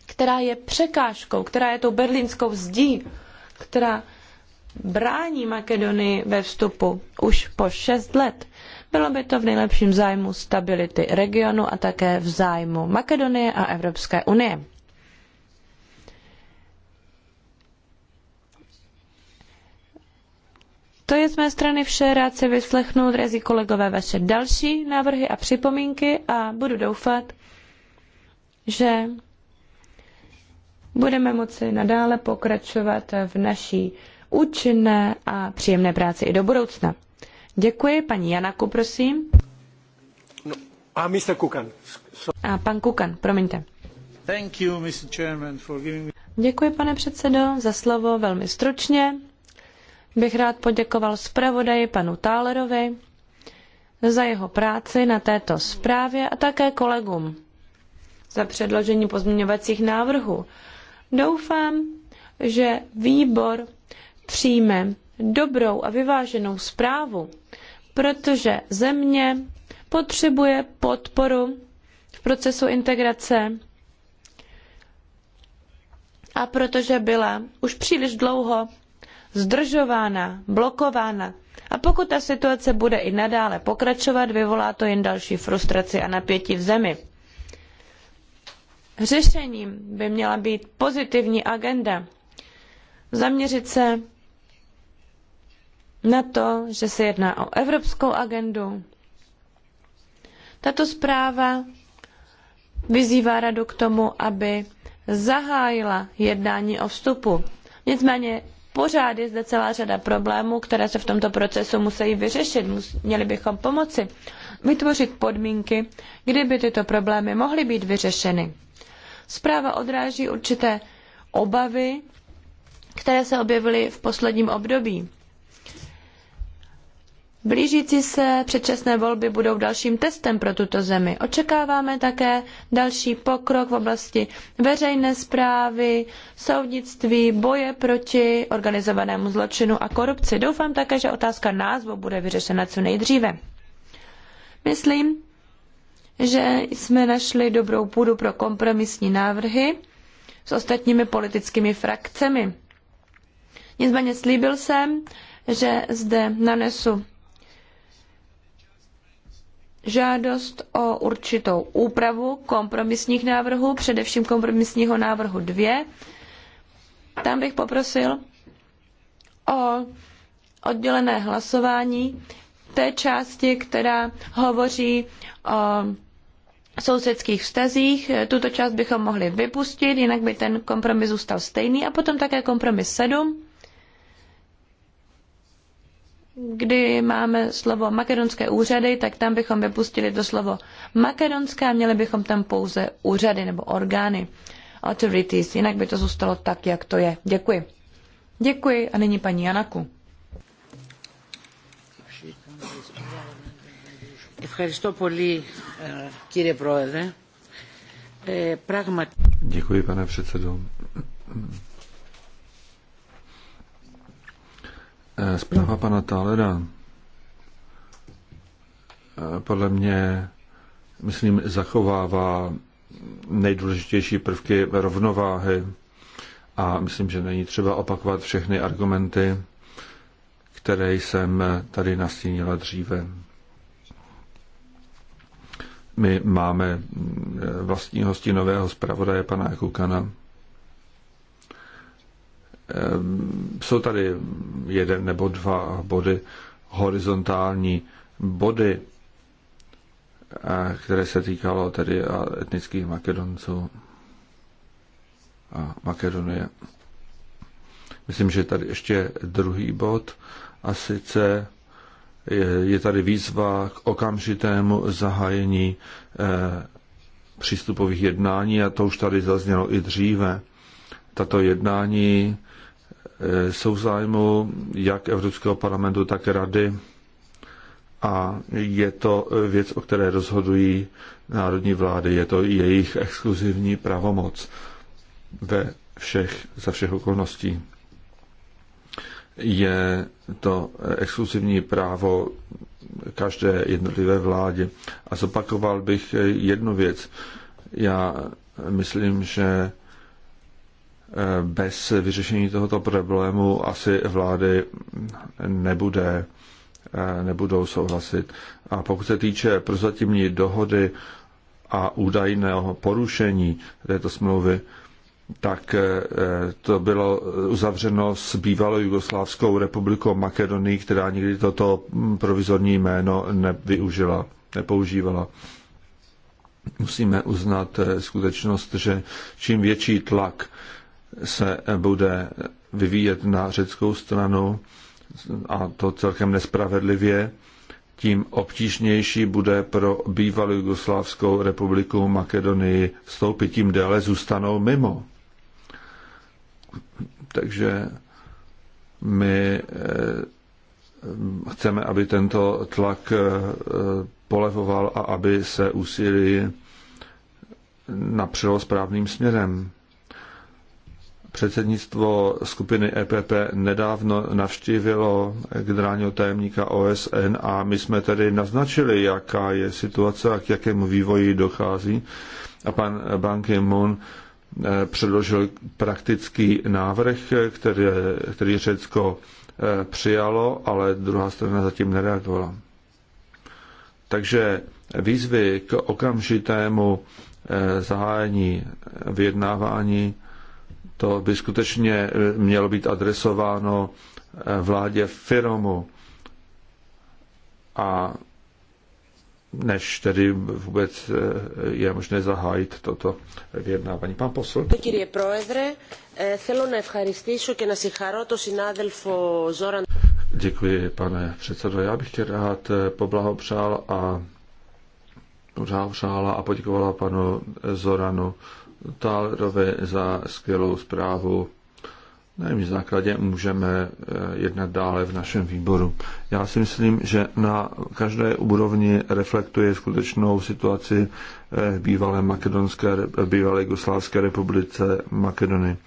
která je překážkou, která je tou berlínskou zdí, která brání Makedonii ve vstupu už po šest let. Bylo by to v nejlepším zájmu stability regionu a také v zájmu Makedonie a Evropské unie. To je z mé strany vše. Rád si vyslechnu, drazí kolegové, vaše další návrhy a připomínky a budu doufat, že budeme moci nadále pokračovat v naší účinné a příjemné práci i do budoucna. Děkuji, paní Janaku, prosím. No, a Mr. Kukan. So... A pan Kukan, promiňte. Thank you, Mr. Chairman, for giving me... Děkuji, pane předsedo, za slovo velmi stručně bych rád poděkoval zpravodaji panu Tálerovi za jeho práci na této zprávě a také kolegům za předložení pozměňovacích návrhů. Doufám, že výbor přijme dobrou a vyváženou zprávu, protože země potřebuje podporu v procesu integrace a protože byla už příliš dlouho zdržována, blokována. A pokud ta situace bude i nadále pokračovat, vyvolá to jen další frustraci a napětí v zemi. Řešením by měla být pozitivní agenda. Zaměřit se na to, že se jedná o evropskou agendu. Tato zpráva vyzývá radu k tomu, aby zahájila jednání o vstupu. Nicméně pořád je zde celá řada problémů, které se v tomto procesu musí vyřešit. Měli bychom pomoci vytvořit podmínky, kdy by tyto problémy mohly být vyřešeny. Zpráva odráží určité obavy, které se objevily v posledním období. Blížící se předčasné volby budou dalším testem pro tuto zemi. Očekáváme také další pokrok v oblasti veřejné správy, soudnictví, boje proti organizovanému zločinu a korupci. Doufám také, že otázka názvu bude vyřešena co nejdříve. Myslím, že jsme našli dobrou půdu pro kompromisní návrhy s ostatními politickými frakcemi. Nicméně slíbil jsem, že zde nanesu žádost o určitou úpravu kompromisních návrhů, především kompromisního návrhu 2. Tam bych poprosil o oddělené hlasování té části, která hovoří o sousedských vztazích. Tuto část bychom mohli vypustit, jinak by ten kompromis zůstal stejný. A potom také kompromis 7 kdy máme slovo makedonské úřady, tak tam bychom vypustili to slovo makedonská, měli bychom tam pouze úřady nebo orgány, authorities, jinak by to zůstalo tak, jak to je. Děkuji. Děkuji a nyní paní Janaku. Děkuji, pane předsedo. Eh, zpráva pana Talera eh, podle mě, myslím, zachovává nejdůležitější prvky rovnováhy a myslím, že není třeba opakovat všechny argumenty, které jsem tady nastínila dříve. My máme eh, vlastního stínového zpravodaje pana Jakukana, Ehm, jsou tady jeden nebo dva body, horizontální body, které se týkalo tedy etnických Makedonců a Makedonie. Myslím, že tady ještě druhý bod a sice je tady výzva k okamžitému zahájení eh, přístupových jednání a to už tady zaznělo i dříve. Tato jednání Eh, jsou v zájmu jak Evropského parlamentu, tak Rady a je to věc, o které rozhodují národní vlády. Je to jejich exkluzivní pravomoc ve všech, za všech okolností. Je to exkluzivní právo každé jednotlivé vládě. A zopakoval bych jednu věc. Já myslím, že bez vyřešení tohoto problému asi vlády nebude, nebudou souhlasit. A pokud se týče prozatímní dohody a údajného porušení této smlouvy, tak eh, to bylo uzavřeno s bývalou Jugoslávskou republikou Makedonii, která nikdy toto provizorní jméno nevyužila, nepoužívala. Musíme uznat eh, skutečnost, že čím větší tlak se bude vyvíjet na řeckou stranu a to celkem nespravedlivě, tím obtížnější bude pro bývalou Jugoslávskou republiku Makedonii vstoupit, tím déle zůstanou mimo. Takže my eh, chceme, aby tento tlak eh, polevoval a aby se úsilí napřelo správným směrem. Předsednictvo skupiny EPP nedávno navštívilo generálního tajemníka OSN a my jsme tedy naznačili, jaká je situace a k jakému vývoji dochází. A pan Ban Ki-moon eh, předložil praktický návrh, který, který Řecko eh, přijalo, ale druhá strana zatím nereagovala. Takže výzvy k okamžitému eh, zahájení vyjednávání to by skutečně eh, mělo být adresováno eh, vládě firmu a než tedy vůbec eh, je možné zahájit toto vyjednávání. Pan posl. Děkuji, pane předsedo. Já bych tě rád poblahopřál a a poděkovala panu Zoranu Talerovi za skvělou zprávu. Na jejím základě můžeme eh, jednat dále v našem výboru. Já si myslím, že na každé úrovni reflektuje skutečnou situaci eh, v bývalé, Makedonské, v eh, bývalé Jugoslávské republice Makedony.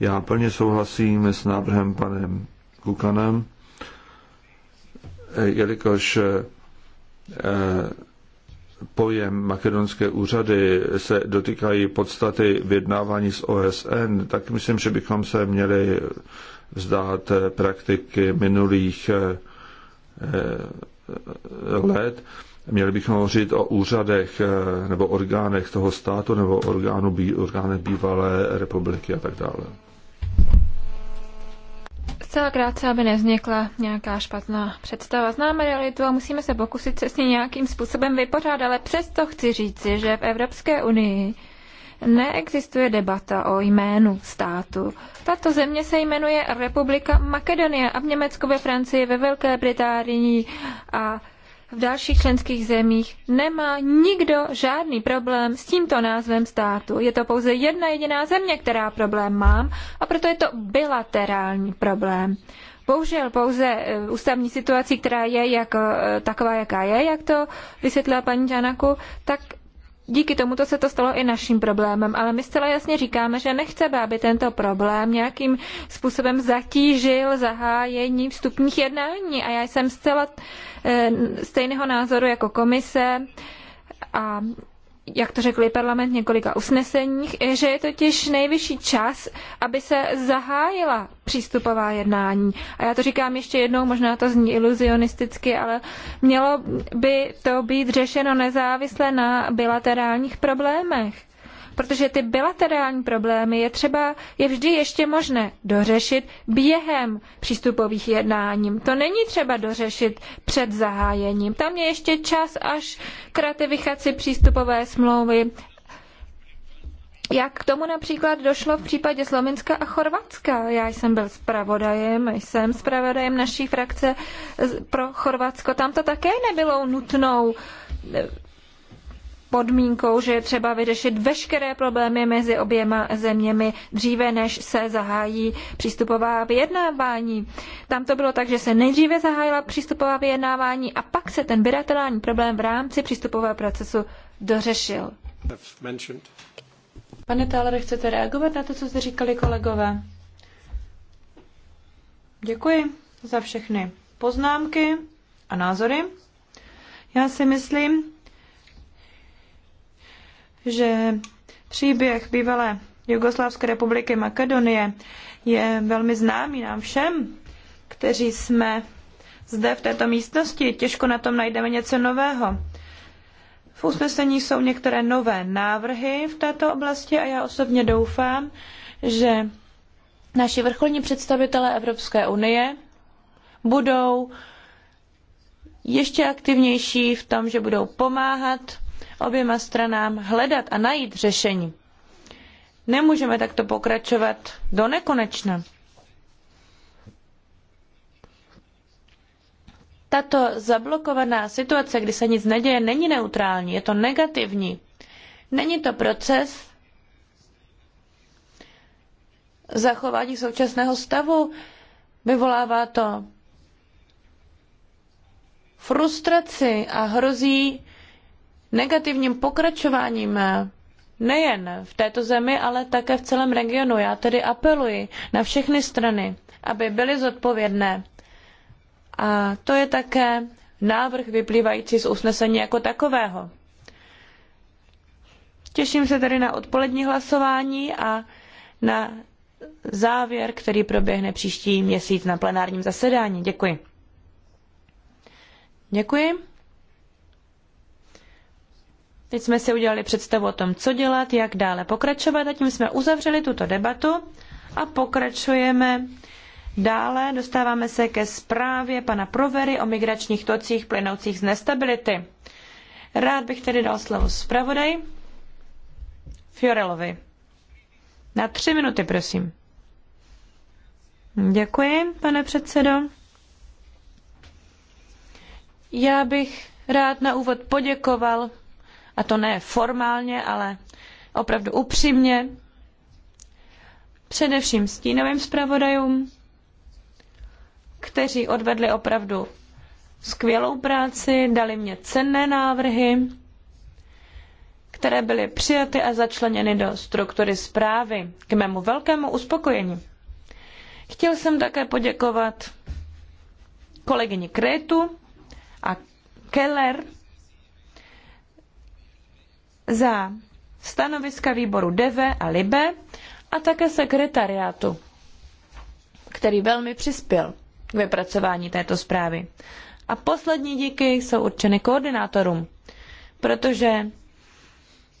Já plně souhlasím s návrhem panem Kukanem, jelikož pojem makedonské úřady se dotýkají podstaty vyjednávání s OSN, tak myslím, že bychom se měli vzdát praktiky minulých eh, eh, let. Měli bychom hovořit o úřadech eh, nebo orgánech toho státu nebo orgánu, orgánech bývalé republiky a tak dále. Zcela krátce, aby nevznikla nějaká špatná představa. Známe realitu a musíme se pokusit se s ní nějakým způsobem vypořádat, ale přesto chci říci, že v Evropské unii neexistuje debata o jménu státu. Tato země se jmenuje Republika Makedonie a v Německu, ve Francii, ve Velké Británii a v dalších členských zemích nemá nikdo žádný problém s tímto názvem státu. Je to pouze jedna jediná země, která problém má a proto je to bilaterální problém. Bohužel pouze e, ústavní situací, která je jako e, taková, jaká je, jak to vysvětlila paní Čanaku, tak Díky tomuto se to stalo i naším problémem, ale my zcela jasně říkáme, že nechceme, aby tento problém nějakým způsobem zatížil zahájení vstupních jednání. A já jsem zcela eh, stejného názoru jako komise a jak to řekl i parlament několika usneseních, eh, že je totiž nejvyšší čas, aby se zahájila přístupová jednání. A já to říkám ještě jednou, možná to zní iluzionisticky, ale mělo by to být řešeno nezávisle na bilaterálních problémech protože ty bilaterální problémy je třeba, je vždy ještě možné dořešit během přístupových jednání. To není třeba dořešit před zahájením. Tam je ještě čas až k ratifikaci přístupové smlouvy jak k tomu například došlo v případě Slovenska a Chorvatska? Já jsem byl zpravodajem, jsem zpravodajem naší frakce pro Chorvatsko. Tam to také nebylo nutnou podmínkou, že je třeba vyřešit veškeré problémy mezi oběma zeměmi dříve, než se zahájí přístupová vyjednávání. Tam to bylo tak, že se nejdříve zahájila přístupová vyjednávání a pak se ten bilaterální problém v rámci přístupového procesu dořešil. Pane Tálere, chcete reagovat na to, co jste říkali kolegové? Děkuji za všechny poznámky a názory. Já si myslím, že příběh bývalé Jugoslávské republiky Makedonie je velmi známý nám všem, kteří jsme zde v této místnosti. Těžko na tom najdeme něco nového. V usnesení jsou některé nové návrhy v této oblasti a já osobně doufám, že naši vrcholní představitelé Evropské unie budou ještě aktivnější v tom, že budou pomáhat oběma stranám hledat a najít řešení. Nemůžeme takto pokračovat do nekonečna. Tato zablokovaná situace, kdy se nic neděje, není neutrální, je to negativní. Není to proces zachování současného stavu, vyvolává to frustraci a hrozí negativním pokračováním nejen v této zemi, ale také v celém regionu. Já tedy apeluji na všechny strany, aby byly zodpovědné. A to je také návrh vyplývající z usnesení jako takového. Těším se tedy na odpolední hlasování a na závěr, který proběhne příští měsíc na plenárním zasedání. Děkuji. Děkuji. Teď jsme si udělali představu o tom, co dělat, jak dále pokračovat a tím jsme uzavřeli tuto debatu a pokračujeme dále. Dostáváme se ke zprávě pana Provery o migračních tocích plynoucích z nestability. Rád bych tedy dal slovo zpravodaj Fiorelovi. Na tři minuty, prosím. Děkuji, pane předsedo. Já bych rád na úvod poděkoval a to ne formálně, ale opravdu upřímně, především stínovým zpravodajům, kteří odvedli opravdu skvělou práci, dali mě cenné návrhy, které byly přijaty a začleněny do struktury zprávy k mému velkému uspokojení. Chtěl jsem také poděkovat kolegyni Kretu a Keller za stanoviska výboru DEVE a LIBE a také sekretariátu, který velmi přispěl k vypracování této zprávy. A poslední díky jsou určeny koordinátorům, protože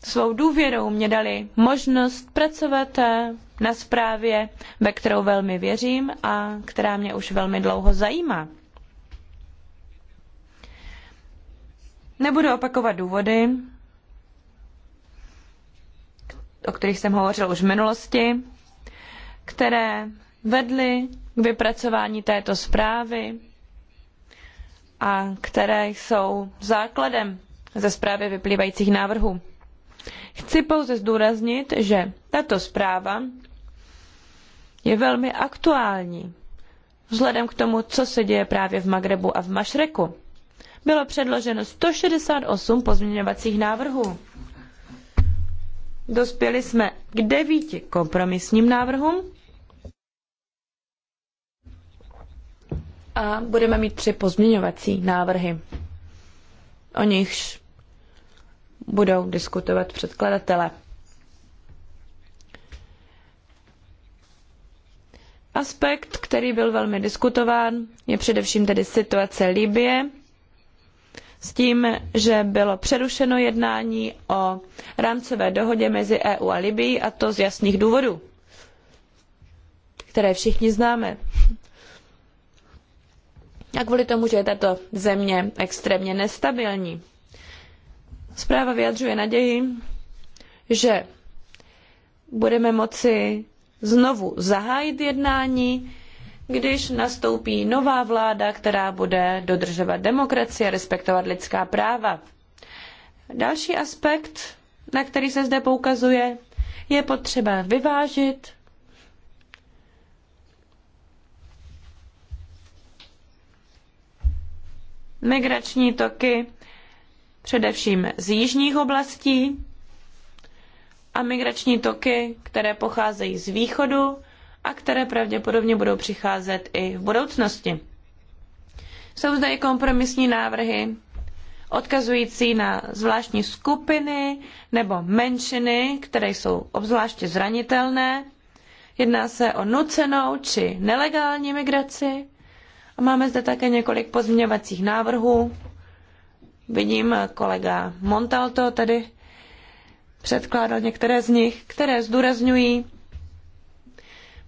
svou důvěrou mě dali možnost pracovat eh, na zprávě, ve kterou velmi věřím a která mě už velmi dlouho zajímá. Nebudu opakovat důvody, o kterých jsem hovořil už v minulosti, které vedly k vypracování této zprávy a které jsou základem ze zprávy vyplývajících návrhů. Chci pouze zdůraznit, že tato zpráva je velmi aktuální vzhledem k tomu, co se děje právě v Magrebu a v Mašreku. Bylo předloženo 168 pozměňovacích návrhů. Dospěli jsme k devíti kompromisním návrhům a budeme mít tři pozměňovací návrhy. O nichž budou diskutovat předkladatele. Aspekt, který byl velmi diskutován, je především tedy situace Libie s tím, že bylo přerušeno jednání o rámcové dohodě mezi EU a Libyí a to z jasných důvodů, které všichni známe. A kvůli tomu, že je tato země extrémně nestabilní. Zpráva vyjadřuje naději, že budeme moci znovu zahájit jednání když nastoupí nová vláda, která bude dodržovat demokracii a respektovat lidská práva. Další aspekt, na který se zde poukazuje, je potřeba vyvážit migrační toky především z jižních oblastí a migrační toky, které pocházejí z východu a které pravděpodobně budou přicházet i v budoucnosti. Jsou zde i kompromisní návrhy odkazující na zvláštní skupiny nebo menšiny, které jsou obzvláště zranitelné. Jedná se o nucenou či nelegální migraci. A máme zde také několik pozměňovacích návrhů. Vidím, kolega Montalto tady předkládal některé z nich, které zdůrazňují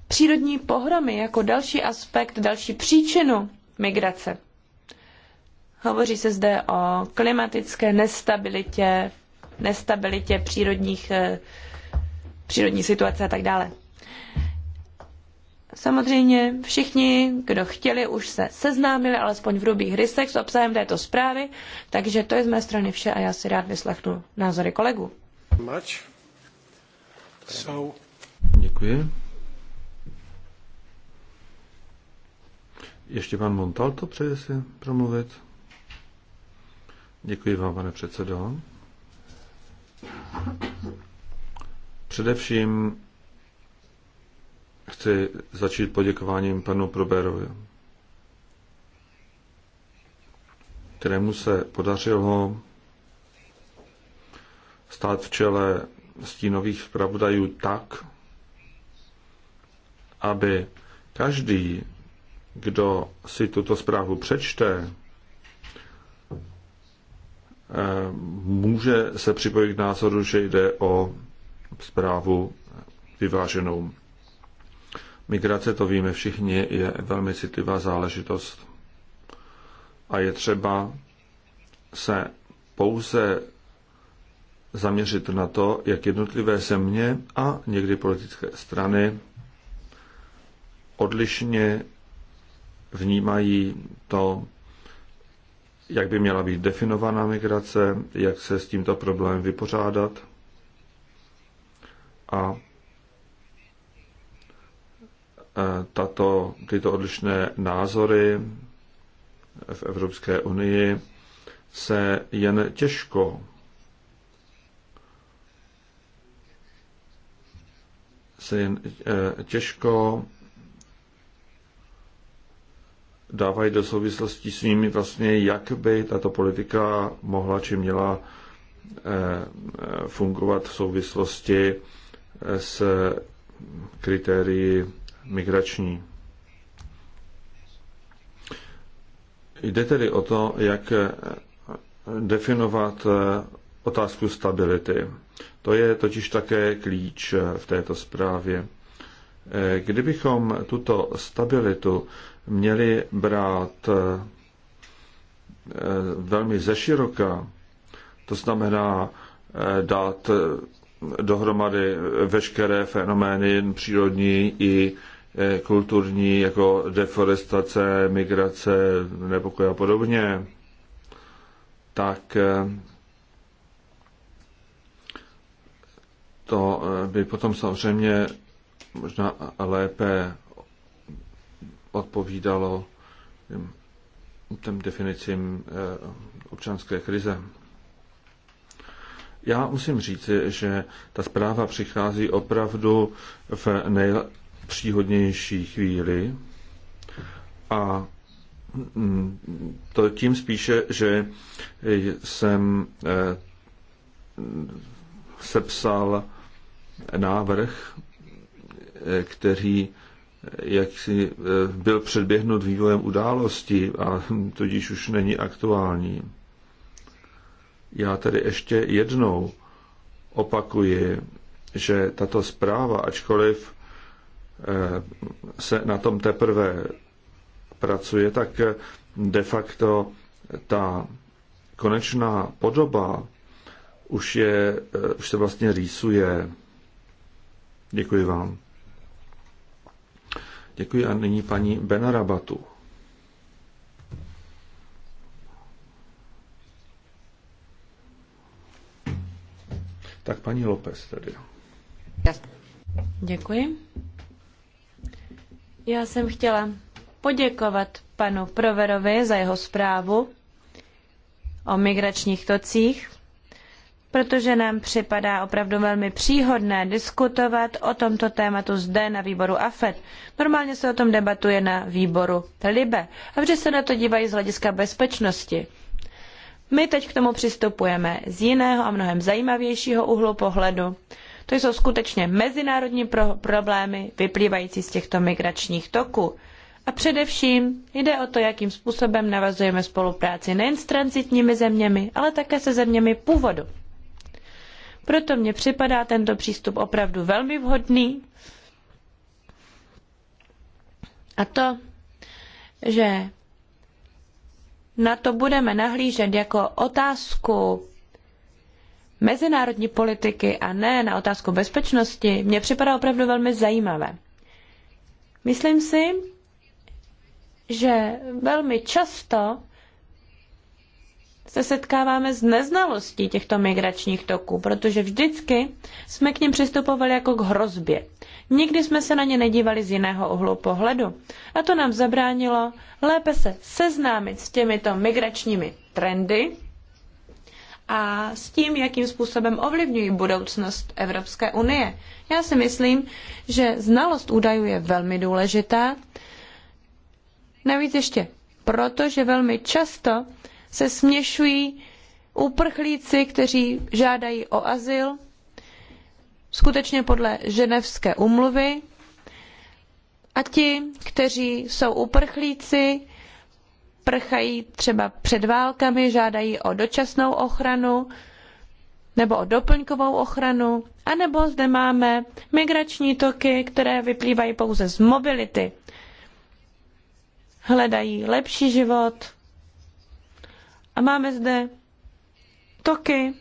přírodní pohromy jako další aspekt, další příčinu migrace. Hovoří se zde o klimatické nestabilitě, nestabilitě přírodních, eh, přírodní situace a tak dále. Samozřejmě všichni, kdo chtěli, už se seznámili, alespoň v hrubých rysech, s obsahem této zprávy, takže to je z mé strany vše a já si rád vyslechnu názory kolegů. Děkuji. Ještě pan Montalto přeje si promluvit. Děkuji vám, pane předsedo. Především chci začít poděkováním panu Proberovi, kterému se podařilo stát v čele stínových zpravodajů tak, aby každý kdo si tuto zprávu přečte, eh, může se připojit k názoru, že jde o zprávu vyváženou. Migrace, to víme všichni, je velmi citlivá záležitost. A je třeba se pouze zaměřit na to, jak jednotlivé země a někdy politické strany odlišně vnímají to, jak by měla být definovaná migrace, jak se s tímto problémem vypořádat a e, tato, tyto odlišné názory v Evropské unii se jen těžko se jen e, těžko dávají do souvislosti s nimi vlastně, jak by tato politika mohla či měla eh, eh, fungovat v souvislosti eh, s kritérii migrační. Jde tedy o to, jak definovat otázku stability. To je totiž také klíč v této zprávě. Kdybychom tuto stabilitu měli brát eh, velmi zeširoka, to znamená eh, dát eh, dohromady veškeré fenomény přírodní i kulturní, jako deforestace, migrace, nepokoj jako a podobně, tak to by potom samozřejmě možná lépe odpovídalo těm definicím eh, občanské krize. Já musím říci, že ta zpráva přichází opravdu v nejpříhodnější chvíli a mm, to tím spíše, že jsem eh, sepsal návrh, eh, který jak si eh, byl předběhnut vývojem události a tudíž už není aktuální. Já tedy ještě jednou opakuji, že tato zpráva, ačkoliv eh, se na tom teprve pracuje, tak de facto ta konečná podoba už, je, eh, už se vlastně rýsuje. Děkuji vám. Děkuji a nyní paní Benarabatu. Tak paní López tedy. Děkuji. Já jsem chtěla poděkovat panu Proverovi za jeho zprávu o migračních tocích protože nám připadá opravdu velmi příhodné diskutovat o tomto tématu zde na výboru AFET. Normálně se o tom debatuje na výboru LIBE a vždy se na to dívají z hlediska bezpečnosti. My teď k tomu přistupujeme z jiného a mnohem zajímavějšího úhlu pohledu. To jsou skutečně mezinárodní pro problémy vyplývající z těchto migračních toků. A především jde o to, jakým způsobem navazujeme spolupráci nejen s transitními zeměmi, ale také se zeměmi původu. Proto mně připadá tento přístup opravdu velmi vhodný. A to, že na to budeme nahlížet jako otázku mezinárodní politiky a ne na otázku bezpečnosti, mně připadá opravdu velmi zajímavé. Myslím si, že velmi často se setkáváme s neznalostí těchto migračních toků, protože vždycky jsme k ním přistupovali jako k hrozbě. Nikdy jsme se na ně nedívali z jiného uhlu pohledu. A to nám zabránilo lépe se seznámit s těmito migračními trendy a s tím, jakým způsobem ovlivňují budoucnost Evropské unie. Já si myslím, že znalost údajů je velmi důležitá. Navíc ještě Protože velmi často se směšují uprchlíci, kteří žádají o azyl, skutečně podle ženevské umluvy, a ti, kteří jsou uprchlíci, prchají třeba před válkami, žádají o dočasnou ochranu nebo o doplňkovou ochranu, anebo zde máme migrační toky, které vyplývají pouze z mobility. Hledají lepší život, a máme zde toky,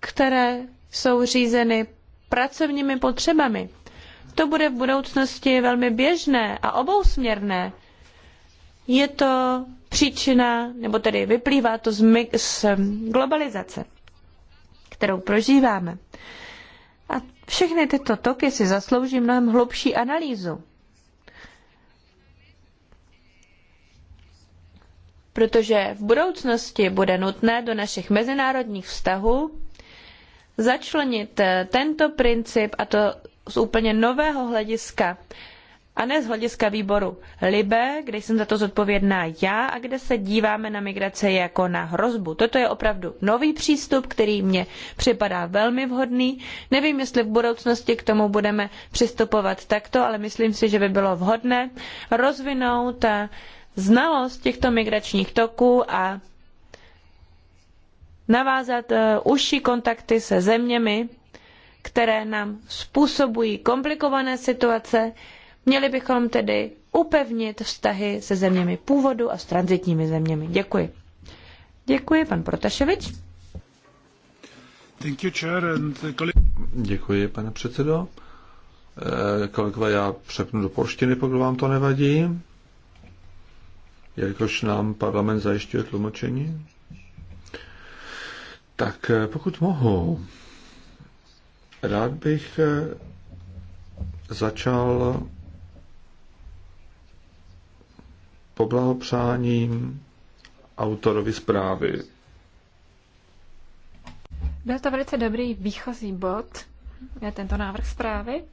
které jsou řízeny pracovními potřebami. To bude v budoucnosti velmi běžné a obousměrné. Je to příčina, nebo tedy vyplývá to z, z globalizace, kterou prožíváme. A všechny tyto toky si zaslouží mnohem hlubší analýzu. protože v budoucnosti bude nutné do našich mezinárodních vztahů začlenit eh, tento princip a to z úplně nového hlediska a ne z hlediska výboru Libe, kde jsem za to zodpovědná já a kde se díváme na migraci jako na hrozbu. Toto je opravdu nový přístup, který mně připadá velmi vhodný. Nevím, jestli v budoucnosti k tomu budeme přistupovat takto, ale myslím si, že by bylo vhodné rozvinout eh, znalost těchto migračních toků a navázat eh, užší kontakty se zeměmi, které nám způsobují komplikované situace, měli bychom tedy upevnit vztahy se zeměmi původu a s transitními zeměmi. Děkuji. Děkuji, pan Protaševič. Eh, Děkuji, pane předsedo. Eh, kolegové, já přepnu do polštiny, pokud vám to nevadí jelikož nám parlament zajišťuje tlumočení. Tak eh, pokud mohu, rád bych eh, začal poblahopřáním autorovi zprávy. Byl to velice dobrý výchozí bod, tento návrh zprávy.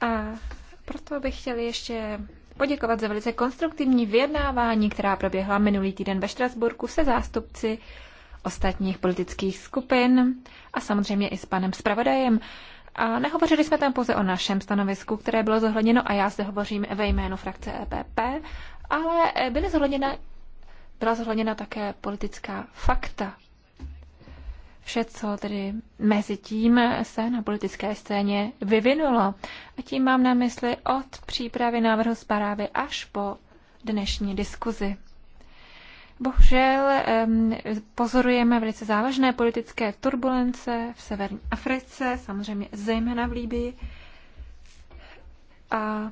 A proto bych chtěl ještě poděkovat za velice konstruktivní vyjednávání, která proběhla minulý týden ve Štrasburku se zástupci ostatních politických skupin a samozřejmě i s panem zpravodajem. A nehovořili jsme tam pouze o našem stanovisku, které bylo zohledněno a já zde hovořím ve jménu frakce EPP, ale byly zohledněna, byla zohledněna také politická fakta vše, co tedy mezi tím se na politické scéně vyvinulo. A tím mám na mysli od přípravy návrhu zprávy až po dnešní diskuzi. Bohužel pozorujeme velice závažné politické turbulence v severní Africe, samozřejmě zejména v Líbii. A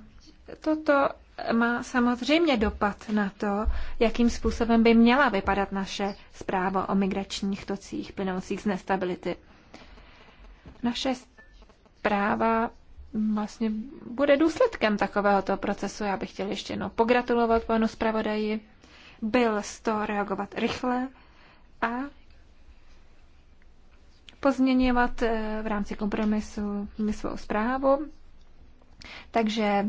toto má samozřejmě dopad na to, jakým způsobem by měla vypadat naše zpráva o migračních tocích plynoucích z nestability. Naše zpráva vlastně bude důsledkem takovéhoto procesu. Já bych chtěl ještě jednou pogratulovat panu zpravodaji. Byl z toho reagovat rychle a pozměňovat eh, v rámci kompromisu svou zprávu. Takže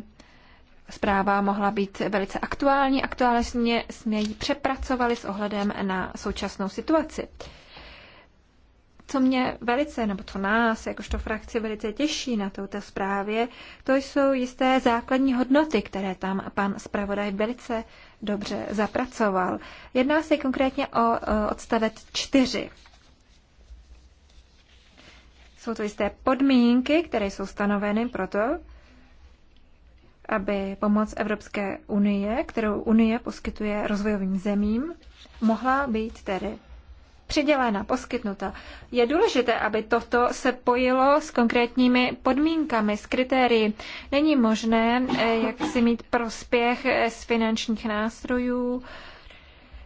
zpráva mohla být velice aktuální. Aktuálně jsme ji přepracovali s ohledem na současnou situaci. Co mě velice, nebo co nás, jakožto frakci, velice těší na touto zprávě, to jsou jisté základní hodnoty, které tam pan zpravodaj velice dobře zapracoval. Jedná se konkrétně o odstavec 4. Jsou to jisté podmínky, které jsou stanoveny proto, aby pomoc Evropské unie, kterou unie poskytuje rozvojovým zemím, mohla být tedy přidělena, poskytnuta. Je důležité, aby toto se pojilo s konkrétními podmínkami, s kritérii. Není možné, eh, jak si mít prospěch eh, z finančních nástrojů,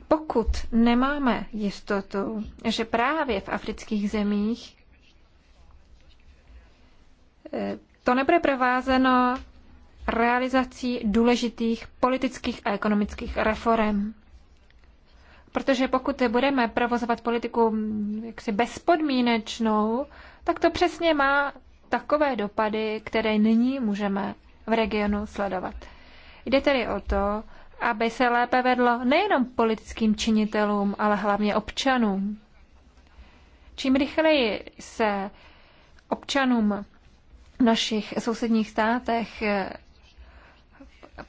pokud nemáme jistotu, že právě v afrických zemích eh, to nebude provázeno realizací důležitých politických a ekonomických reform. Protože pokud budeme provozovat politiku mm, jaksi bezpodmínečnou, tak to přesně má takové dopady, které nyní můžeme v regionu sledovat. Jde tedy o to, aby se lépe vedlo nejenom politickým činitelům, ale hlavně občanům. Čím rychleji se občanům v našich sousedních státech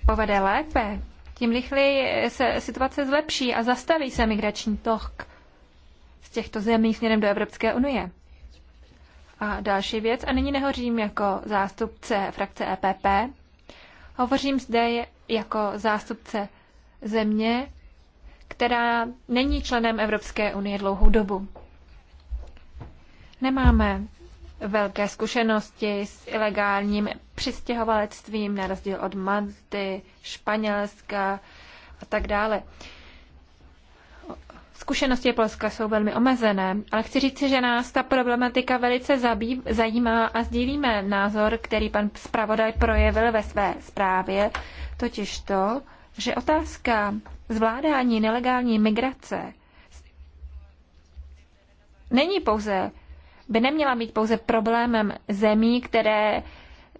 povede lépe, tím rychleji se situace zlepší a zastaví se migrační tok z těchto zemí směrem do Evropské unie. A další věc, a nyní nehořím jako zástupce frakce EPP, hovořím zde jako zástupce země, která není členem Evropské unie dlouhou dobu. Nemáme velké zkušenosti s ilegálním přistěhovalectvím, na rozdíl od Manty, Španělska a tak dále. Zkušenosti Polska jsou velmi omezené, ale chci říct, že nás ta problematika velice zabí, zajímá a sdílíme názor, který pan zpravodaj projevil ve své zprávě, totiž to, že otázka zvládání nelegální migrace není pouze by neměla být pouze problémem zemí, které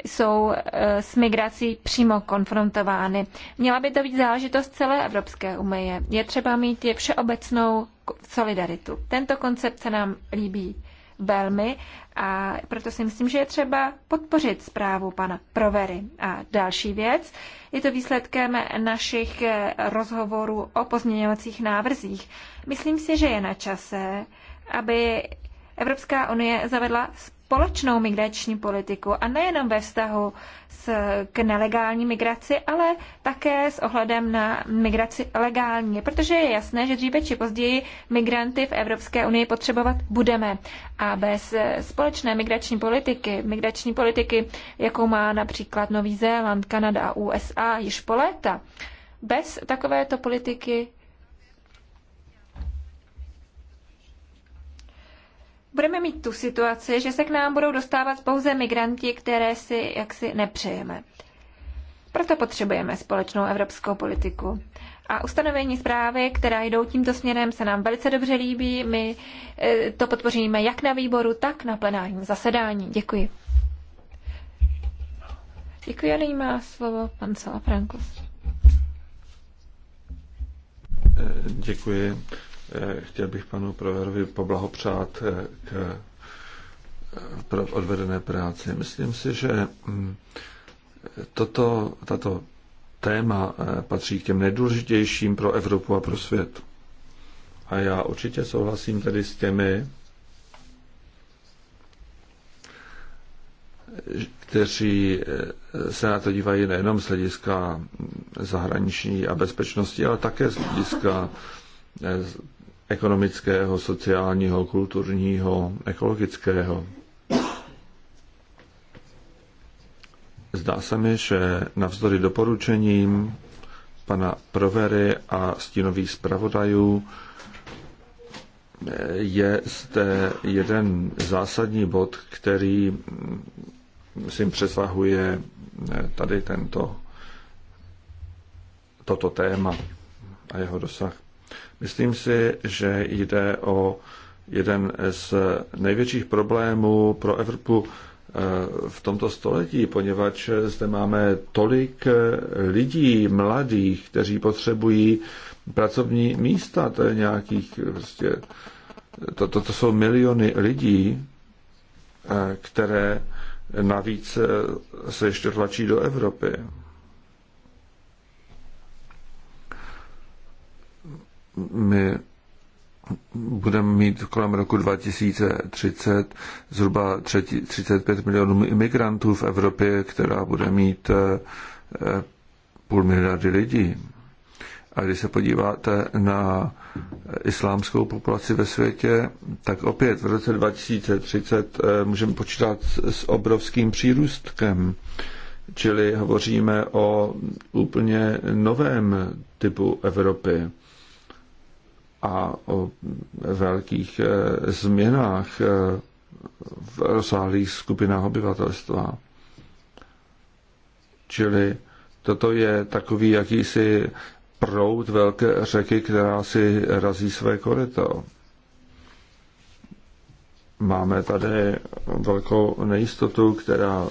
jsou e, s migrací přímo konfrontovány. Měla by to být záležitost celé Evropské unie. Je třeba mít je všeobecnou solidaritu. Tento koncept se nám líbí velmi a proto si myslím, že je třeba podpořit zprávu pana Provery. A další věc, je to výsledkem našich e, rozhovorů o pozměňovacích návrzích. Myslím si, že je na čase, aby Evropská unie zavedla společnou migrační politiku a nejenom ve vztahu s, k nelegální migraci, ale také s ohledem na migraci legální, protože je jasné, že dříve či později migranty v Evropské unii potřebovat budeme. A bez společné migrační politiky, migrační politiky, jakou má například Nový Zéland, Kanada a USA již po léta, bez takovéto politiky budeme mít tu situaci, že se k nám budou dostávat pouze migranti, které si jaksi nepřejeme. Proto potřebujeme společnou evropskou politiku. A ustanovení zprávy, která jdou tímto směrem, se nám velice dobře líbí. My eh, to podpoříme jak na výboru, tak na plenárním zasedání. Děkuji. Děkuji a nyní má slovo pan Salafrankos. Eh, děkuji. Eh, chtěl bych panu Proverovi poblahopřát eh, k eh, odvedené práci. Myslím si, že mm, toto, tato téma patří k těm nejdůležitějším pro Evropu a pro svět. A já určitě souhlasím tedy s těmi, kteří se na to dívají nejenom z hlediska mm, zahraniční a bezpečnosti, ale také z hlediska ekonomického, sociálního, kulturního, ekologického. Zdá se mi, že navzdory doporučením pana Provery a stínových zpravodajů je zde jeden zásadní bod, který myslím přesahuje tady tento, toto téma a jeho dosah. Myslím si, že jde o jeden z největších problémů pro Evropu eh, v tomto století, poněvadž zde máme tolik eh, lidí, mladých, kteří potřebují pracovní místa, to je nějakých prostě, to, to, to jsou miliony lidí, eh, které navíc se ještě tlačí do Evropy. my budeme mít kolem roku 2030 zhruba 35 milionů imigrantů v Evropě, která bude mít eh, půl miliardy lidí. A když se podíváte na islámskou populaci ve světě, tak opět v roce 2030 eh, můžeme počítat s obrovským přírůstkem. Čili hovoříme o úplně novém typu Evropy a o velkých e, změnách e, v rozsáhlých skupinách obyvatelstva. Čili toto je takový jakýsi prout velké řeky, která si razí své koryto. Máme tady velkou nejistotu, která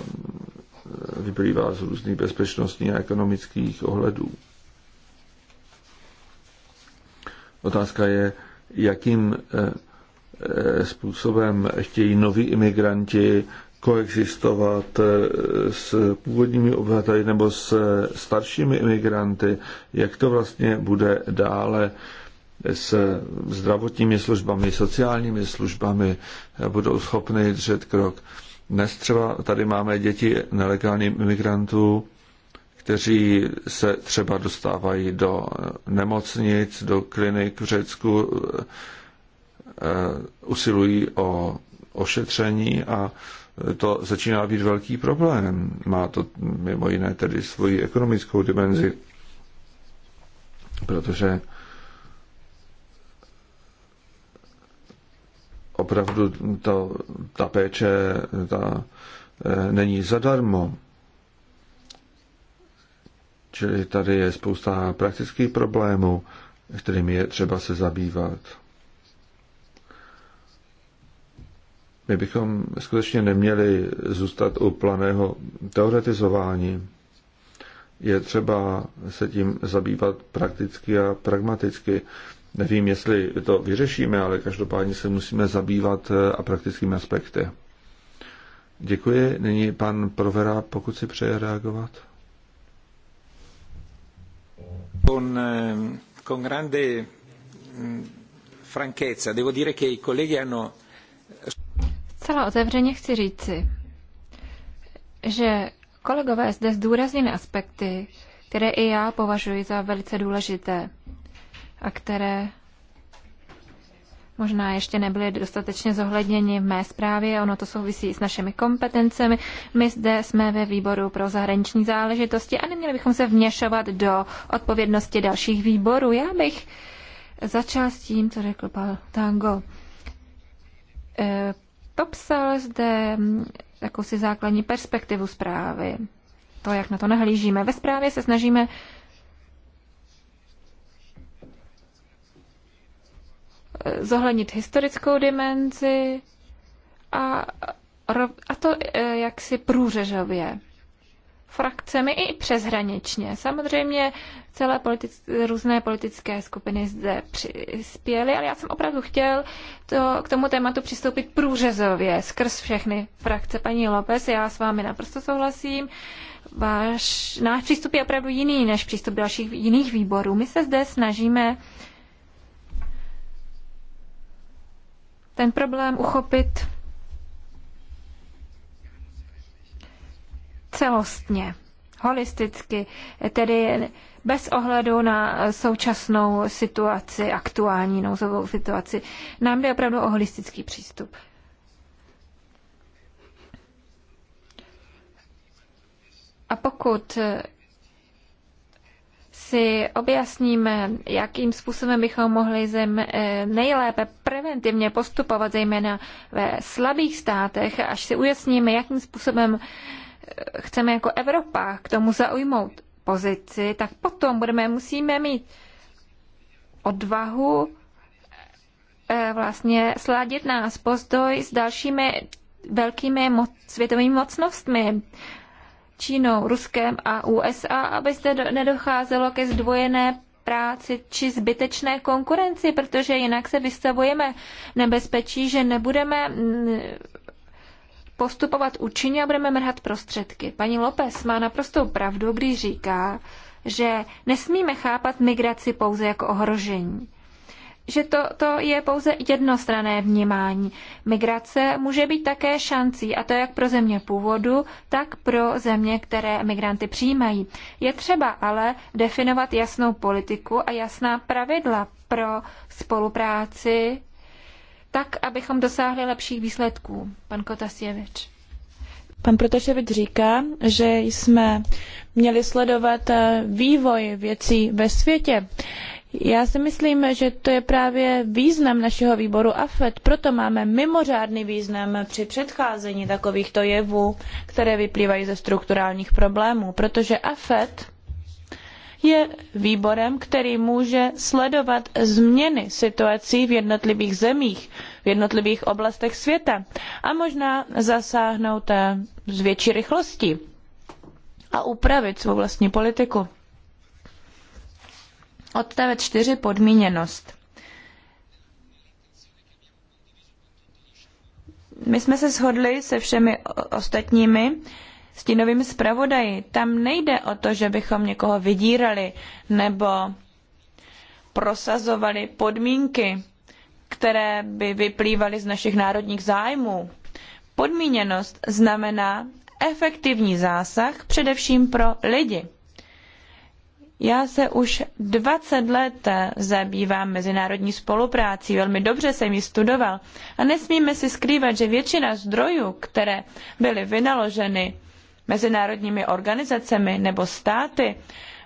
vyplývá z různých bezpečnostních a ekonomických ohledů. Otázka je, jakým eh, eh, způsobem chtějí noví imigranti koexistovat eh, s původními obyvateli nebo s staršími imigranty, jak to vlastně bude dále s zdravotními službami, sociálními službami, budou schopny držet krok. Dnes třeba tady máme děti nelegálních imigrantů, kteří se třeba dostávají do nemocnic, do klinik v Řecku, eh, usilují o ošetření a to začíná být velký problém. Má to mimo jiné tedy svoji ekonomickou dimenzi, protože opravdu to, ta péče ta, eh, není zadarmo. Čili tady je spousta praktických problémů, kterými je třeba se zabývat. My bychom skutečně neměli zůstat u planého teoretizování. Je třeba se tím zabývat prakticky a pragmaticky. Nevím, jestli to vyřešíme, ale každopádně se musíme zabývat eh, a praktickými aspekty. Děkuji. Nyní pan Provera, pokud si přeje reagovat. Con, eh, con grande mm, franchezza, devo dire che i colleghi hanno... Zcela otevřeně chci říci, že kolegové zde zdůraznili aspekty, které i já považuji za velice důležité a které možná ještě nebyly dostatečně zohledněni v mé zprávě. Ono to souvisí s našimi kompetencemi. My zde jsme ve výboru pro zahraniční záležitosti a neměli bychom se vměšovat do odpovědnosti dalších výborů. Já bych začal s tím, co řekl pan Tango. E, popsal zde mm, jakousi základní perspektivu zprávy, to, jak na to nahlížíme. Ve zprávě se snažíme zohlednit historickou dimenzi a, a to e, jaksi průřežově frakcemi i přeshraničně. Samozřejmě celé politic, různé politické skupiny zde přispěly, ale já jsem opravdu chtěl to, k tomu tématu přistoupit průřezově skrz všechny frakce. Paní López, já s vámi naprosto souhlasím. Váš, náš přístup je opravdu jiný než přístup dalších jiných výborů. My se zde snažíme uh, ten problém uchopit celostně, holisticky, tedy bez ohledu na současnou situaci, aktuální nouzovou situaci. Nám jde opravdu o holistický přístup. A pokud si objasníme, jakým způsobem bychom mohli zem eh, nejlépe preventivně postupovat, zejména ve slabých státech, až si ujasníme, jakým způsobem eh, chceme jako Evropa k tomu zaujmout pozici, tak potom budeme, musíme mít odvahu eh, vlastně sladit nás postoj s dalšími velkými moc, světovými mocnostmi. Čínou, Ruskem a USA, aby zde nedocházelo ke zdvojené práci či zbytečné konkurenci, protože jinak se vystavujeme nebezpečí, že nebudeme mm, postupovat účinně a budeme mrhat prostředky. Paní Lopez má naprostou pravdu, když říká, že nesmíme chápat migraci pouze jako ohrožení že to, to je pouze jednostrané vnímání. Migrace může být také šancí, a to jak pro země původu, tak pro země, které migranty přijímají. Je třeba ale definovat jasnou politiku a jasná pravidla pro spolupráci, tak, abychom dosáhli lepších výsledků. Pan Kotasěvič. Pan Protaševič říká, že jsme měli sledovat eh, vývoj věcí ve světě. Já si myslím, že to je právě význam našeho výboru AFET, proto máme mimořádný význam při předcházení takovýchto jevů, které vyplývají ze strukturálních problémů, protože AFET je výborem, který může sledovat změny situací v jednotlivých zemích, v jednotlivých oblastech světa a možná zasáhnout eh, s větší rychlostí a upravit svou vlastní politiku. Odstavec 4 podmíněnost. My jsme se shodli se všemi ostatními stínovými zpravodaji. Tam nejde o to, že bychom někoho vydírali nebo prosazovali podmínky, které by vyplývaly z našich národních zájmů. Podmíněnost znamená efektivní zásah především pro lidi. Já se už 20 let zabývám mezinárodní spoluprácí, velmi dobře jsem ji studoval a nesmíme si skrývat, že většina zdrojů, které byly vynaloženy mezinárodními organizacemi nebo státy,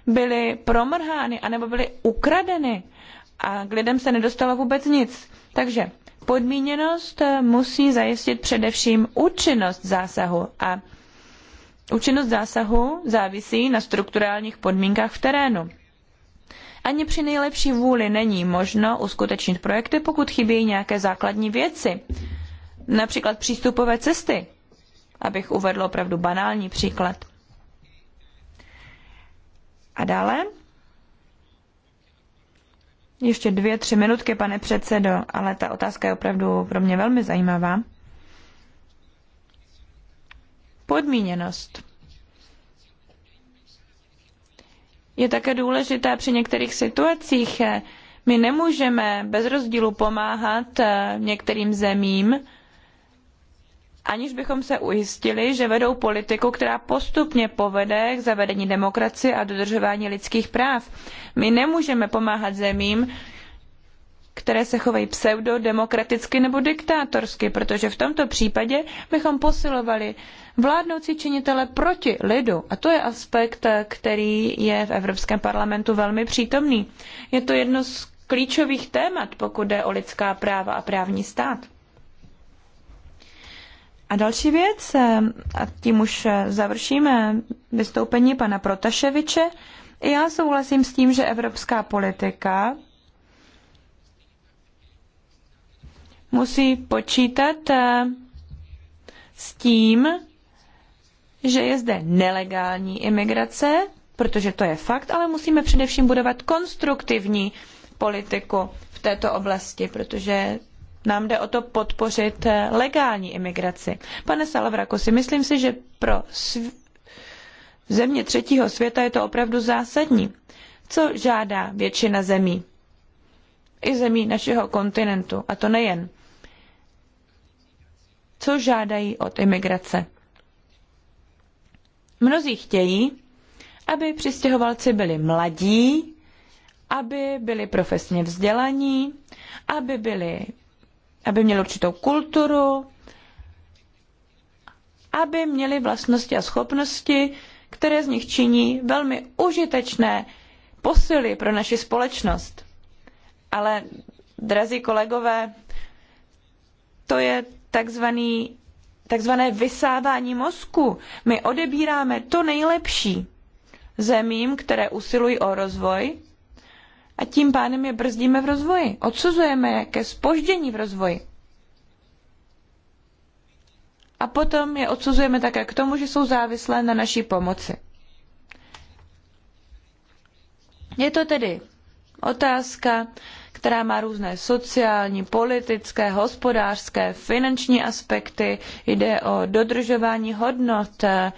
byly promrhány anebo byly ukradeny a k lidem se nedostalo vůbec nic. Takže podmíněnost musí zajistit především účinnost zásahu a Účinnost zásahu závisí na strukturálních podmínkách v terénu. Ani při nejlepší vůli není možno uskutečnit projekty, pokud chybějí nějaké základní věci, například přístupové cesty, abych uvedl opravdu banální příklad. A dále? Ještě dvě, tři minutky, pane předsedo, ale ta otázka je opravdu pro mě velmi zajímavá podmíněnost. Je také důležité při některých situacích, eh, my nemůžeme bez rozdílu pomáhat eh, některým zemím, aniž bychom se ujistili, že vedou politiku, která postupně povede k zavedení demokracie a dodržování lidských práv. My nemůžeme pomáhat zemím, které se chovají pseudodemokraticky nebo diktátorsky, protože v tomto případě bychom posilovali vládnoucí činitele proti lidu. A to je aspekt, který je v Evropském parlamentu velmi přítomný. Je to jedno z klíčových témat, pokud jde o lidská práva a právní stát. A další věc, a tím už završíme vystoupení pana Protaševiče. Já souhlasím s tím, že evropská politika musí počítat s tím, že je zde nelegální imigrace, protože to je fakt, ale musíme především budovat konstruktivní politiku v této oblasti, protože nám jde o to podpořit eh, legální imigraci. Pane si myslím si, že pro sv... země třetího světa je to opravdu zásadní. Co žádá většina zemí? I zemí našeho kontinentu, a to nejen. Co žádají od imigrace? Mnozí chtějí, aby přistěhovalci byli mladí, aby byli profesně vzdělaní, aby, byli, aby měli určitou kulturu, aby měli vlastnosti a schopnosti, které z nich činí velmi užitečné posily pro naši společnost. Ale, drazí kolegové, to je takzvaný takzvané vysávání mozku. My odebíráme to nejlepší zemím, které usilují o rozvoj a tím pádem je brzdíme v rozvoji. Odsuzujeme je ke spoždění v rozvoji. A potom je odsuzujeme také k tomu, že jsou závislé na naší pomoci. Je to tedy otázka která má různé sociální, politické, hospodářské, finanční aspekty. Jde o dodržování hodnot, eh,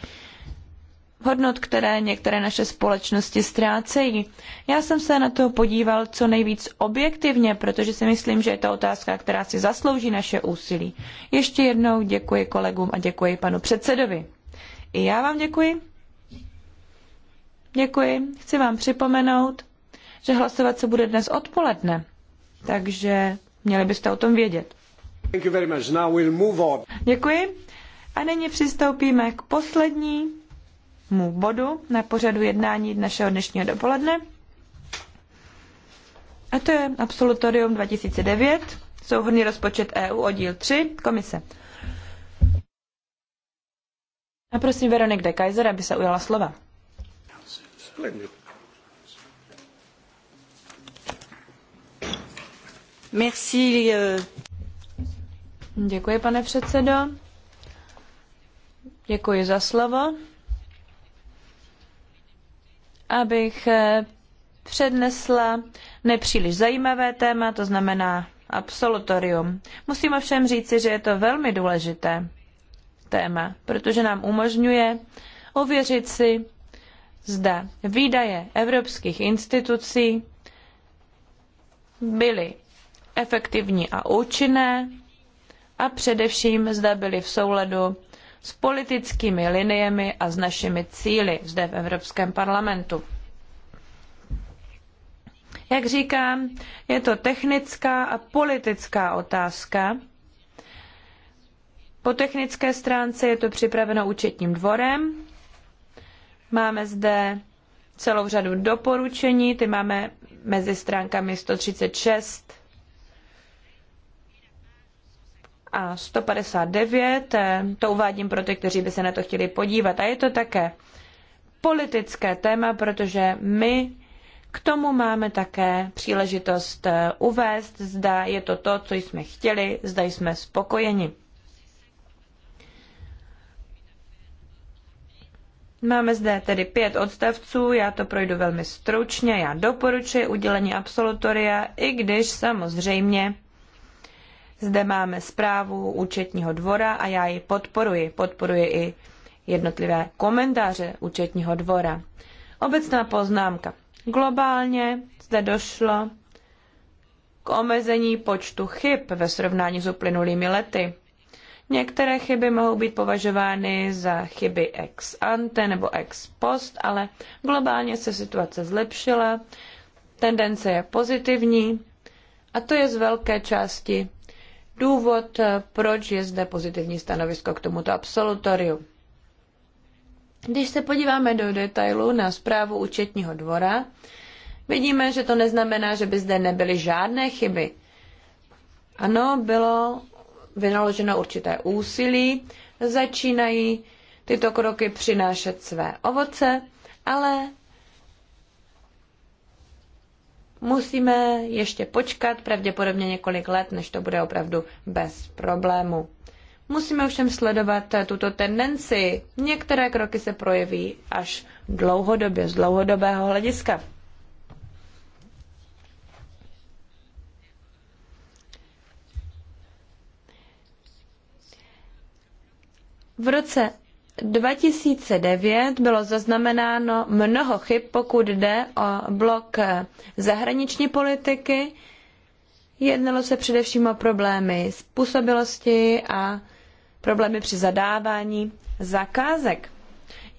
hodnot, které některé naše společnosti ztrácejí. Já jsem se na to podíval co nejvíc objektivně, protože si myslím, že je to otázka, která si zaslouží naše úsilí. Ještě jednou děkuji kolegům a děkuji panu předsedovi. I já vám děkuji. Děkuji. Chci vám připomenout, že hlasovat se bude dnes odpoledne, takže měli byste o tom vědět. We'll Děkuji. A nyní přistoupíme k poslednímu bodu na pořadu jednání našeho dnešního dopoledne. A to je Absolutorium 2009, souhrný rozpočet EU díl 3, komise. A prosím Veronik de Kaiser, aby se ujala slova. Splendid. Eh. Děkuji, pane předsedo. Děkuji za slovo. Abych eh, přednesla nepříliš zajímavé téma, to znamená absolutorium. Musím ovšem říci, že je to velmi důležité téma, protože nám umožňuje ověřit si, zda výdaje evropských institucí byly efektivní a účinné a především zda byly v souladu s politickými liniemi a s našimi cíli zde v Evropském parlamentu. Jak říkám, je to technická a politická otázka. Po technické stránce je to připraveno účetním dvorem. Máme zde celou řadu doporučení, ty máme mezi stránkami 136 a 159, eh, to uvádím pro ty, kteří by se na to chtěli podívat. A je to také politické téma, protože my k tomu máme také příležitost eh, uvést, zda je to to, co jsme chtěli, zda jsme spokojeni. Máme zde tedy pět odstavců, já to projdu velmi stručně, já doporučuji udělení absolutoria, i když samozřejmě zde máme zprávu účetního dvora a já ji podporuji. Podporuji i jednotlivé komentáře účetního dvora. Obecná poznámka. Globálně zde došlo k omezení počtu chyb ve srovnání s uplynulými lety. Některé chyby mohou být považovány za chyby ex ante nebo ex post, ale globálně se situace zlepšila, tendence je pozitivní a to je z velké části důvod, eh, proč je zde pozitivní stanovisko k tomuto absolutoriu. Když se podíváme do detailu na zprávu účetního dvora, vidíme, že to neznamená, že by zde nebyly žádné chyby. Ano, bylo vynaloženo určité úsilí, začínají tyto kroky přinášet své ovoce, ale musíme ještě počkat pravděpodobně několik let, než to bude opravdu bez problému. Musíme ovšem sledovat tuto tendenci. Některé kroky se projeví až dlouhodobě, z dlouhodobého hlediska. V roce 2009 bylo zaznamenáno mnoho chyb, pokud jde o blok zahraniční politiky. Jednalo se především o problémy způsobilosti a problémy při zadávání zakázek.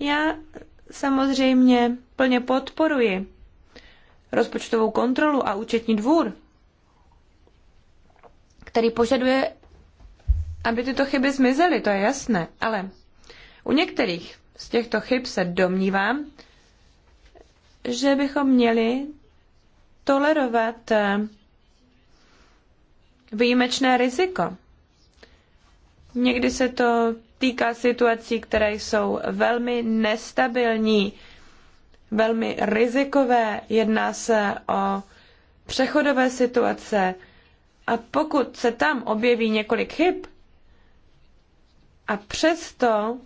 Já samozřejmě plně podporuji rozpočtovou kontrolu a účetní dvůr, který požaduje, aby tyto chyby zmizely, to je jasné, ale u některých z těchto chyb se domnívám, že bychom měli tolerovat eh, výjimečné riziko. Někdy se to týká situací, které jsou velmi nestabilní, velmi rizikové. Jedná se o přechodové situace. A pokud se tam objeví několik chyb a přesto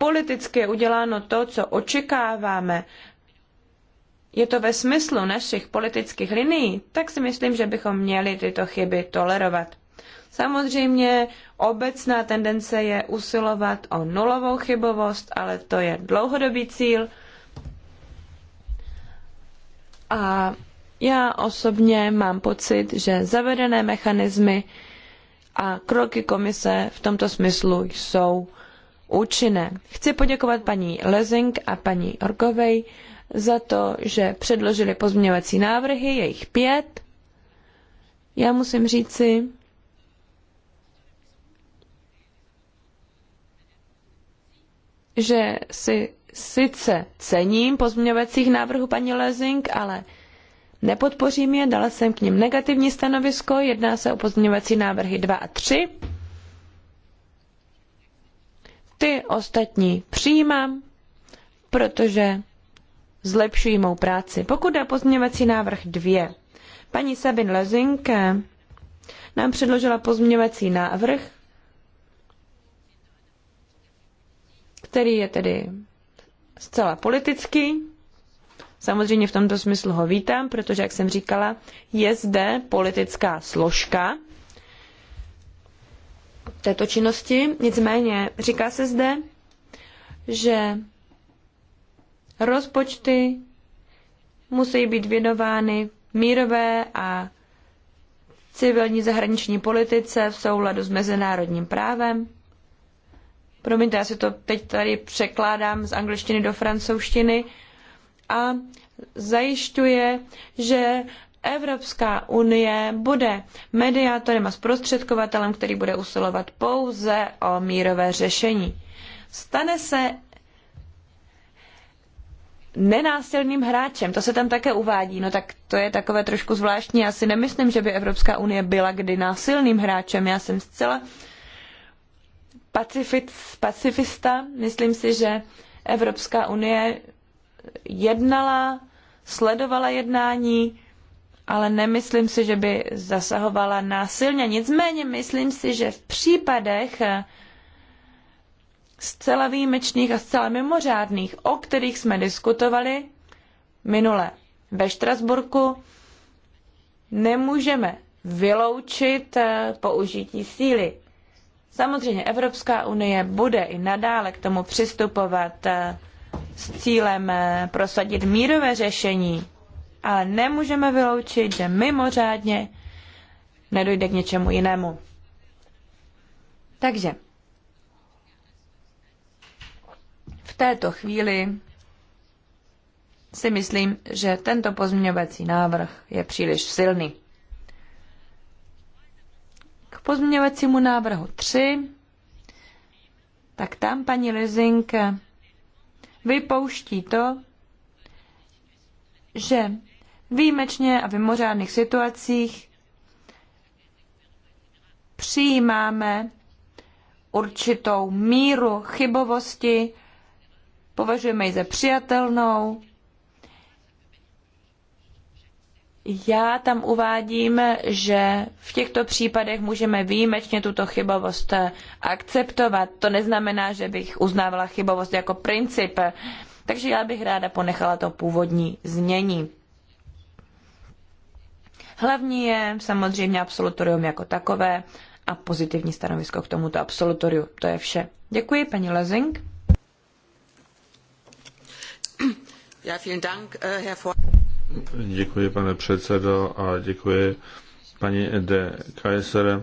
politicky je uděláno to, co očekáváme, je to ve smyslu našich politických linií, tak si myslím, že bychom měli tyto chyby tolerovat. Samozřejmě obecná tendence je usilovat o nulovou chybovost, ale to je dlouhodobý cíl. A já osobně mám pocit, že zavedené mechanismy a kroky komise v tomto smyslu jsou účinné. Chci poděkovat paní Lezing a paní Orgovej za to, že předložili pozměňovací návrhy, je jich pět. Já musím říci, že si sice cením pozměňovacích návrhů paní Lezing, ale nepodpořím je, dala jsem k nim negativní stanovisko, jedná se o pozměňovací návrhy 2 a 3 ty ostatní přijímám, protože zlepšují mou práci. Pokud je pozměňovací návrh dvě. paní Sabin Lezinke eh, nám předložila pozměňovací návrh, který je tedy zcela politický. Samozřejmě v tomto smyslu ho vítám, protože, jak jsem říkala, je zde politická složka, této činnosti. Nicméně říká se zde, že rozpočty musí být věnovány mírové a civilní zahraniční politice v souladu s mezinárodním právem. Promiňte, já si to teď tady překládám z angličtiny do francouzštiny. A zajišťuje, že Evropská unie bude mediátorem a zprostředkovatelem, který bude usilovat pouze o mírové řešení. Stane se nenásilným hráčem, to se tam také uvádí, no tak to je takové trošku zvláštní, já si nemyslím, že by Evropská unie byla kdy násilným hráčem, já jsem zcela pacifista, myslím si, že Evropská unie jednala, sledovala jednání, ale nemyslím si, že by zasahovala násilně. Nicméně myslím si, že v případech zcela výjimečných a zcela mimořádných, o kterých jsme diskutovali minule ve Štrasburku, nemůžeme vyloučit eh, použití síly. Samozřejmě Evropská unie bude i nadále k tomu přistupovat eh, s cílem eh, prosadit mírové řešení ale nemůžeme vyloučit, že mimořádně nedojde k něčemu jinému. Takže v této chvíli si myslím, že tento pozměňovací návrh je příliš silný. K pozměňovacímu návrhu 3, tak tam paní Lizink vypouští to, že výjimečně a v mimořádných situacích přijímáme určitou míru chybovosti, považujeme ji za přijatelnou. Já tam uvádím, že v těchto případech můžeme výjimečně tuto chybovost akceptovat. To neznamená, že bych uznávala chybovost jako princip, takže já bych ráda ponechala to původní znění. Hlavní je samozřejmě absolutorium jako takové a pozitivní stanovisko k tomuto absolutoriu. To je vše. Děkuji, paní Lezing. Eh, děkuji, pane předsedo, a děkuji paní de Kaiser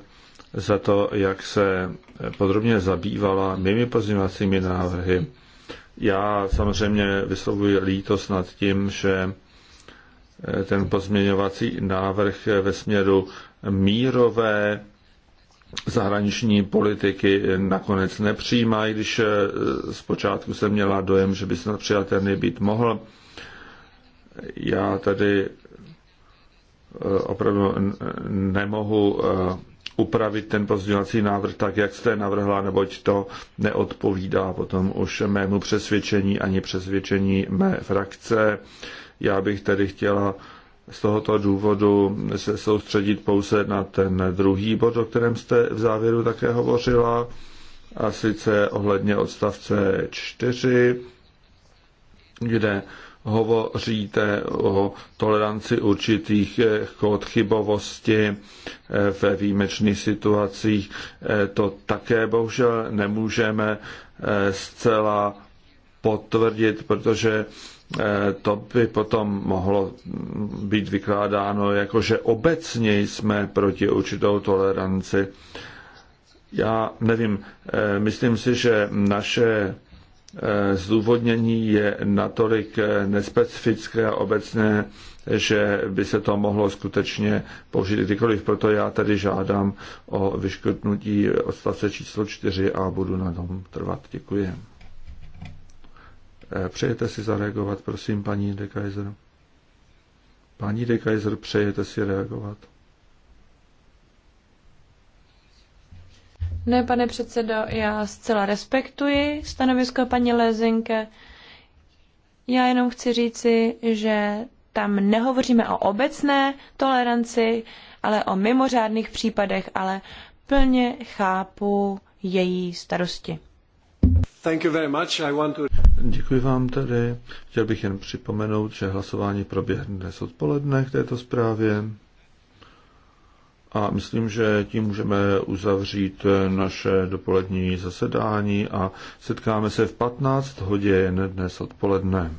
za to, jak se podrobně zabývala mými pozměňovacími návrhy. Já samozřejmě vyslovuji lítost nad tím, že Eh, ten pozměňovací návrh ve směru mírové zahraniční politiky nakonec nepřijímá, i když eh, zpočátku jsem měla dojem, že by snad přijatelný být mohl. Já tady eh, opravdu nemohu upravit ten pozdělací návrh tak, jak jste navrhla, neboť to neodpovídá potom už mému přesvědčení ani přesvědčení mé frakce. Já bych tedy chtěla z tohoto důvodu se soustředit pouze na ten druhý bod, o kterém jste v závěru také hovořila, a sice ohledně odstavce 4, kde hovoříte o toleranci určitých kód eh, chybovosti eh, ve výjimečných situacích. Eh, to také bohužel nemůžeme zcela potvrdit, protože Eh, to by potom mohlo být vykládáno jako, že obecně jsme proti určitou toleranci. Já nevím, eh, myslím si, že naše eh, zdůvodnění je natolik nespecifické a obecné, že by se to mohlo skutečně použít kdykoliv. Proto já tady žádám o vyškrtnutí odstavce číslo 4 a budu na tom trvat. Děkuji. Eh, přejete si zareagovat, prosím, paní de Kaiser. Paní de Kaiser, přejete si reagovat. Ne, pane předsedo, já zcela respektuji stanovisko paní Lezinke. Já jenom chci říci, že tam nehovoříme o obecné toleranci, ale o mimořádných případech, ale plně chápu její starosti. Děkuji vám tedy. Chtěl bych jen připomenout, že hlasování proběhne dnes odpoledne k této zprávě. A myslím, že tím můžeme uzavřít naše dopolední zasedání a setkáme se v 15 hodin dnes odpoledne.